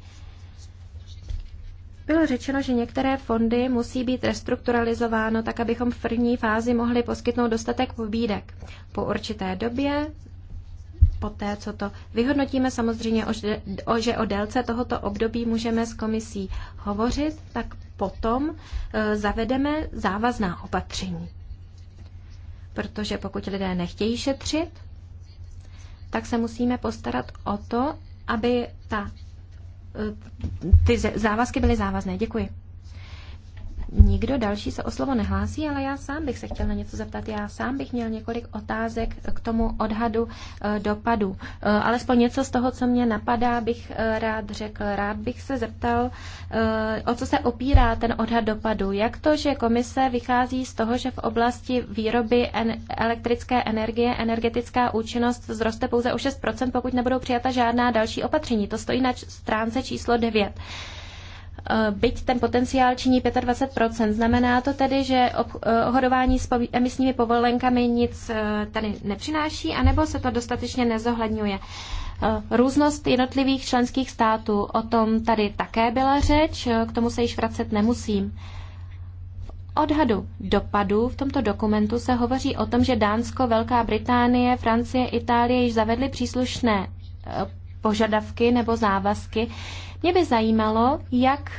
E: Bylo řečeno, že některé fondy musí být restrukturalizováno tak, abychom v první fázi mohli poskytnout dostatek pobídek. Po určité době, po té, co to vyhodnotíme, samozřejmě, že o délce tohoto období můžeme s komisí hovořit, tak potom e, zavedeme závazná opatření. Protože pokud lidé nechtějí šetřit, tak se musíme postarat o to, aby ta, e, ty závazky byly závazné. Děkuji. Nikdo další se o slovo nehlásí, ale já sám bych se chtěl na něco zeptat. Já sám bych měl několik otázek k tomu odhadu eh, dopadu. Eh, alespoň něco z toho, co mě napadá, bych eh, rád řekl. Rád bych se zeptal, o co se opírá ten odhad dopadu. Jak to, že komise vychází z toho, že v oblasti výroby elektrické energie energetická účinnost vzroste pouze o 6%, pokud nebudou přijata žádná další opatření. To stojí na stránce číslo 9. Eh, byť ten potenciál činí 25%. Znamená to tedy, že eh, ohodování s emisními povolenkami nic eh, tady nepřináší, anebo se to dostatečně nezohledňuje. Různost jednotlivých členských států, o tom tady také byla řeč, k tomu se již vracet nemusím. odhadu dopadu v tomto dokumentu se hovoří o tom, že Dánsko, Velká Británie, Francie, Itálie již zavedly příslušné požadavky nebo závazky, mě by zajímalo, jak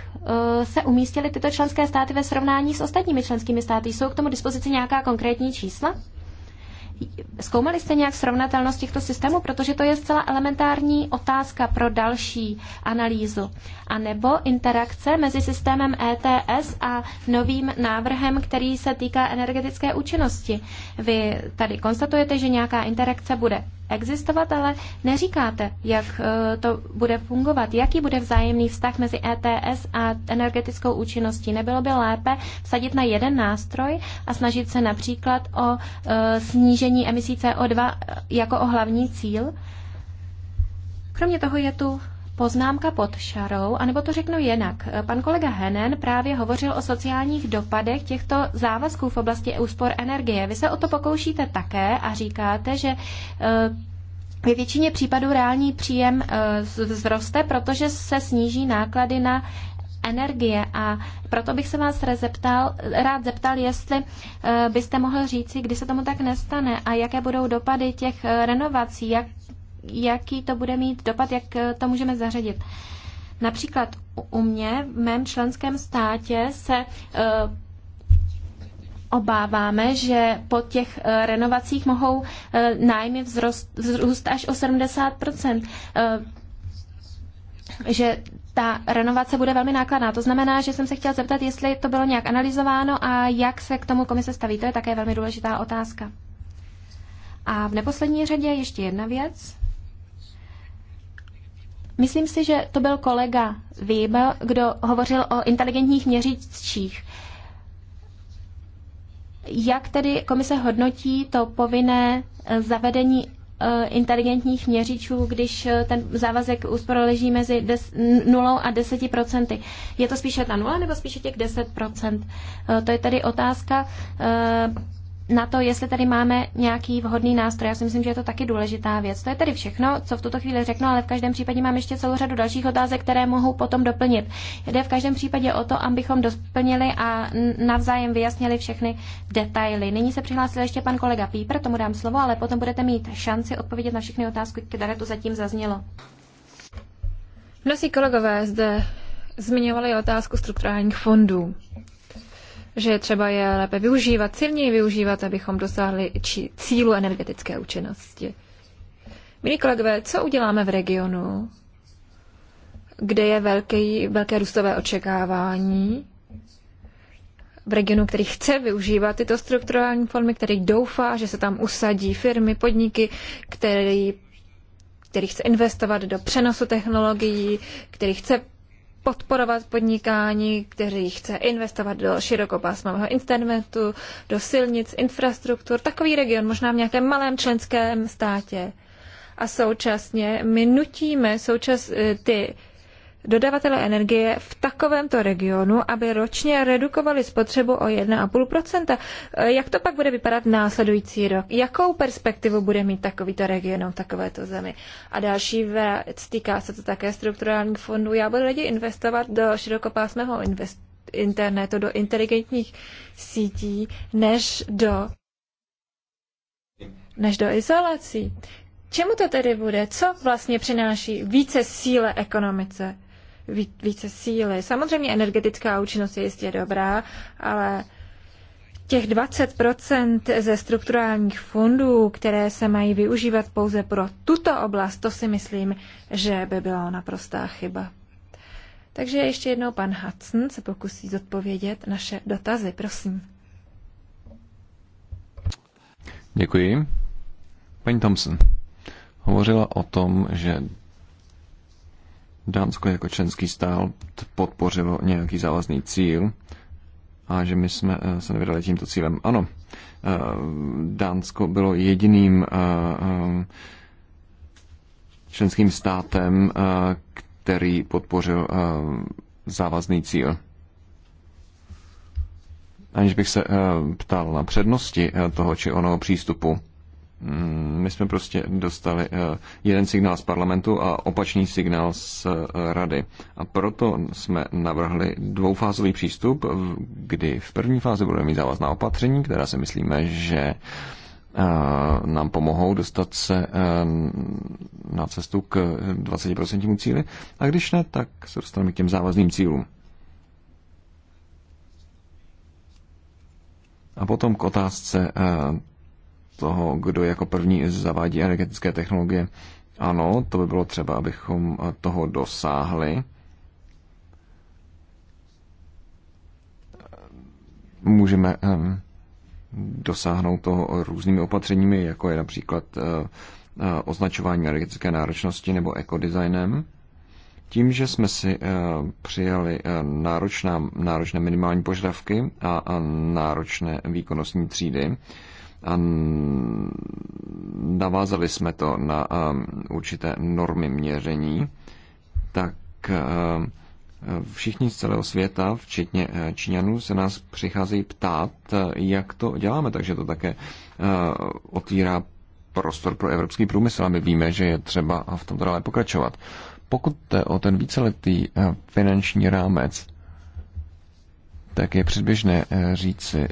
E: e, se umístily tyto členské státy ve srovnání s ostatními členskými státy. Jsou k tomu dispozici nějaká konkrétní čísla? Zkoumali jste nějak srovnatelnost těchto systémů, protože to je zcela elementární otázka pro další analýzu. A nebo interakce mezi systémem ETS a novým návrhem, který se týká energetické účinnosti. Vy tady konstatujete, že nějaká interakce bude existovat, ale neříkáte, jak eh, to bude fungovat, jaký bude vzájemný vztah mezi ETS a energetickou účinností. Nebylo by lépe vsadit na jeden nástroj a snažit se například o eh, snížení emisí CO2 eh, jako o hlavní cíl? Kromě toho je tu poznámka pod šarou, anebo to řeknu jinak. Pan kolega Henen právě hovořil o sociálních dopadech těchto závazků v oblasti úspor energie. Vy se o to pokoušíte také a říkáte, že eh, ve většině případů reální příjem eh, vzroste, protože se sníží náklady na energie a proto bych se vás zeptal, rád zeptal, jestli eh, byste mohl říci, kdy se tomu tak nestane a jaké budou dopady těch renovací, jak jaký to bude mít dopad, jak to můžeme zařadit. Například u mě, v mém členském státě, se e, obáváme, že po těch e, renovacích mohou e, nájmy vzrost, vzrůst až o 70 že ta renovace bude velmi nákladná. To znamená, že jsem se chtěla zeptat, jestli to bylo nějak analyzováno a jak se k tomu komise staví. To je také velmi důležitá otázka. A v neposlední řadě ještě jedna věc. Myslím si, že to byl kolega Weib, kdo hovořil o inteligentních měříčích. Jak tedy komise hodnotí to povinné eh, zavedení eh, inteligentních měřičů, když eh, ten závazek úspor leží mezi 0 a 10 procenty. Je to spíše ta 0 nebo spíše těch 10 To je tedy otázka na to, jestli tady máme nějaký vhodný nástroj. Já si myslím, že je to taky důležitá věc. To je tedy všechno, co v tuto chvíli řeknu, ale v každém případě mám ještě celou řadu dalších otázek, které mohou potom doplnit. Jde v každém případě o to, abychom doplnili a navzájem vyjasnili všechny detaily. Nyní se přihlásil ještě pan kolega Píper, tomu dám slovo, ale potom budete mít šanci odpovědět na všechny otázky, které tu zatím zaznělo.
A: Mnozí kolegové zde zmiňovali otázku strukturálních fondů že třeba je lépe využívat, silněji využívat, abychom dosáhli či cílu energetické účinnosti. Milí kolegové, co uděláme v regionu, kde je velký, velké růstové očekávání, v regionu, který chce využívat tyto strukturální formy, který doufá, že se tam usadí firmy, podniky, který který chce investovat do přenosu technologií, který chce podporovat podnikání, kteří chce investovat do širokopásmového internetu, do silnic, infrastruktur, takový region, možná v nějakém malém členském státě. A současně my nutíme součas, eh, ty dodavatele energie v takovémto regionu, aby ročně redukovali spotřebu o 1,5%. Jak to pak bude vypadat následující rok? Jakou perspektivu bude mít takovýto region v takovéto zemi? A další věc, týká se to také strukturálních fondů. Já budu raději investovat do širokopásmého invest- internetu, do inteligentních sítí, než do než do izolací. Čemu to tedy bude? Co vlastně přináší více síle ekonomice? více síly. Samozřejmě energetická účinnost je jistě dobrá, ale těch 20% ze strukturálních fondů, které se mají využívat pouze pro tuto oblast, to si myslím, že by byla naprostá chyba. Takže ještě jednou pan Hudson se pokusí zodpovědět naše dotazy, prosím.
C: Děkuji. Paní Thompson hovořila o tom, že Dánsko jako členský stát podpořilo nějaký závazný cíl a že my jsme eh, se nevydali tímto cílem. Ano, eh, Dánsko bylo jediným eh, členským státem, který podpořil závazný cíl. Aniž bych se ptal na přednosti toho či onoho přístupu, Mm, my jsme prostě dostali eh, jeden signál z parlamentu a opačný signál z eh, rady. A proto jsme navrhli dvoufázový přístup, kdy v první fázi budeme mít závazná opatření, která si myslíme, že eh, nám pomohou dostat se na cestu k 20% cíli. A když ne, tak se dostaneme k těm závazným cílům. A potom k otázce toho, kdo jako první zavádí energetické technologie. Ano, to by bylo třeba, abychom toho dosáhli. Můžeme ehm, dosáhnout toho různými opatřeními, jako je například eh, eh, označování energetické náročnosti nebo ekodesignem. Tím, že jsme si eh, přijali náročná, náročné minimální požadavky a náročné výkonnostní třídy, a navázali jsme to na um, určité normy měření, tak um, všichni z celého světa, včetně eh, Číňanů, se nás přicházejí ptát, eh, jak to děláme. Takže to také eh, otvírá prostor pro evropský průmysl a my víme, že je třeba v tom dále pokračovat. Pokud jde o ten víceletý finanční rámec, tak je předběžné říci,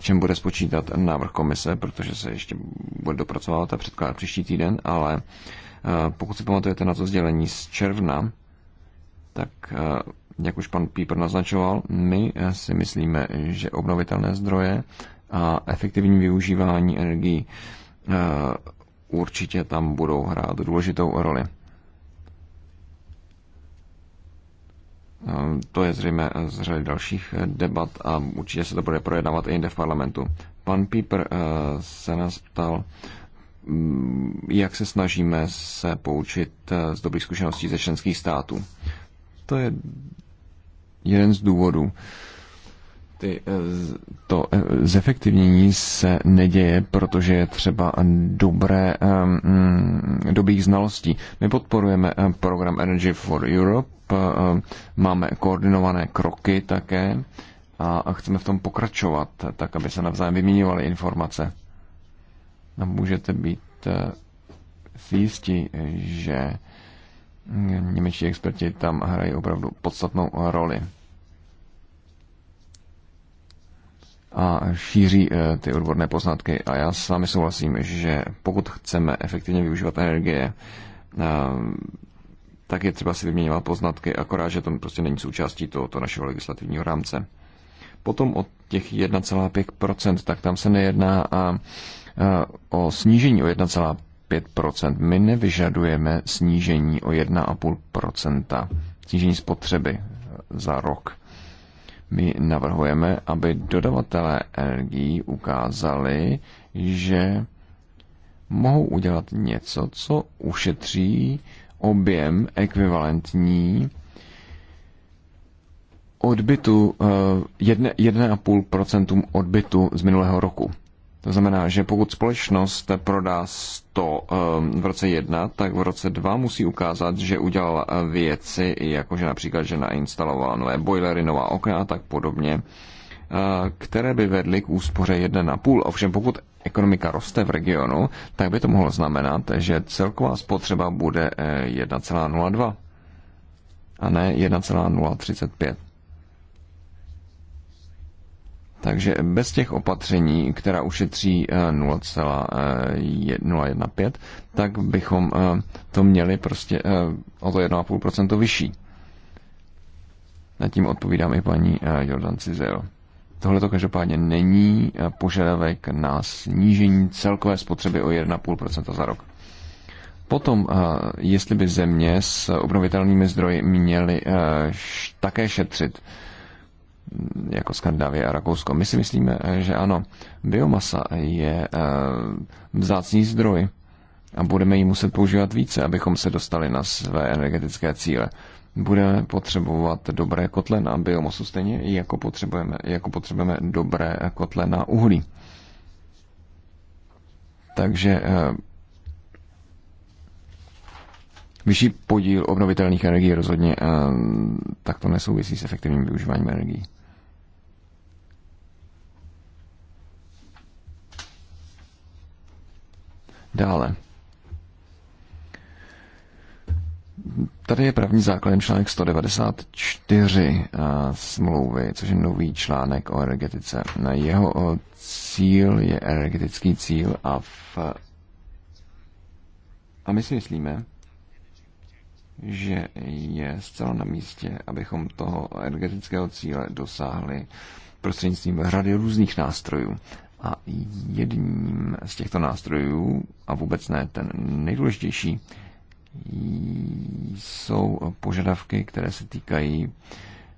C: v čem bude spočítat návrh komise, protože se ještě bude dopracovat a předkládat příští týden, ale eh, pokud si pamatujete na to sdělení z června, tak eh, jak už pan Píper naznačoval, my eh, si myslíme, že obnovitelné zdroje a efektivní využívání energií určitě tam budou hrát důležitou roli. Eh, to je zřejmě z řady dalších eh, debat a určitě se to bude projednávat i jinde v parlamentu. Pan Píper eh, se nás ptal, mm, jak se snažíme se poučit z dobrých zkušeností ze členských států. To je jeden z důvodů. Ty, to zefektivnění se neděje, protože je třeba dobré, mm, dobrých znalostí. My podporujeme program Energy for Europe, máme koordinované kroky také a chceme v tom pokračovat, tak aby se navzájem vyměňovaly informace. A můžete být si e, jistí, že němečtí experti tam hrají opravdu podstatnou roli. a šíří e, ty odborné poznatky. A já s vámi souhlasím, že pokud chceme efektivně využívat energie, e, tak je třeba si vyměňovat poznatky, akorát, že to prostě není součástí tohoto našeho legislativního rámce. Potom od těch 1,5%, tak tam se nejedná a, a, o snížení o 1,5%. My nevyžadujeme snížení o 1,5%, snížení spotřeby e, za rok. My navrhujeme, aby dodavatelé energií ukázali, že mohou udělat něco, co ušetří objem ekvivalentní odbytu 1,5% eh, odbytu z minulého roku. To znamená, že pokud společnost prodá 100 eh, v roce 1, tak v roce 2 musí ukázat, že udělala eh, věci, jakože například, že nainstalovala nové boilery, nová okna a tak podobně, které by vedly k úspoře 1,5. Ovšem pokud ekonomika roste v regionu, tak by to mohlo znamenat, že celková spotřeba bude 1,02 e, a ne 1,035. Takže bez těch opatření, která ušetří 0,015, e, e, tak bychom to měli prostě o to 1,5% vyšší. Na tím odpovídám i paní Jordan Cizel. Tohle to každopádně není eh, požadavek na snížení celkové spotřeby o 1,5% za rok. Potom, eh, jestli by země s obnovitelnými zdroji měly eh, také šetřit, mm, jako Skandinávie a Rakousko. My si myslíme, že ano, biomasa je vzácný zdroj a budeme ji muset používat více, abychom se dostali na své energetické cíle budeme potřebovat dobré kotle na biomasu stejně, jako potřebujeme, jako potřebujeme dobré kotle na uhlí. Takže eh, vyšší podíl obnovitelných energií rozhodně eh, takto nesouvisí s efektivním využíváním energií. Dále. Tady je právní základem článek 194 eh, smlouvy, což je nový článek o energetice. Jeho eh, cíl je energetický cíl a v... A my si myslíme, že je zcela na místě, abychom toho energetického cíle dosáhli prostřednictvím řady různých nástrojů. A jedním z těchto nástrojů, a vůbec ne ten nejdůležitější, jsou požadavky, které se týkají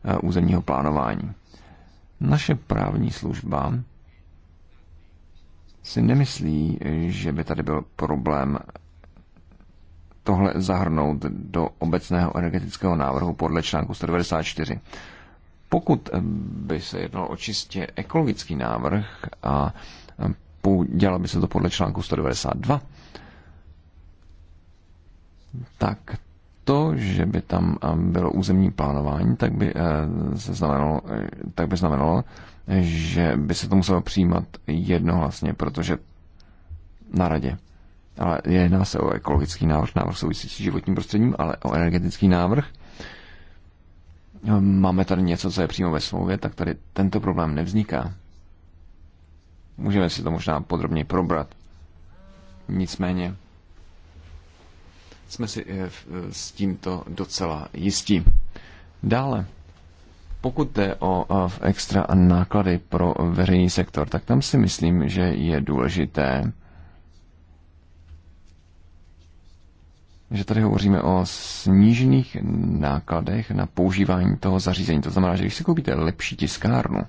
C: eh, územního plánování. Naše právní služba si nemyslí, že by tady byl problém tohle zahrnout do obecného energetického návrhu podle článku 194. Pokud by se jednalo o čistě ekologický návrh a dělalo by se to podle článku 192, tak to, že by tam eh, bylo územní plánování, tak by, eh, se znamenalo, eh, tak by znamenalo, že by se to muselo přijímat jednohlasně, protože na radě. Ale jedná se o ekologický návrh, návrh souvisí s životním prostředím, ale o energetický návrh. Máme tady něco, co je přímo ve smlouvě, tak tady tento problém nevzniká. Můžeme si to možná podrobně probrat. Nicméně jsme si eh, eh, s tímto docela jistí. Dále, pokud jde o extra náklady pro veřejný sektor, tak tam si myslím, že je důležité, že tady hovoříme o snížených nákladech na používání toho zařízení. To znamená, že když si koupíte lepší tiskárnu,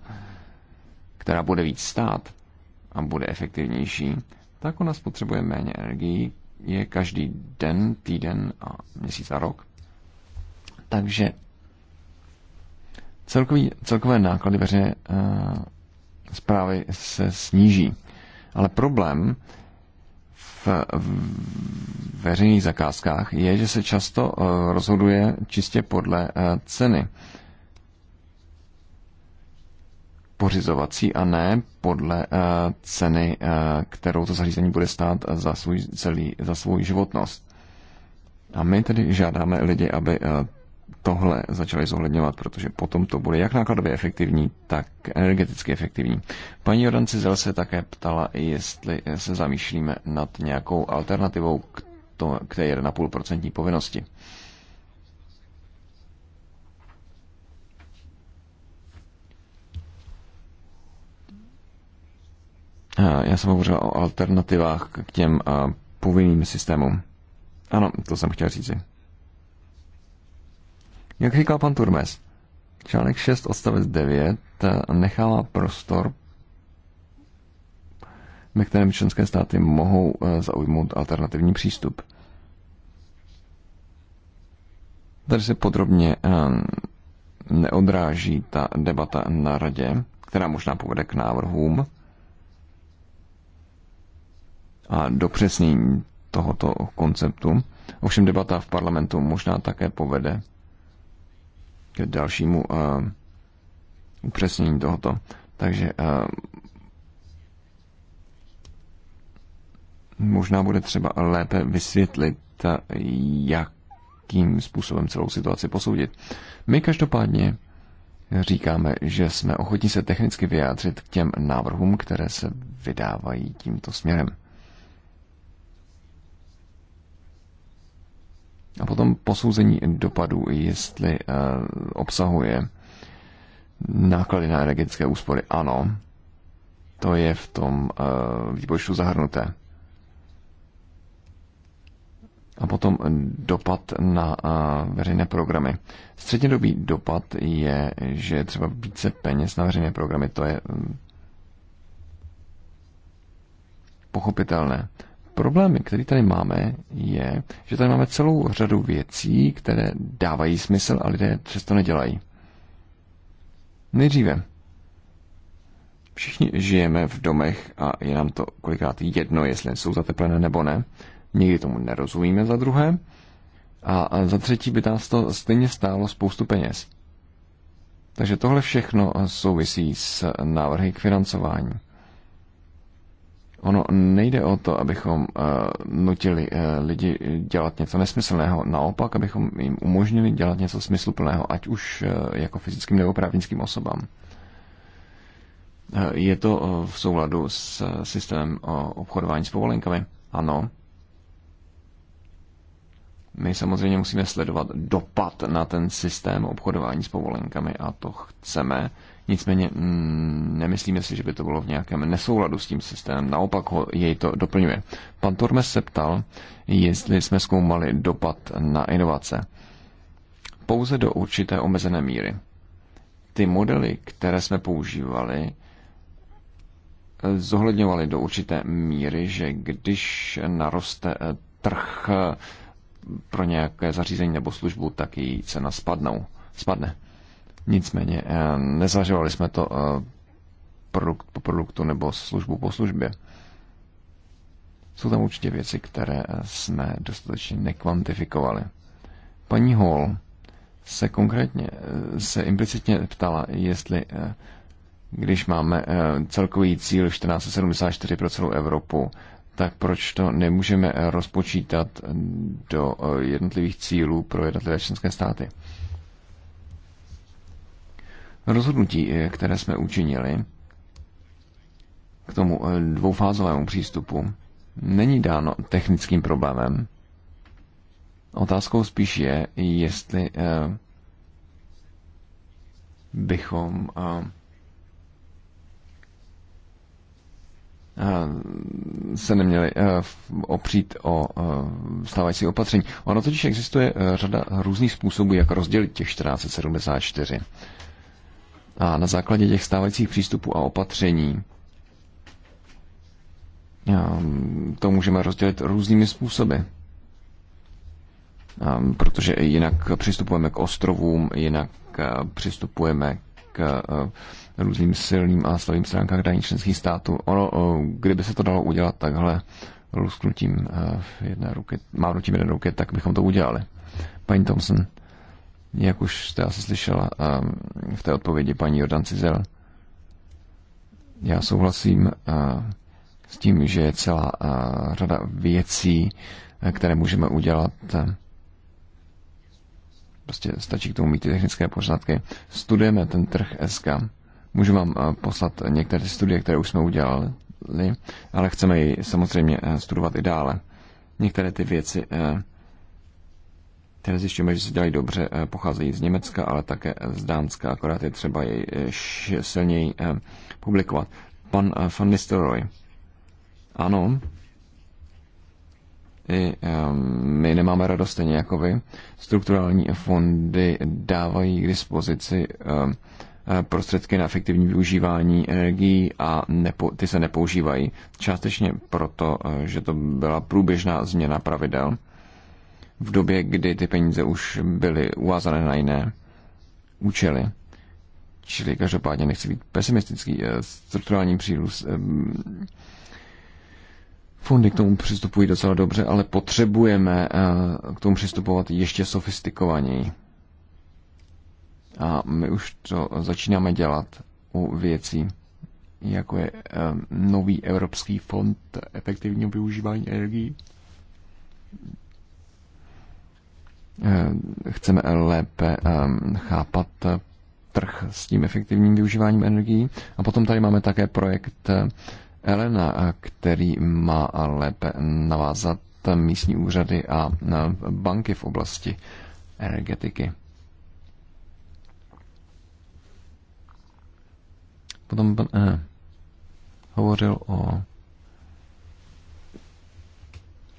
C: která bude víc stát a bude efektivnější, tak ona spotřebuje méně energii, je každý den, týden a měsíc a rok. Takže celkový, celkové náklady veřejné uh, zprávy se sníží. Ale problém v, veřejných zakázkách je, že se často eh, rozhoduje čistě podle eh, ceny. pořizovací a ne podle eh, ceny, eh, kterou to zařízení bude stát za, svůj celý, za svou životnost. A my tedy žádáme lidi, aby eh, tohle začali zohledňovat, protože potom to bude jak nákladově efektivní, tak energeticky efektivní. Paní Jordan Cizel se také ptala, jestli se zamýšlíme nad nějakou alternativou k, to, k té 1,5% povinnosti. Já jsem hovořil o alternativách k těm povinným systémům. Ano, to jsem chtěl říci. Jak říkal pan Turmes, článek 6 odstavec 9 nechává prostor, ve kterém členské státy mohou zaujmout alternativní přístup. Tady se podrobně neodráží ta debata na radě, která možná povede k návrhům, a dopřesnění tohoto konceptu. Ovšem debata v parlamentu možná také povede k dalšímu uh, upřesnění tohoto. Takže uh, možná bude třeba lépe vysvětlit, eh, jakým způsobem celou situaci posoudit. My každopádně říkáme, že jsme ochotní se technicky vyjádřit k těm návrhům, které se vydávají tímto směrem. A potom posouzení dopadů, jestli eh, obsahuje náklady na energetické úspory. Ano, to je v tom eh, výpočtu zahrnuté. A potom dopad na eh, veřejné programy. Střednědobý dopad je, že třeba více peněz na veřejné programy, to je hm, pochopitelné. Problémy, který tady máme, je, že tady máme celou řadu věcí, které dávají smysl a lidé přesto nedělají. Nejdříve. Všichni žijeme v domech a je nám to kolikrát jedno, jestli jsou zateplené nebo ne. Nikdy tomu nerozumíme za druhé. A za třetí by nás to stejně stálo spoustu peněz. Takže tohle všechno souvisí s návrhy k financování. Ono nejde o to, abychom uh, nutili uh, lidi dělat něco nesmyslného, naopak, abychom jim umožnili dělat něco smysluplného, ať už uh, jako fyzickým nebo právnickým osobám. Je to v souladu s systémem obchodování s povolenkami? Ano. My samozřejmě musíme sledovat dopad na ten systém obchodování s povolenkami a to chceme Nicméně mm, nemyslíme si, že by to bylo v nějakém nesouladu s tím systémem, naopak ho, jej to doplňuje. Pan Tormes se ptal, jestli jsme zkoumali dopad na inovace. Pouze do určité omezené míry. Ty modely, které jsme používali, zohledňovaly do určité míry, že když naroste eh, trh eh, pro nějaké zařízení nebo službu, tak její cena spadnou, spadne. Nicméně eh, nezažovali jsme to eh, produkt po produktu nebo službu po službě. Jsou tam určitě věci, které eh, jsme dostatečně nekvantifikovali. Paní Hall se konkrétně, se implicitně ptala, jestli když máme celkový cíl 1474 pro celou Evropu, tak proč to nemůžeme rozpočítat do jednotlivých cílů pro jednotlivé členské státy? Rozhodnutí, eh, které jsme učinili k tomu eh, dvoufázovému přístupu, není dáno technickým problémem. Otázkou spíš je, jestli eh, bychom se neměli opřít o stávající opatření. Ono totiž existuje řada různých způsobů, jak rozdělit těch 1474. A na základě těch stávajících přístupů a opatření ehm, to můžeme rozdělit různými způsoby. Ehm, protože jinak přistupujeme k ostrovům, jinak eh, přistupujeme k eh, různým silným a slabým stránkách daní členských států. Ono, eh, kdyby se to dalo udělat takhle lusknutím jedné ruky, mávnutím jedné ruky, tak bychom to udělali. Paní Thompson jak už jste asi slyšela ehm, v té odpovědi paní Jordan Cizel. Já souhlasím eh, s tím, že je celá eh, řada věcí, eh, které můžeme udělat. Prostě stačí k tomu mít ty technické poznatky. Studujeme ten trh SK. Můžu vám poslat některé studie, které už jsme udělali, ale chceme ji samozřejmě studovat i dále. Některé ty věci ten zjišťujeme, že se dělají dobře, eh, pocházejí z Německa, ale také z Dánska, akorát je třeba jej eh, silněji eh, publikovat. Pan Van Nistelrooy. Ano, i ehm, my nemáme radost stejně jako vy. Strukturální fondy dávají k dispozici ehm, prostředky na efektivní využívání energií a nepo, ty se nepoužívají. Částečně proto, že to byla průběžná změna pravidel v době, kdy ty peníze už byly uvázané na jiné účely. Čili každopádně nechci být pesimistický. Eh, strukturální přírůst eh, fondy k tomu přistupují docela dobře, ale potřebujeme eh, k tomu přistupovat ještě sofistikovaněji. A my už to začínáme dělat u věcí, jako je nový Evropský fond efektivního využívání energií. Eh, chceme lépe ehm, chápat eh, trh s tím efektivním využíváním energií. A potom tady máme také projekt eh, Elena, který má lépe navázat místní úřady a banky v oblasti energetiky. Potom pan eh, hovořil o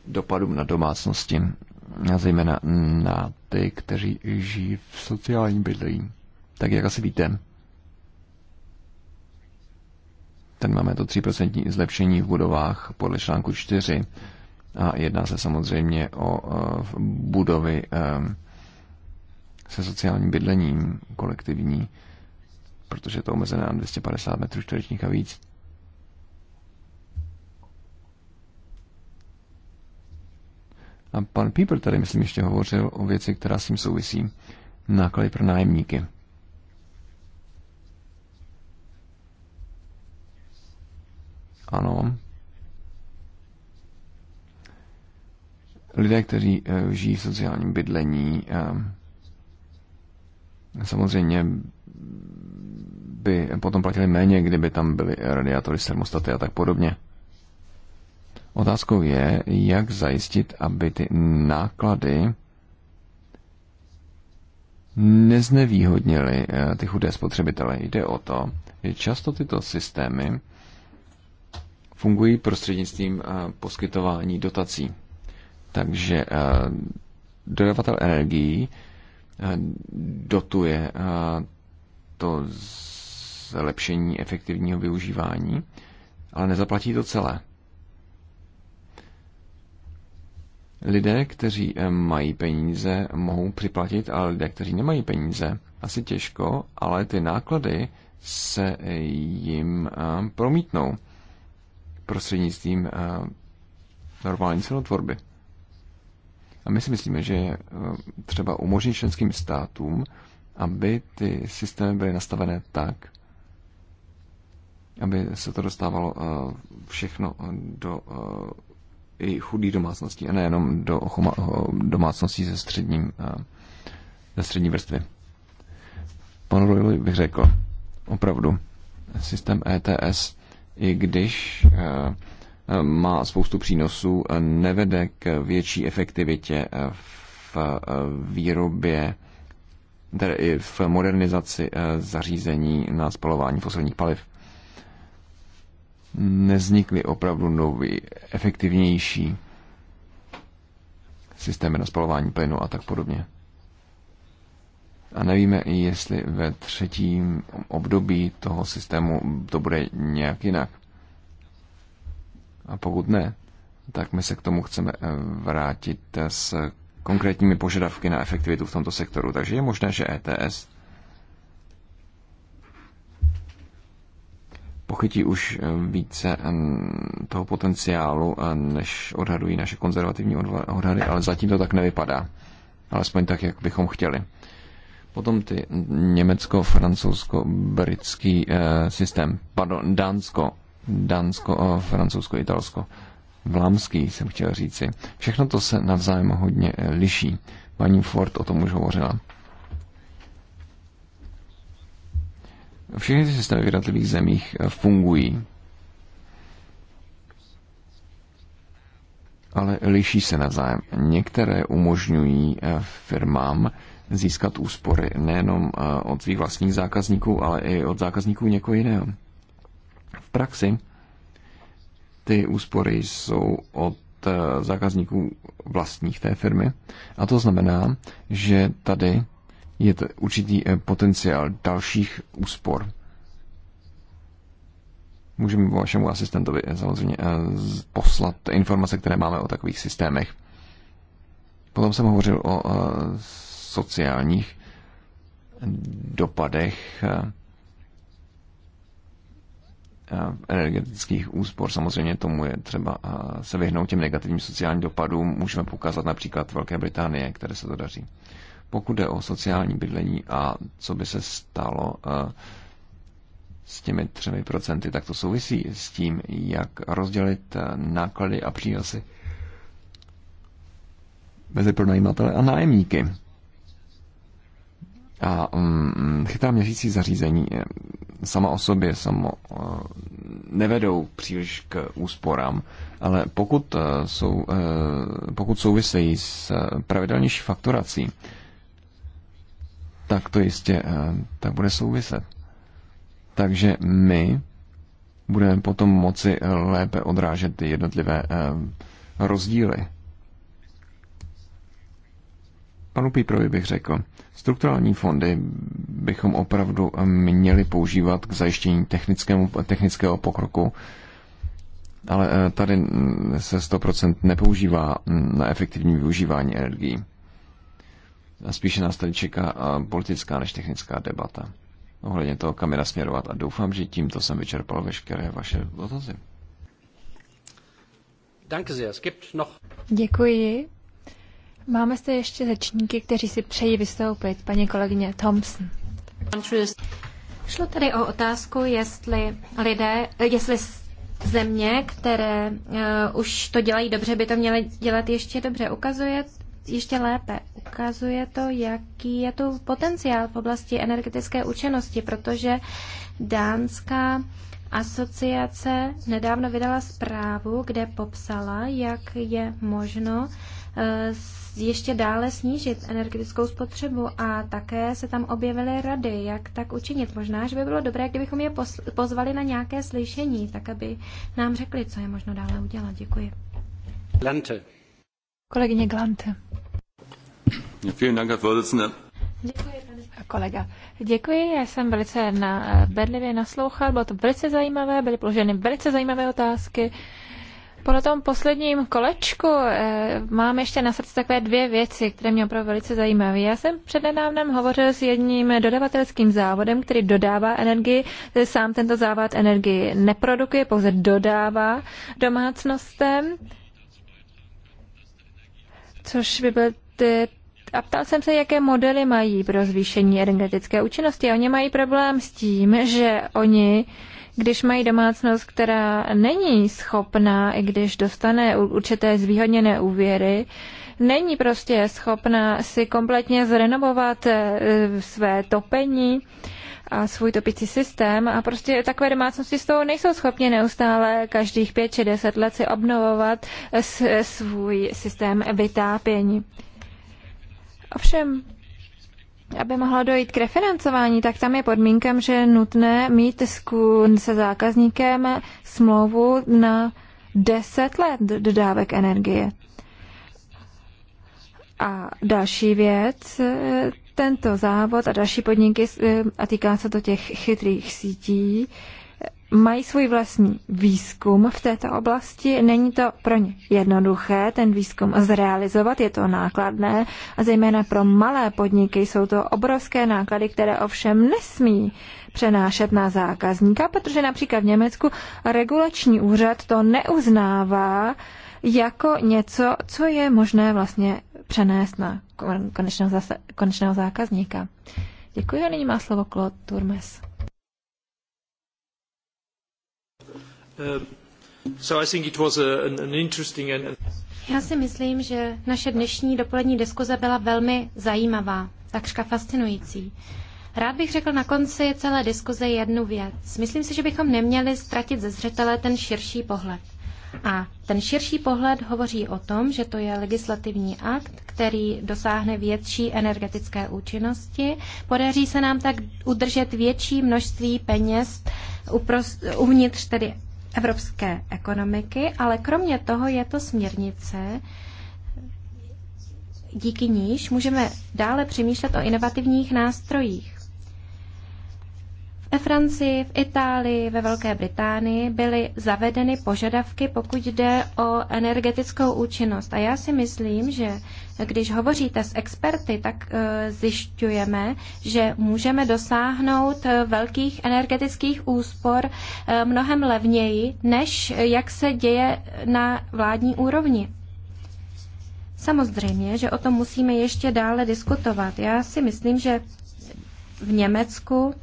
C: dopadům na domácnosti zejména na ty, kteří žijí v sociálním bydlení. Tak jak asi víte, ten máme to 3% zlepšení v budovách podle článku 4 a jedná se samozřejmě o e, budovy e, se sociálním bydlením kolektivní, protože je to omezené na 250 metrů čtverečních a víc. A pan Pieper tady, myslím, ještě hovořil o věci, která s tím souvisí. Náklady pro nájemníky. Ano. Lidé, kteří eh, žijí v sociálním bydlení, eh, samozřejmě by potom platili méně, kdyby tam byly radiátory, termostaty a tak podobně. Otázkou je, jak zajistit, aby ty náklady neznevýhodnily eh, ty chudé spotřebitele. Jde o to, že často tyto systémy fungují prostřednictvím eh, poskytování dotací. Takže eh, dodavatel energií dotuje to zlepšení efektivního využívání, ale nezaplatí to celé. Lidé, kteří eh, mají peníze, mohou připlatit, ale lidé, kteří nemají peníze, asi těžko, ale ty náklady se eh, jim eh, promítnou prostřednictvím normální cenotvorby. A my si myslíme, že je třeba umožnit členským státům, aby ty systémy byly nastavené tak, aby se to dostávalo všechno do i chudých domácností a nejenom do choma, domácností ze, středním, eh, ze střední vrstvy. Pan Royalovi bych řekl, opravdu, systém ETS, i když eh, má spoustu přínosů, nevede k větší efektivitě eh, v výrobě, tedy i v modernizaci zařízení na spalování fosilních paliv neznikly opravdu nový, efektivnější systémy na spalování plynu a tak podobně. A nevíme, jestli ve třetím období toho systému to bude nějak jinak. A pokud ne, tak my se k tomu chceme eh, vrátit s konkrétními požadavky na efektivitu v tomto sektoru. Takže je možné, že ETS pochytí už eh, více eh, toho potenciálu, eh, než odhadují naše konzervativní odhady, ale zatím to tak nevypadá. Alespoň tak, jak bychom chtěli. Potom ty Německo, Francouzsko, britský eh, systém, pardon, Dánsko, Dánsko, eh, Francouzsko, Italsko, vlámský jsem chtěl říci. Všechno to se navzájem hodně eh, liší. Paní Ford o tom už hovořila. Všechny ty systémy v jednotlivých zemích eh, fungují. ale liší se navzájem. Některé umožňují eh, firmám získat úspory nejenom eh, od svých vlastních zákazníků, ale i od zákazníků někoho jiného. V praxi ty úspory jsou od zákazníků vlastních té firmy a to znamená, že tady je to určitý eh, potenciál dalších úspor. Můžeme vašemu asistentovi eh, samozřejmě eh, poslat informace, které máme o takových systémech. Potom jsem hovořil o sociálních dopadech energetických úspor. Samozřejmě tomu je třeba se vyhnout těm negativním sociálním dopadům. Můžeme pokázat například Velké Británie, které se to daří. Pokud jde o sociální bydlení a co by se stalo eh, s těmi třemi procenty, tak to souvisí s tím, jak rozdělit eh, náklady a přínosy mezi pronajímatele a nájemníky. A um, chytrá měřící zařízení eh, sama o sobě samo, uh, nevedou příliš k úsporám, ale pokud, uh, jsou, uh, pokud souvisejí s pravidelnější fakturací, tak to jistě eh, tak bude souviset. Takže my budeme potom moci eh, lépe odrážet ty jednotlivé eh, rozdíly. Panu Píprovi bych řekl, strukturální fondy bychom opravdu měli používat k zajištění technického pokroku, ale tady mm, se 100% nepoužívá mm, na efektivní využívání energií. A spíše nás tady čeká politická než technická debata ohledně toho, kam je nasměrovat. A doufám, že tímto jsem vyčerpal veškeré vaše dotazy.
A: Děkuji. Máme zde ještě řečníky, kteří si přejí vystoupit. Paní kolegyně Thompson.
E: Šlo tady o otázku, jestli lidé, jestli země, které uh, už to dělají dobře, by to měly dělat ještě dobře. Ukazuje ještě lépe. Ukazuje to, jaký je tu potenciál v oblasti energetické účinnosti, protože dánská asociace nedávno vydala zprávu, kde popsala, jak je možno eh, ještě dále snížit energetickou spotřebu a také se tam objevily rady, jak tak učinit. Možná, že by bylo dobré, kdybychom je pozvali na nějaké slyšení, tak aby nám řekli, co je možno dále udělat. Děkuji.
D: Lente.
A: Kolegyně Glante. Děkuji, kolega. Děkuji, já jsem velice na, bedlivě naslouchal, bylo to velice zajímavé, byly položeny velice zajímavé otázky. Po tom posledním kolečku eh, mám ještě na srdci takové dvě věci, které mě opravdu velice zajímavé. Já jsem přednedávnem hovořil s jedním dodavatelským závodem, který dodává energii. Sám tento závod energii neprodukuje, pouze dodává domácnostem. Eh, což by byl ty a ptal jsem se, jaké modely mají pro zvýšení energetické účinnosti. Oni mají problém s tím, že oni, když mají domácnost, která není schopná, i když dostane určité zvýhodněné úvěry, není prostě schopná si kompletně zrenovovat eh, své topení, a svůj topicí systém a prostě takové domácnosti z toho nejsou schopni neustále každých pět či deset let si obnovovat svůj systém vytápění. Ovšem, aby mohlo dojít k refinancování, tak tam je podmínkem, že je nutné mít se zákazníkem smlouvu na 10 let dodávek energie. A další věc, tento závod a další podniky, eh, a týká se to těch chytrých sítí, mají svůj vlastní výzkum v této oblasti. Není to pro ně jednoduché ten výzkum zrealizovat, je to nákladné a zejména pro malé podniky jsou to obrovské náklady, které ovšem nesmí přenášet na zákazníka, protože například v Německu regulační úřad to neuznává jako něco, co je možné vlastně přenést na konečného, zase, konečného zákazníka. Děkuji a nyní má slovo Claude Turmes. Um, Já
E: si myslím, že naše dnešní dopolední diskuze byla velmi zajímavá, takřka fascinující. Rád bych řekl na konci celé diskuze jednu věc. Myslím si, že bychom neměli ztratit ze zřetele ten širší pohled. A ten širší pohled hovoří o tom, že to je legislativní akt, který dosáhne větší energetické účinnosti. Podaří se nám tak udržet větší množství peněz uvnitř tedy evropské ekonomiky, ale kromě toho je to směrnice, díky níž můžeme dále přemýšlet o inovativních nástrojích. Ve Francii, v Itálii, ve Velké Británii byly zavedeny požadavky, pokud jde o energetickou účinnost. A já si myslím, že když hovoříte s experty, tak eh, zjišťujeme, že můžeme dosáhnout eh, velkých energetických úspor eh, mnohem levněji, než jak se děje na vládní úrovni. Samozřejmě, že o tom musíme ještě dále diskutovat. Já si myslím, že v Německu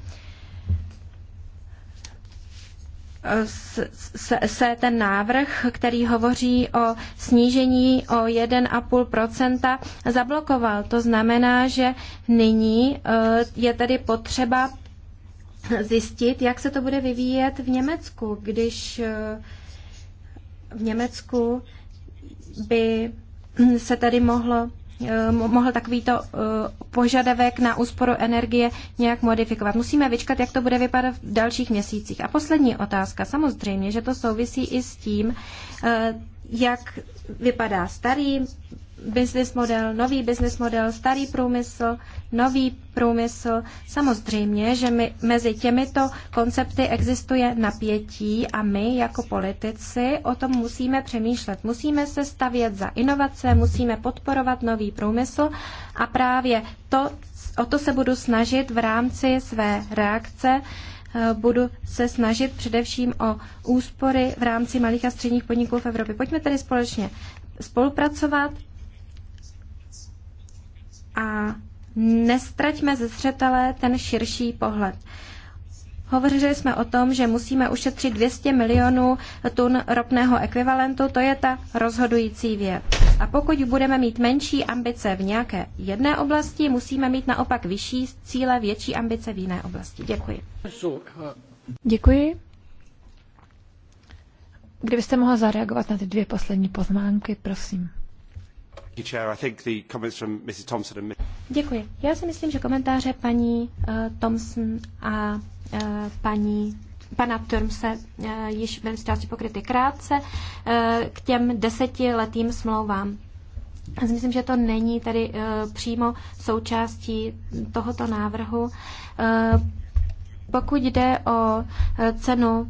E: se ten návrh, který hovoří o snížení o 1,5 zablokoval. To znamená, že nyní eh, je tedy potřeba zjistit, jak se to bude vyvíjet v Německu, když eh, v Německu by se tady mohlo Ehm, mohl takovýto eh, požadavek na úsporu energie nějak modifikovat. Musíme vyčkat, jak to bude vypadat v dalších měsících. A poslední otázka. Samozřejmě, že to souvisí i s tím, eh, jak vypadá starý business model, nový business model, starý průmysl, nový průmysl. Samozřejmě, že my, mezi těmito koncepty existuje napětí a my jako politici o tom musíme přemýšlet. Musíme se stavět za inovace, musíme podporovat nový průmysl a právě to, o to se budu snažit v rámci své reakce eh, budu se snažit především o úspory v rámci malých a středních podniků v Evropě. Pojďme tedy společně spolupracovat, a nestraťme ze zřetele ten širší pohled. Hovořili jsme o tom, že musíme ušetřit 200 milionů tun ropného ekvivalentu, to je ta rozhodující věc. A pokud budeme mít menší ambice v nějaké jedné oblasti, musíme mít naopak vyšší
A: cíle, větší ambice v jiné oblasti. Děkuji. Děkuji. Kdybyste mohla zareagovat na ty dvě poslední poznámky, prosím. Děkuji. Já si myslím, že komentáře
E: paní uh, Thompson a uh, paní pana Turmse uh, již byly z části pokryty krátce uh, k těm desetiletým smlouvám. Já si myslím, že to není tady uh, přímo součástí tohoto návrhu. Uh, pokud jde o uh, cenu uh,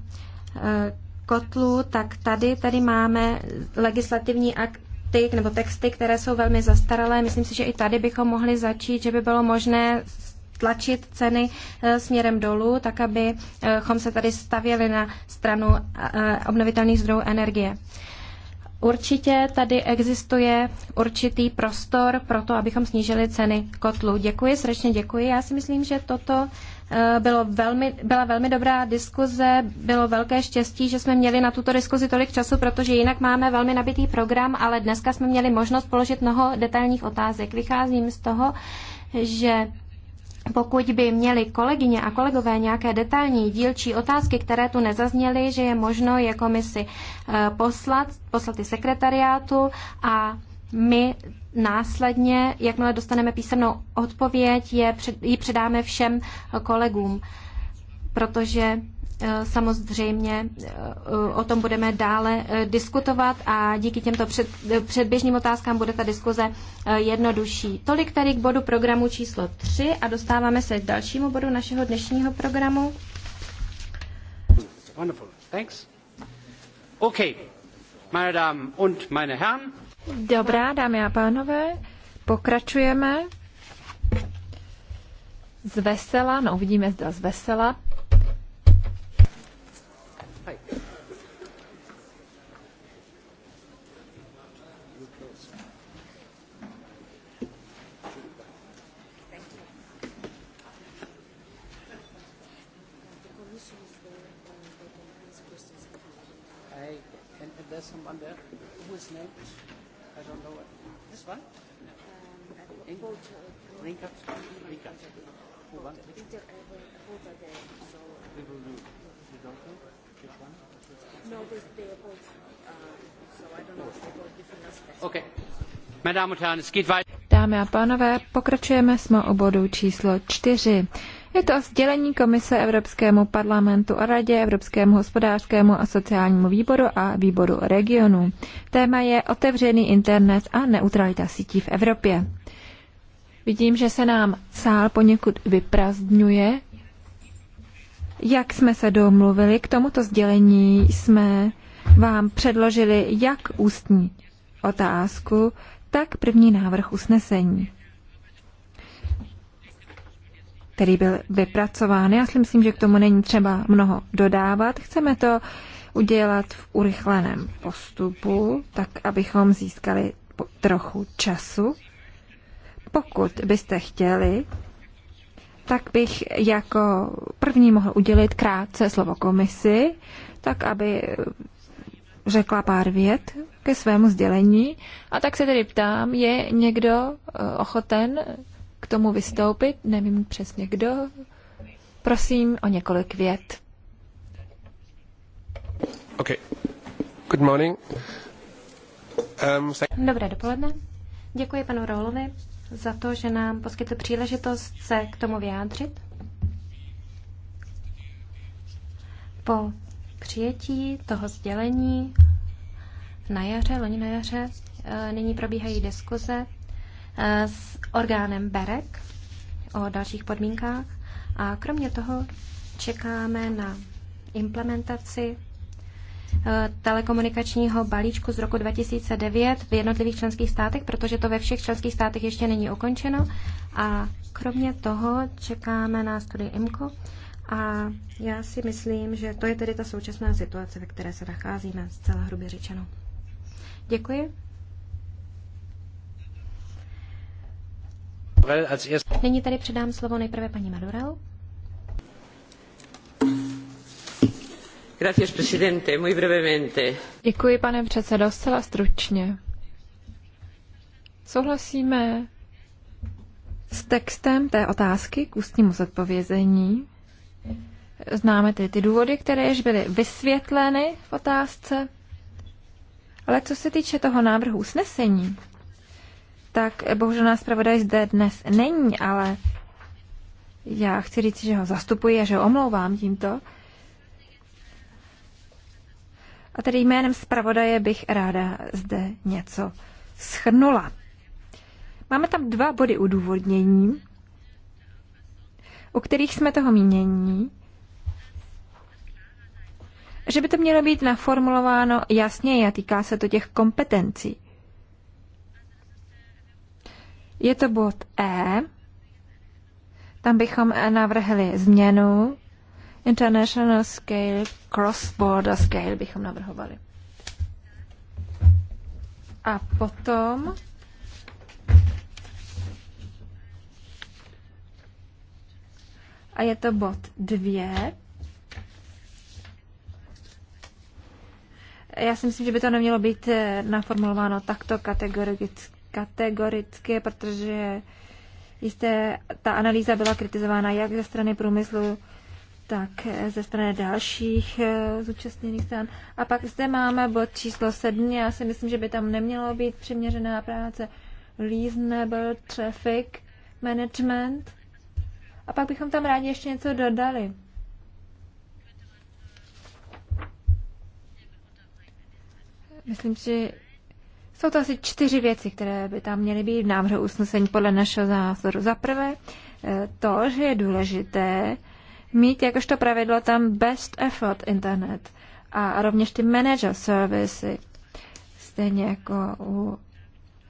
E: kotlů, tak tady, tady máme legislativní akt ty, nebo texty, které jsou velmi zastaralé. Myslím si, že i tady bychom mohli začít, že by bylo možné tlačit ceny eh, směrem dolů, tak abychom eh, se tady stavěli na stranu eh, obnovitelných zdrojů energie. Určitě tady existuje určitý prostor pro to, abychom snížili ceny kotlů. Děkuji, srdečně děkuji. Já si myslím, že toto Eh, bylo velmi, byla velmi dobrá diskuze, bylo velké štěstí, že jsme měli na tuto diskuzi tolik času, protože jinak máme velmi nabitý program, ale dneska jsme měli možnost položit mnoho detailních otázek. Vycházím z toho, že pokud by měli kolegyně a kolegové nějaké detailní dílčí otázky, které tu nezazněly, že je možno je komisi eh, poslat, poslat i sekretariátu a my následně, jakmile dostaneme písemnou odpověď, je, ji předáme všem kolegům, protože eh, samozřejmě eh, o tom budeme dále eh, diskutovat a díky těmto před, předběžným otázkám bude ta diskuze jednodušší. Tolik tady k bodu programu číslo 3 a dostáváme se k dalšímu bodu našeho dnešního programu.
D: Wonderful. Thanks. Okay. Meine Damen und meine Herren,
A: Dobrá, dámy a pánové, pokračujeme z vesela, no uvidíme zda z vesela. Hi. Dámy a pánové, pokračujeme s o bodu číslo čtyři. Je to sdělení Komise Evropskému parlamentu a Radě, Evropskému hospodářskému a sociálnímu výboru a výboru regionu. Téma je otevřený internet a neutralita sítí v Evropě. Vidím, že se nám sál poněkud vyprazdňuje. Jak jsme se domluvili, k tomuto sdělení jsme vám předložili jak ústní otázku, tak první návrh usnesení, který byl vypracován. Já si myslím, že k tomu není třeba mnoho dodávat. Chceme to udělat v urychleném postupu, tak abychom získali trochu času pokud byste chtěli, tak bych jako první mohl udělit krátce slovo komisi, tak aby řekla pár vět ke svému sdělení. A tak se tedy ptám, je někdo eh, ochoten k tomu vystoupit? Nevím přesně kdo. Prosím o několik vět.
B: Okay. Good morning. Um,
A: Dobré
E: dopoledne. Děkuji panu Rolovi za to, že nám poskytl příležitost se k tomu vyjádřit. Po přijetí toho sdělení na jaře, loni na jaře, eh, nyní probíhají diskuze eh, s orgánem BEREK o dalších podmínkách a kromě toho čekáme na implementaci Eh, telekomunikačního balíčku z roku 2009 v jednotlivých členských státech, protože to ve všech členských státech ještě není ukončeno. A kromě toho čekáme na studii IMCO a já si myslím, že to je tedy ta současná situace, ve které se nacházíme, zcela hrubě řečeno. Děkuji. Nyní tady předám slovo nejprve
A: paní Madurel. pane předsedající zcela stručně. Souhlasíme s textem té otázky k ústnímu zodpovězení. Známe tedy ty důvody, které již byly vysvětleny v otázce. Ale co se týče toho návrhu usnesení, tak bohužel nás zpravodaj zde dnes není, ale já chci říct, že ho zastupuji a že ho omlouvám tímto. A tedy jménem zpravodaje bych ráda zde něco schrnula. Máme tam dva body udůvodnění, u kterých jsme toho mínění, že by to mělo být naformulováno jasně a týká se to těch kompetencí. Je to bod E, tam bychom navrhli změnu International Scale, Cross-Border Scale bychom navrhovali. A potom a je to bod dvě. Já si myslím, že by to nemělo být eh, naformulováno takto kategoricky, protože jisté, ta analýza byla kritizována jak ze strany průmyslu, tak eh, ze strany dalších eh, zúčastněných stran. A pak zde máme bod číslo 7. Já si myslím, že by tam nemělo být přiměřená práce. Reasonable traffic management. A pak bychom tam rádi ještě něco dodali. Myslím, že jsou to asi čtyři věci, které by tam měly být v návrhu usnesení podle našeho názoru. Za prvé, eh, to, že je důležité, mít jakožto pravidlo tam best effort internet a rovněž ty manager servisy, stejně jako u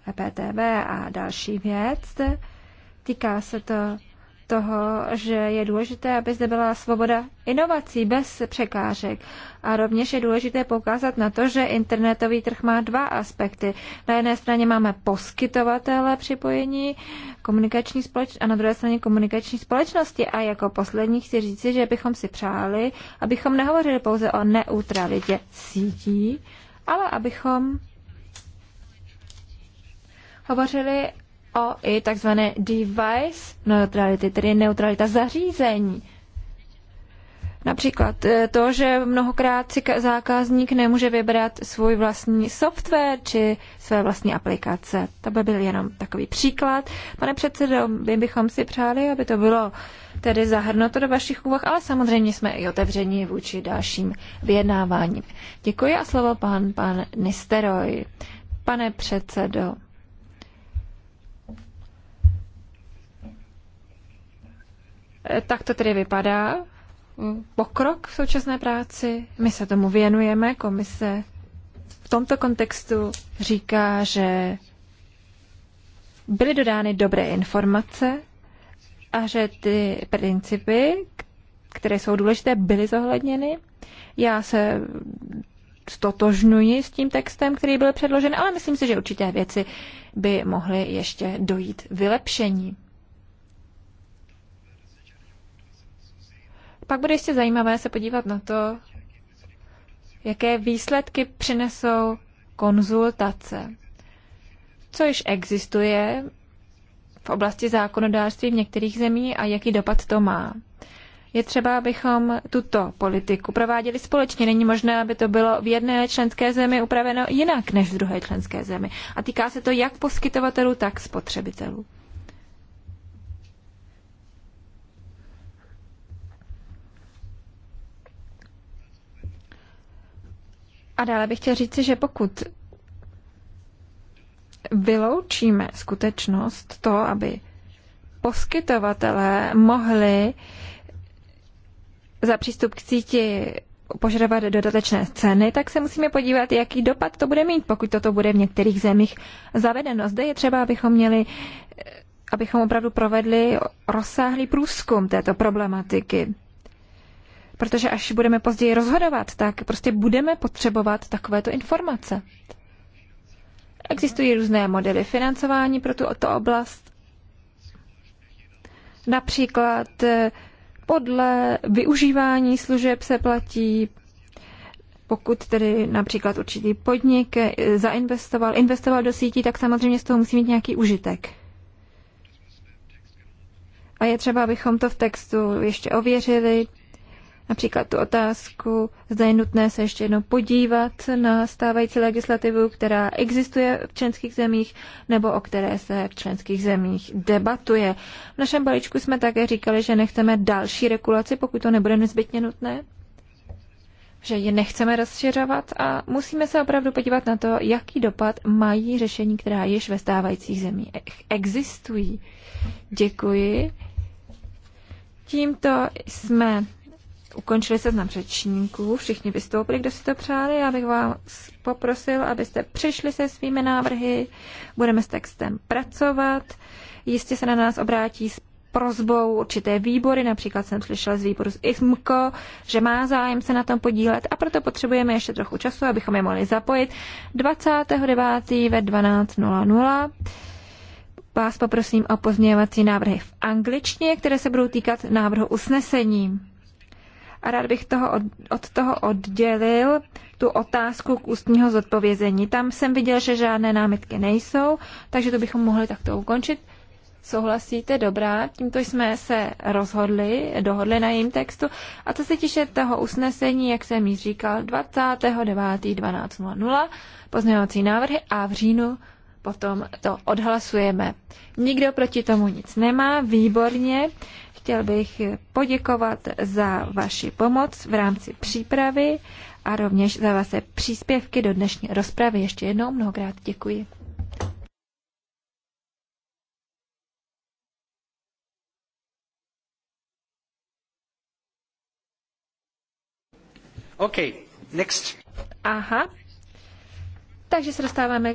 A: EPTB a další věc. Týká se to toho, že je důležité, aby zde byla svoboda inovací bez překážek. A rovněž je důležité poukázat na to, že internetový trh má dva aspekty. Na jedné straně máme poskytovatele připojení komunikační společ- a na druhé straně komunikační společnosti. A jako poslední chci říci, že bychom si přáli, abychom nehovořili pouze o neutralitě sítí, ale abychom hovořili o i takzvané device neutrality, tedy neutralita zařízení. Například eh, to, že mnohokrát si zákazník nemůže vybrat svůj vlastní software či své vlastní aplikace. To by byl jenom takový příklad. Pane předsedo, my bychom si přáli, aby to bylo tedy zahrnuto do vašich úvah, ale samozřejmě jsme i otevření vůči dalším vyjednáváním. Děkuji a slovo pan, pan Nisteroj. Pane předsedo, Eh, tak to tedy vypadá. Mm, pokrok v současné práci, my se tomu věnujeme, komise v tomto kontextu říká, že byly dodány dobré informace a že ty principy, které jsou důležité, byly zohledněny. Já se stotožňuji s tím textem, který byl předložen, ale myslím si, že určité věci by mohly ještě dojít vylepšení. Pak bude ještě zajímavé se podívat na to, jaké výsledky přinesou konzultace. Co již existuje v oblasti zákonodárství v některých zemí a jaký dopad to má. Je třeba, abychom tuto politiku prováděli společně. Není možné, aby to bylo v jedné členské zemi upraveno jinak než v druhé členské zemi. A týká se to jak poskytovatelů, tak spotřebitelů. A dále bych chtěl říct, že pokud vyloučíme skutečnost to, aby poskytovatelé mohli za přístup k síti požadovat dodatečné ceny, tak se musíme podívat, jaký dopad to bude mít, pokud toto bude v některých zemích zavedeno. Zde je třeba, abychom měli abychom opravdu provedli rozsáhlý průzkum této problematiky protože až budeme později rozhodovat, tak prostě budeme potřebovat takovéto informace. Existují různé modely financování pro tuto oblast. Například eh, podle využívání služeb se platí, pokud tedy například určitý podnik eh, zainvestoval, investoval do sítí, tak samozřejmě z toho musí mít nějaký užitek. A je třeba, abychom to v textu ještě ověřili, Například tu otázku, zda je nutné se ještě jednou podívat na stávající legislativu, která existuje v členských zemích, nebo o které se v členských zemích debatuje. V našem balíčku jsme také říkali, že nechceme další regulaci, pokud to nebude nezbytně nutné že je nechceme rozšiřovat a musíme se opravdu podívat na to, jaký dopad mají řešení, která již ve stávajících zemích existují. Děkuji. Tímto jsme ukončili na řečníků, všichni vystoupili, kdo si to přáli. Já bych vás poprosil, abyste přišli se svými návrhy, budeme s textem pracovat. Jistě se na nás obrátí s prozbou určité výbory, například jsem slyšela z výboru z ISMKO, že má zájem se na tom podílet a proto potřebujeme ještě trochu času, abychom je mohli zapojit. 29. ve 12.00 vás poprosím o pozměňovací návrhy v angličtině, které se budou týkat návrhu usnesení a rád bych toho od, od toho oddělil tu otázku k ústního zodpovězení. Tam jsem viděl, že žádné námitky nejsou, takže to bychom mohli takto ukončit. Souhlasíte? Dobrá. Tímto jsme se rozhodli, dohodli na jejím textu. A co se týče toho usnesení, jak jsem již říkal, 29.12.00 pozměňovací návrhy a v říjnu potom to odhlasujeme. Nikdo proti tomu nic nemá, výborně. Chtěl bych poděkovat za vaši pomoc v rámci přípravy a rovněž za vaše příspěvky do dnešní rozpravy. Ještě jednou mnohokrát děkuji.
D: Okay, next.
A: Aha. Takže se dostáváme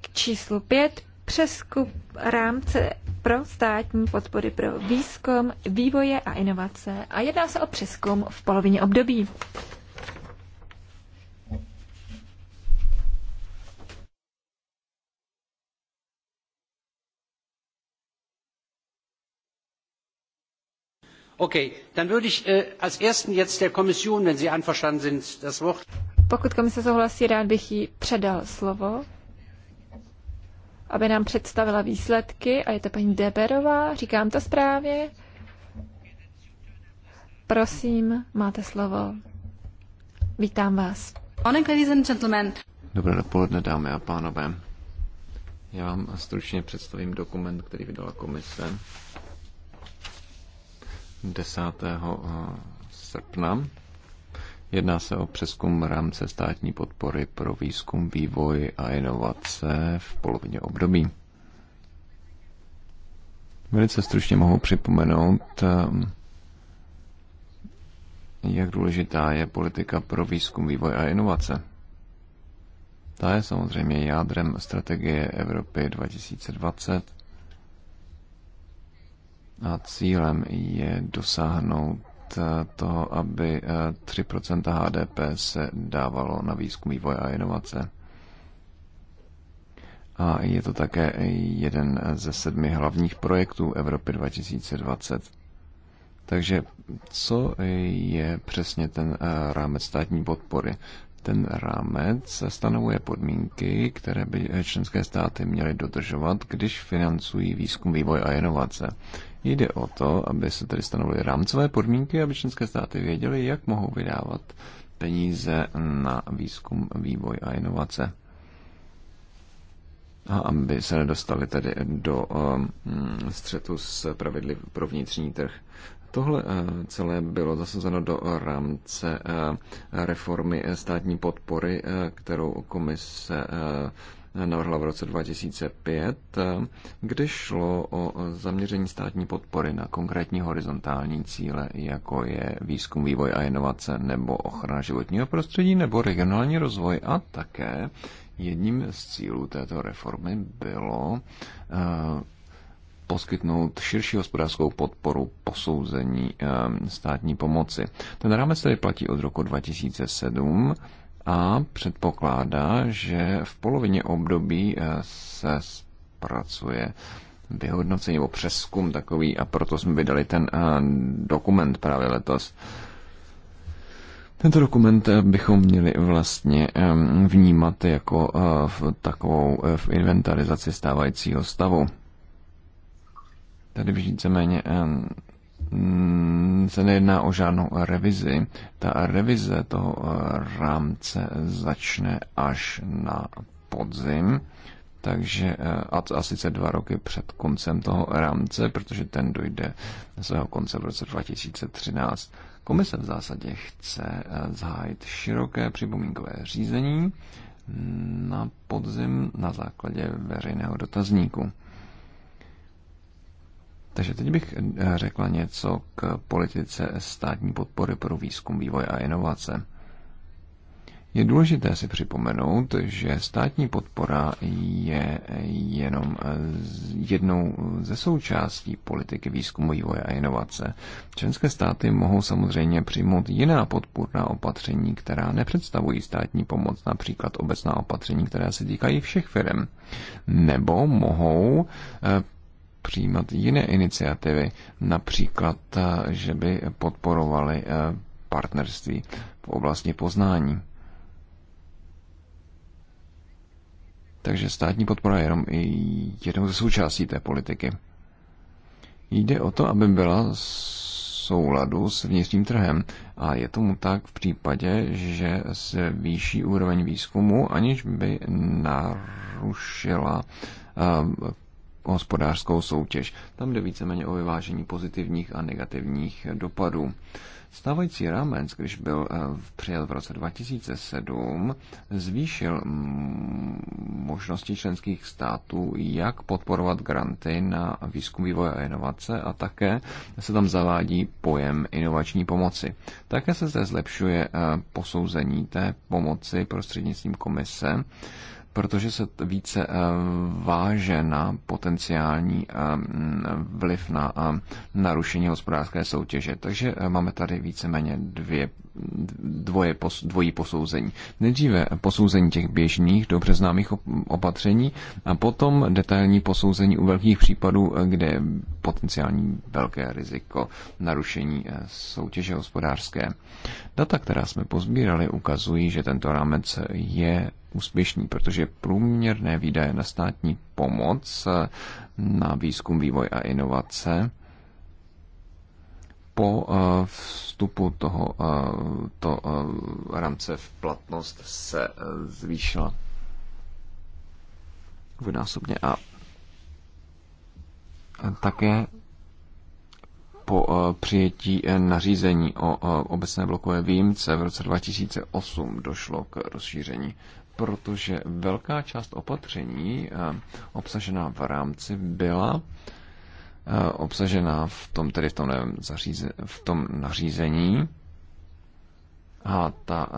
A: k číslu pět. Přeskup rámce pro státní podpory pro výzkum, vývoje a inovace a jedná se o přeskum v polovině období.
D: Okay, dann würde ich äh, als ersten jetzt der Kommission, wenn Sie einverstanden sind, das Wort.
A: Pokud komise souhlasí, rád bych jí předal slovo aby nám představila výsledky. A je to paní Deberová, říkám to správně. Prosím, máte slovo. Vítám vás.
C: Dobré dopoledne, dámy a pánové. Já vám stručně představím dokument, který vydala komise 10. Eh, srpna Jedná se o přeskum rámce státní podpory pro výzkum, vývoj a inovace v polovině období. Velice stručně mohu připomenout, ehm, jak důležitá je politika pro výzkum, vývoj a inovace. Ta je samozřejmě jádrem strategie Evropy 2020 a cílem je dosáhnout Eh, toho, aby 3% eh, HDP se dávalo na výzkum, vývoj a inovace. A je to také jeden ze sedmi hlavních projektů Evropy 2020. Takže co je přesně ten eh, rámec státní podpory? Ten rámec stanovuje podmínky, které by členské státy měly dodržovat, když financují výzkum, vývoj a inovace. Jde o to, aby se tedy stanovily rámcové podmínky, aby členské státy věděly, jak mohou vydávat peníze na výzkum, vývoj a inovace. A aby se nedostali tedy do um, střetu s pravidly pro vnitřní trh. Tohle uh, celé bylo zasazeno do rámce uh, reformy státní podpory, uh, kterou komise navrhla v roce 2005, kde šlo o zaměření státní podpory na konkrétní horizontální cíle, jako je výzkum, vývoj a inovace nebo ochrana životního prostředí nebo regionální rozvoj a také jedním z cílů této reformy bylo eh, poskytnout širší hospodářskou podporu posouzení eh, státní pomoci. Ten rámec tedy platí od roku 2007 a předpokládá, že v polovině období eh, se zpracuje vyhodnocení nebo přeskum takový a proto jsme vydali ten eh, dokument právě letos. Tento dokument eh, bychom měli vlastně vnímat jako v takovou v inventarizaci stávajícího stavu. Tady víceméně se nejedná o žádnou revizi. Ta revize toho eh, rámce začne až na podzim, takže eh, a, a sice dva roky před koncem toho rámce, protože ten dojde svého konce v roce 2013. Komise v zásadě chce eh, zahájit široké připomínkové řízení na podzim na základě veřejného dotazníku. Takže teď bych eh, řekla něco k politice státní podpory pro výzkum, vývoj a inovace. Je důležité si připomenout, že státní podpora je jenom eh, jednou ze součástí politiky výzkumu, vývoje a inovace. Členské státy mohou samozřejmě přijmout jiná podpůrná opatření, která nepředstavují státní pomoc, například obecná opatření, která se týkají všech firm. Nebo mohou eh, přijímat jiné iniciativy, například, eh, že by podporovali eh, partnerství v oblasti poznání. Takže státní podpora je jenom jednou ze součástí té politiky. Jde o to, aby byla souladu s vnitřním trhem. A je tomu tak v případě, že se výší úroveň výzkumu, aniž by narušila eh, hospodářskou soutěž. Tam jde víceméně o vyvážení pozitivních a negativních dopadů. Stávající rámec, když byl eh, přijat v roce 2007, zvýšil možnosti členských států, jak podporovat granty na výzkum, vývoj a inovace a také se tam zavádí pojem inovační pomoci. Také se zde zlepšuje eh, posouzení té pomoci prostřednictvím komise protože se více eh, váže na potenciální eh, vliv na eh, narušení hospodářské soutěže. Takže máme tady víceméně dvě dvoje, dvojí posouzení. Nejdříve posouzení těch běžných, dobře známých opatření a potom detailní posouzení u velkých případů, kde je potenciální velké riziko narušení eh, soutěže hospodářské. Data, která jsme pozbírali, ukazují, že tento rámec je úspěšný, protože průměrné výdaje na státní pomoc eh, na výzkum, vývoj a inovace po eh, vstupu toho eh, to eh, rámce v platnost se zvýšila dvojnásobně a také po přijetí nařízení o obecné blokové výjimce v roce 2008 došlo k rozšíření, protože velká část opatření obsažená v rámci byla Eh, obsažená v tom, tedy v tom, nevím, zaříze, v tom nařízení. A ta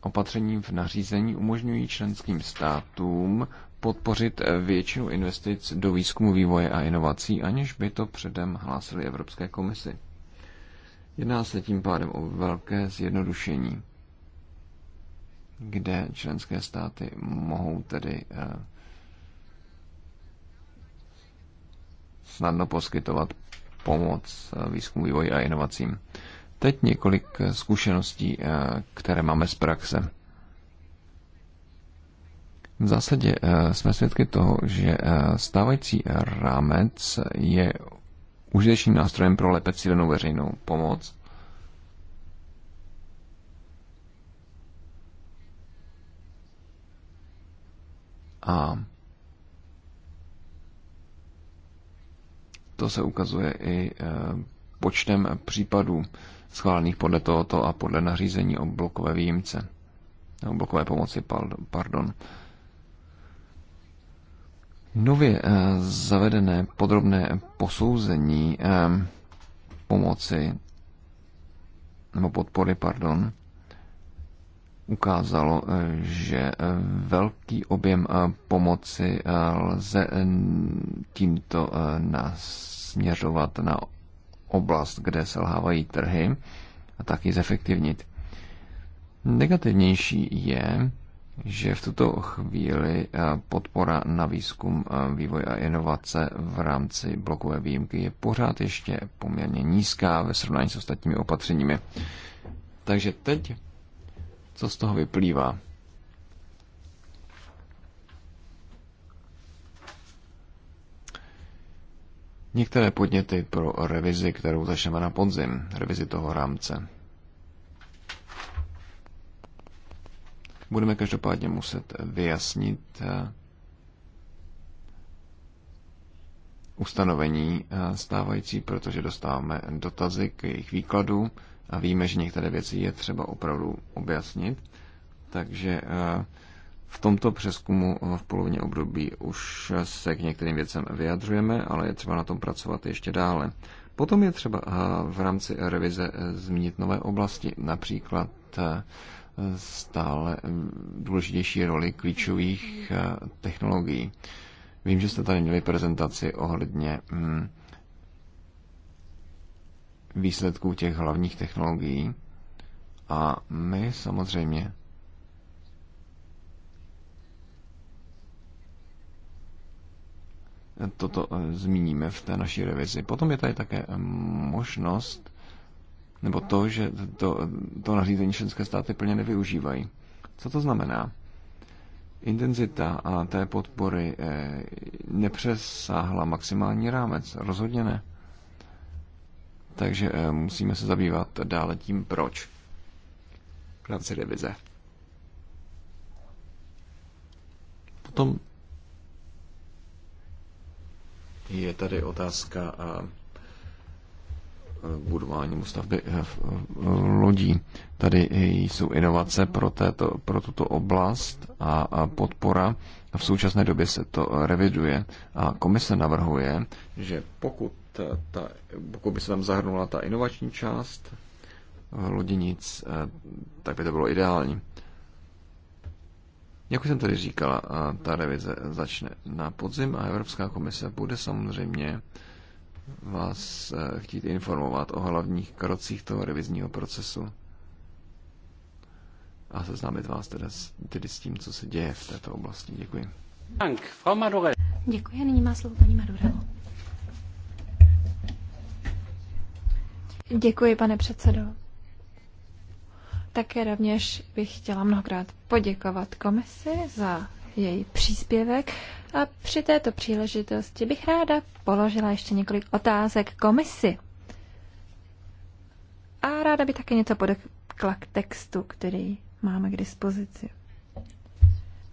C: opatření v nařízení umožňují členským státům podpořit eh, většinu investic do výzkumu, vývoje a inovací, aniž by to předem hlásili Evropské komisi. Jedná se tím pádem o velké zjednodušení, kde členské státy mohou tedy eh, snadno poskytovat pomoc výzkumu, vývoji a inovacím. Teď několik zkušeností, eh, které máme z praxe. V zásadě eh, jsme svědky toho, že eh, stávající rámec je užitečným nástrojem pro lépe cílenou veřejnou pomoc. A to se ukazuje i eh, počtem případů schválených podle tohoto a podle nařízení o blokové výjimce, o blokové pomoci, pardon. Nově eh, zavedené podrobné posouzení eh, pomoci nebo podpory, pardon, ukázalo, eh, že eh, velký objem eh, pomoci lze tímto nasměřovat na oblast, kde selhávají trhy a taky zefektivnit. Negativnější je, že v tuto chvíli podpora na výzkum, vývoj a inovace v rámci blokové výjimky je pořád ještě poměrně nízká ve srovnání s ostatními opatřeními. Takže teď co z toho vyplývá? Některé podněty pro revizi, kterou začneme na podzim, revizi toho rámce. Budeme každopádně muset vyjasnit eh, ustanovení eh, stávající, protože dostáváme dotazy k jejich výkladu a víme, že některé věci je třeba opravdu objasnit. Takže eh, v tomto přeskumu eh, v polovině období už se k některým věcem vyjadřujeme, ale je třeba na tom pracovat ještě dále. Potom je třeba eh, v rámci revize zmínit nové oblasti, například stále důležitější roli klíčových technologií. Vím, že jste tady měli prezentaci ohledně mm, výsledků těch hlavních technologií. A my samozřejmě toto eh, zmíníme v té naší revizi. Potom je tady také eh, možnost, nebo to, že to, eh, to nařízení členské státy plně nevyužívají. Co to znamená? Intenzita a té podpory nepřesáhla maximální rámec. Rozhodně ne. Takže eh, musíme se zabývat dále tím, proč v rámci revize. Potom je tady otázka a eh, eh, budování stavby lodí. Tady jsou inovace pro, této, pro tuto oblast a, a podpora. V současné době se to reviduje a komise navrhuje, že pokud ta, pokud by se tam zahrnula ta inovační část loděnic, eh, tak by to bylo ideální. Jak už jsem tady říkala, eh, ta revize začne na podzim a Evropská komise bude samozřejmě vás eh, chtít informovat o hlavních krocích toho revizního procesu a seznámit vás teda s, tedy s tím, co se děje v této oblasti. Děkuji.
A: Děkuji a nyní má slovo paní Madurelo. Děkuji, pane předsedo. Také rovněž bych chtěla mnohokrát poděkovat komisi za její příspěvek a při této příležitosti bych ráda položila ještě několik otázek komisi. A ráda by také něco podekla k textu, který máme k dispozici.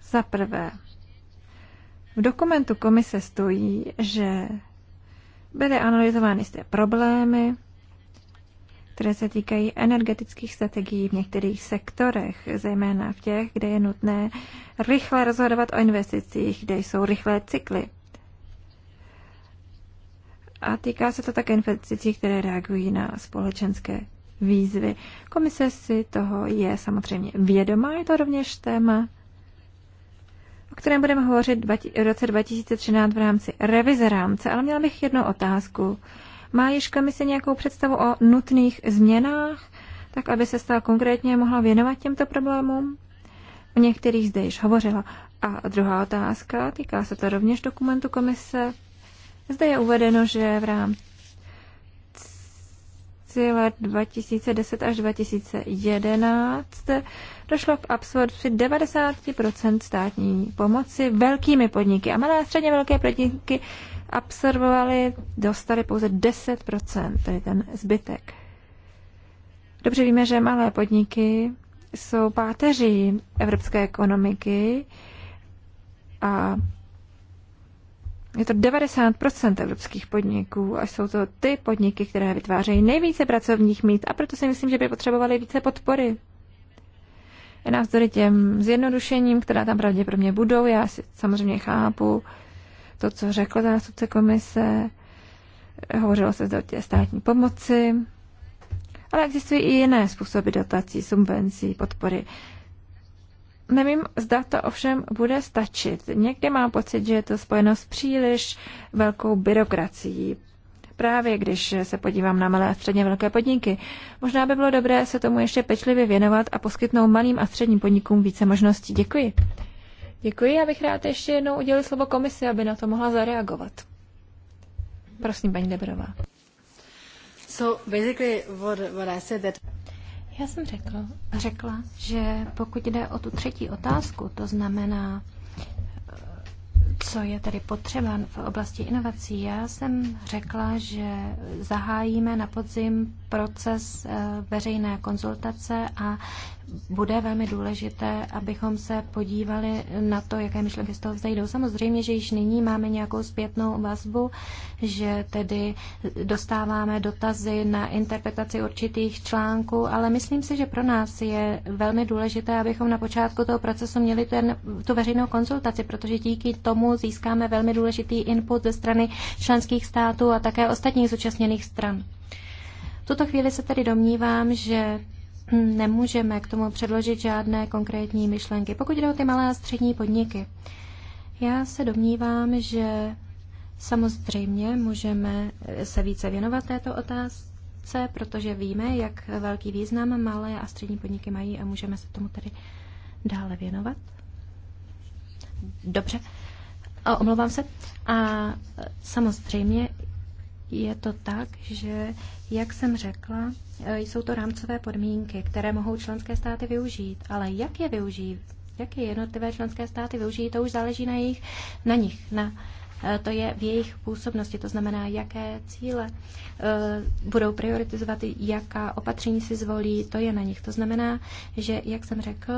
A: Za prvé, v dokumentu komise stojí, že byly analyzovány jisté problémy, které se týkají energetických strategií v některých sektorech, zejména v těch, kde je nutné rychle rozhodovat o investicích, kde jsou rychlé cykly. A týká se to také investicí, které reagují na společenské výzvy. Komise si toho je samozřejmě vědomá, je to rovněž téma, o kterém budeme hovořit v roce 2013 v rámci revize rámce, ale měla bych jednu otázku. Má již se nějakou představu o nutných změnách, tak aby se stala konkrétně mohla věnovat těmto problémům? O některých zde již hovořila. A druhá otázka, týká se to rovněž dokumentu komise. Zde je uvedeno, že v rámci let 2010 až 2011 došlo k absorpci 90 státní pomoci velkými podniky. A malé a středně velké podniky absorbovali, dostali pouze 10%, tedy ten zbytek. Dobře víme, že malé podniky jsou páteří evropské ekonomiky a je to 90% evropských podniků a jsou to ty podniky, které vytvářejí nejvíce pracovních míst a proto si myslím, že by potřebovali více podpory. Navzdory těm zjednodušením, která tam pravděpodobně budou, já si samozřejmě chápu, to, co řekl zástupce komise, hovořilo se zde o té státní pomoci, ale existují i jiné způsoby dotací, subvencí, podpory. Nevím, zda to ovšem bude stačit. Někdy mám pocit, že je to spojeno s příliš velkou byrokracií. Právě když se podívám na malé a středně velké podniky, možná by bylo dobré se tomu ještě pečlivě věnovat a poskytnout malým a středním podnikům více možností. Děkuji. Děkuji, já bych rád ještě jednou udělil slovo komisi, aby na to mohla zareagovat. Prosím, paní Debrová. So basically what, what I said that... Já jsem řekla, řekla, že pokud jde
E: o tu třetí otázku, to znamená, co je tedy potřeba v oblasti inovací, já jsem řekla, že zahájíme na podzim proces eh, veřejné konzultace a bude velmi důležité, abychom se podívali na to, jaké myšlenky z toho vzejdou. Samozřejmě, že již nyní máme nějakou zpětnou vazbu, že tedy dostáváme dotazy na interpretaci určitých článků, ale myslím si, že pro nás je velmi důležité, abychom na počátku toho procesu měli ten, tu veřejnou konzultaci, protože díky tomu získáme velmi důležitý input ze strany členských států a také ostatních zúčastněných stran. V tuto chvíli se tedy domnívám, že [clears throat] nemůžeme k tomu předložit žádné konkrétní myšlenky. Pokud jde o ty malé a střední podniky, já se domnívám, že samozřejmě můžeme se více věnovat této otázce, protože víme, jak velký význam malé a střední podniky mají a můžeme se tomu tedy dále věnovat. Dobře. Omlouvám se. A samozřejmě je to tak, že, jak jsem řekla, eh, jsou to rámcové podmínky, které mohou členské státy využít. Ale jak je využijí, jak je jednotlivé členské státy využijí, to už záleží na, jejich, na nich, na eh, to je v jejich působnosti, to znamená, jaké cíle eh, budou prioritizovat, jaká opatření si zvolí, to je na nich. To znamená, že, jak jsem řekl,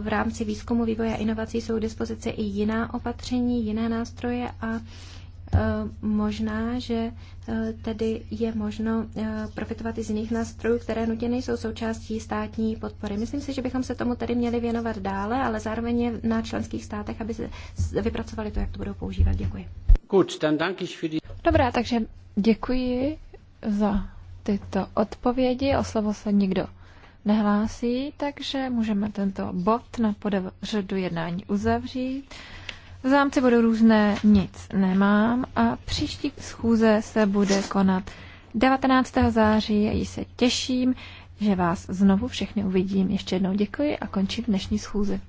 E: v rámci výzkumu, vývoje a inovací jsou k dispozici i jiná opatření, jiné nástroje a Eh, možná, že eh, tedy je možno eh, profitovat i z jiných nástrojů, které nutně nejsou součástí státní podpory. Myslím si, že bychom se tomu tedy měli věnovat dále, ale zároveň je na členských státech, aby se vypracovali to, jak to budou používat. Děkuji.
D: Gut, ich für die...
A: Dobrá, takže děkuji za tyto odpovědi. O slovo se nikdo nehlásí, takže můžeme tento bod na pořadu jednání uzavřít. V zámci budou různé, nic nemám a příští schůze se bude konat 19. září a se těším, že vás znovu všechny uvidím. Ještě jednou děkuji a končím dnešní schůzi.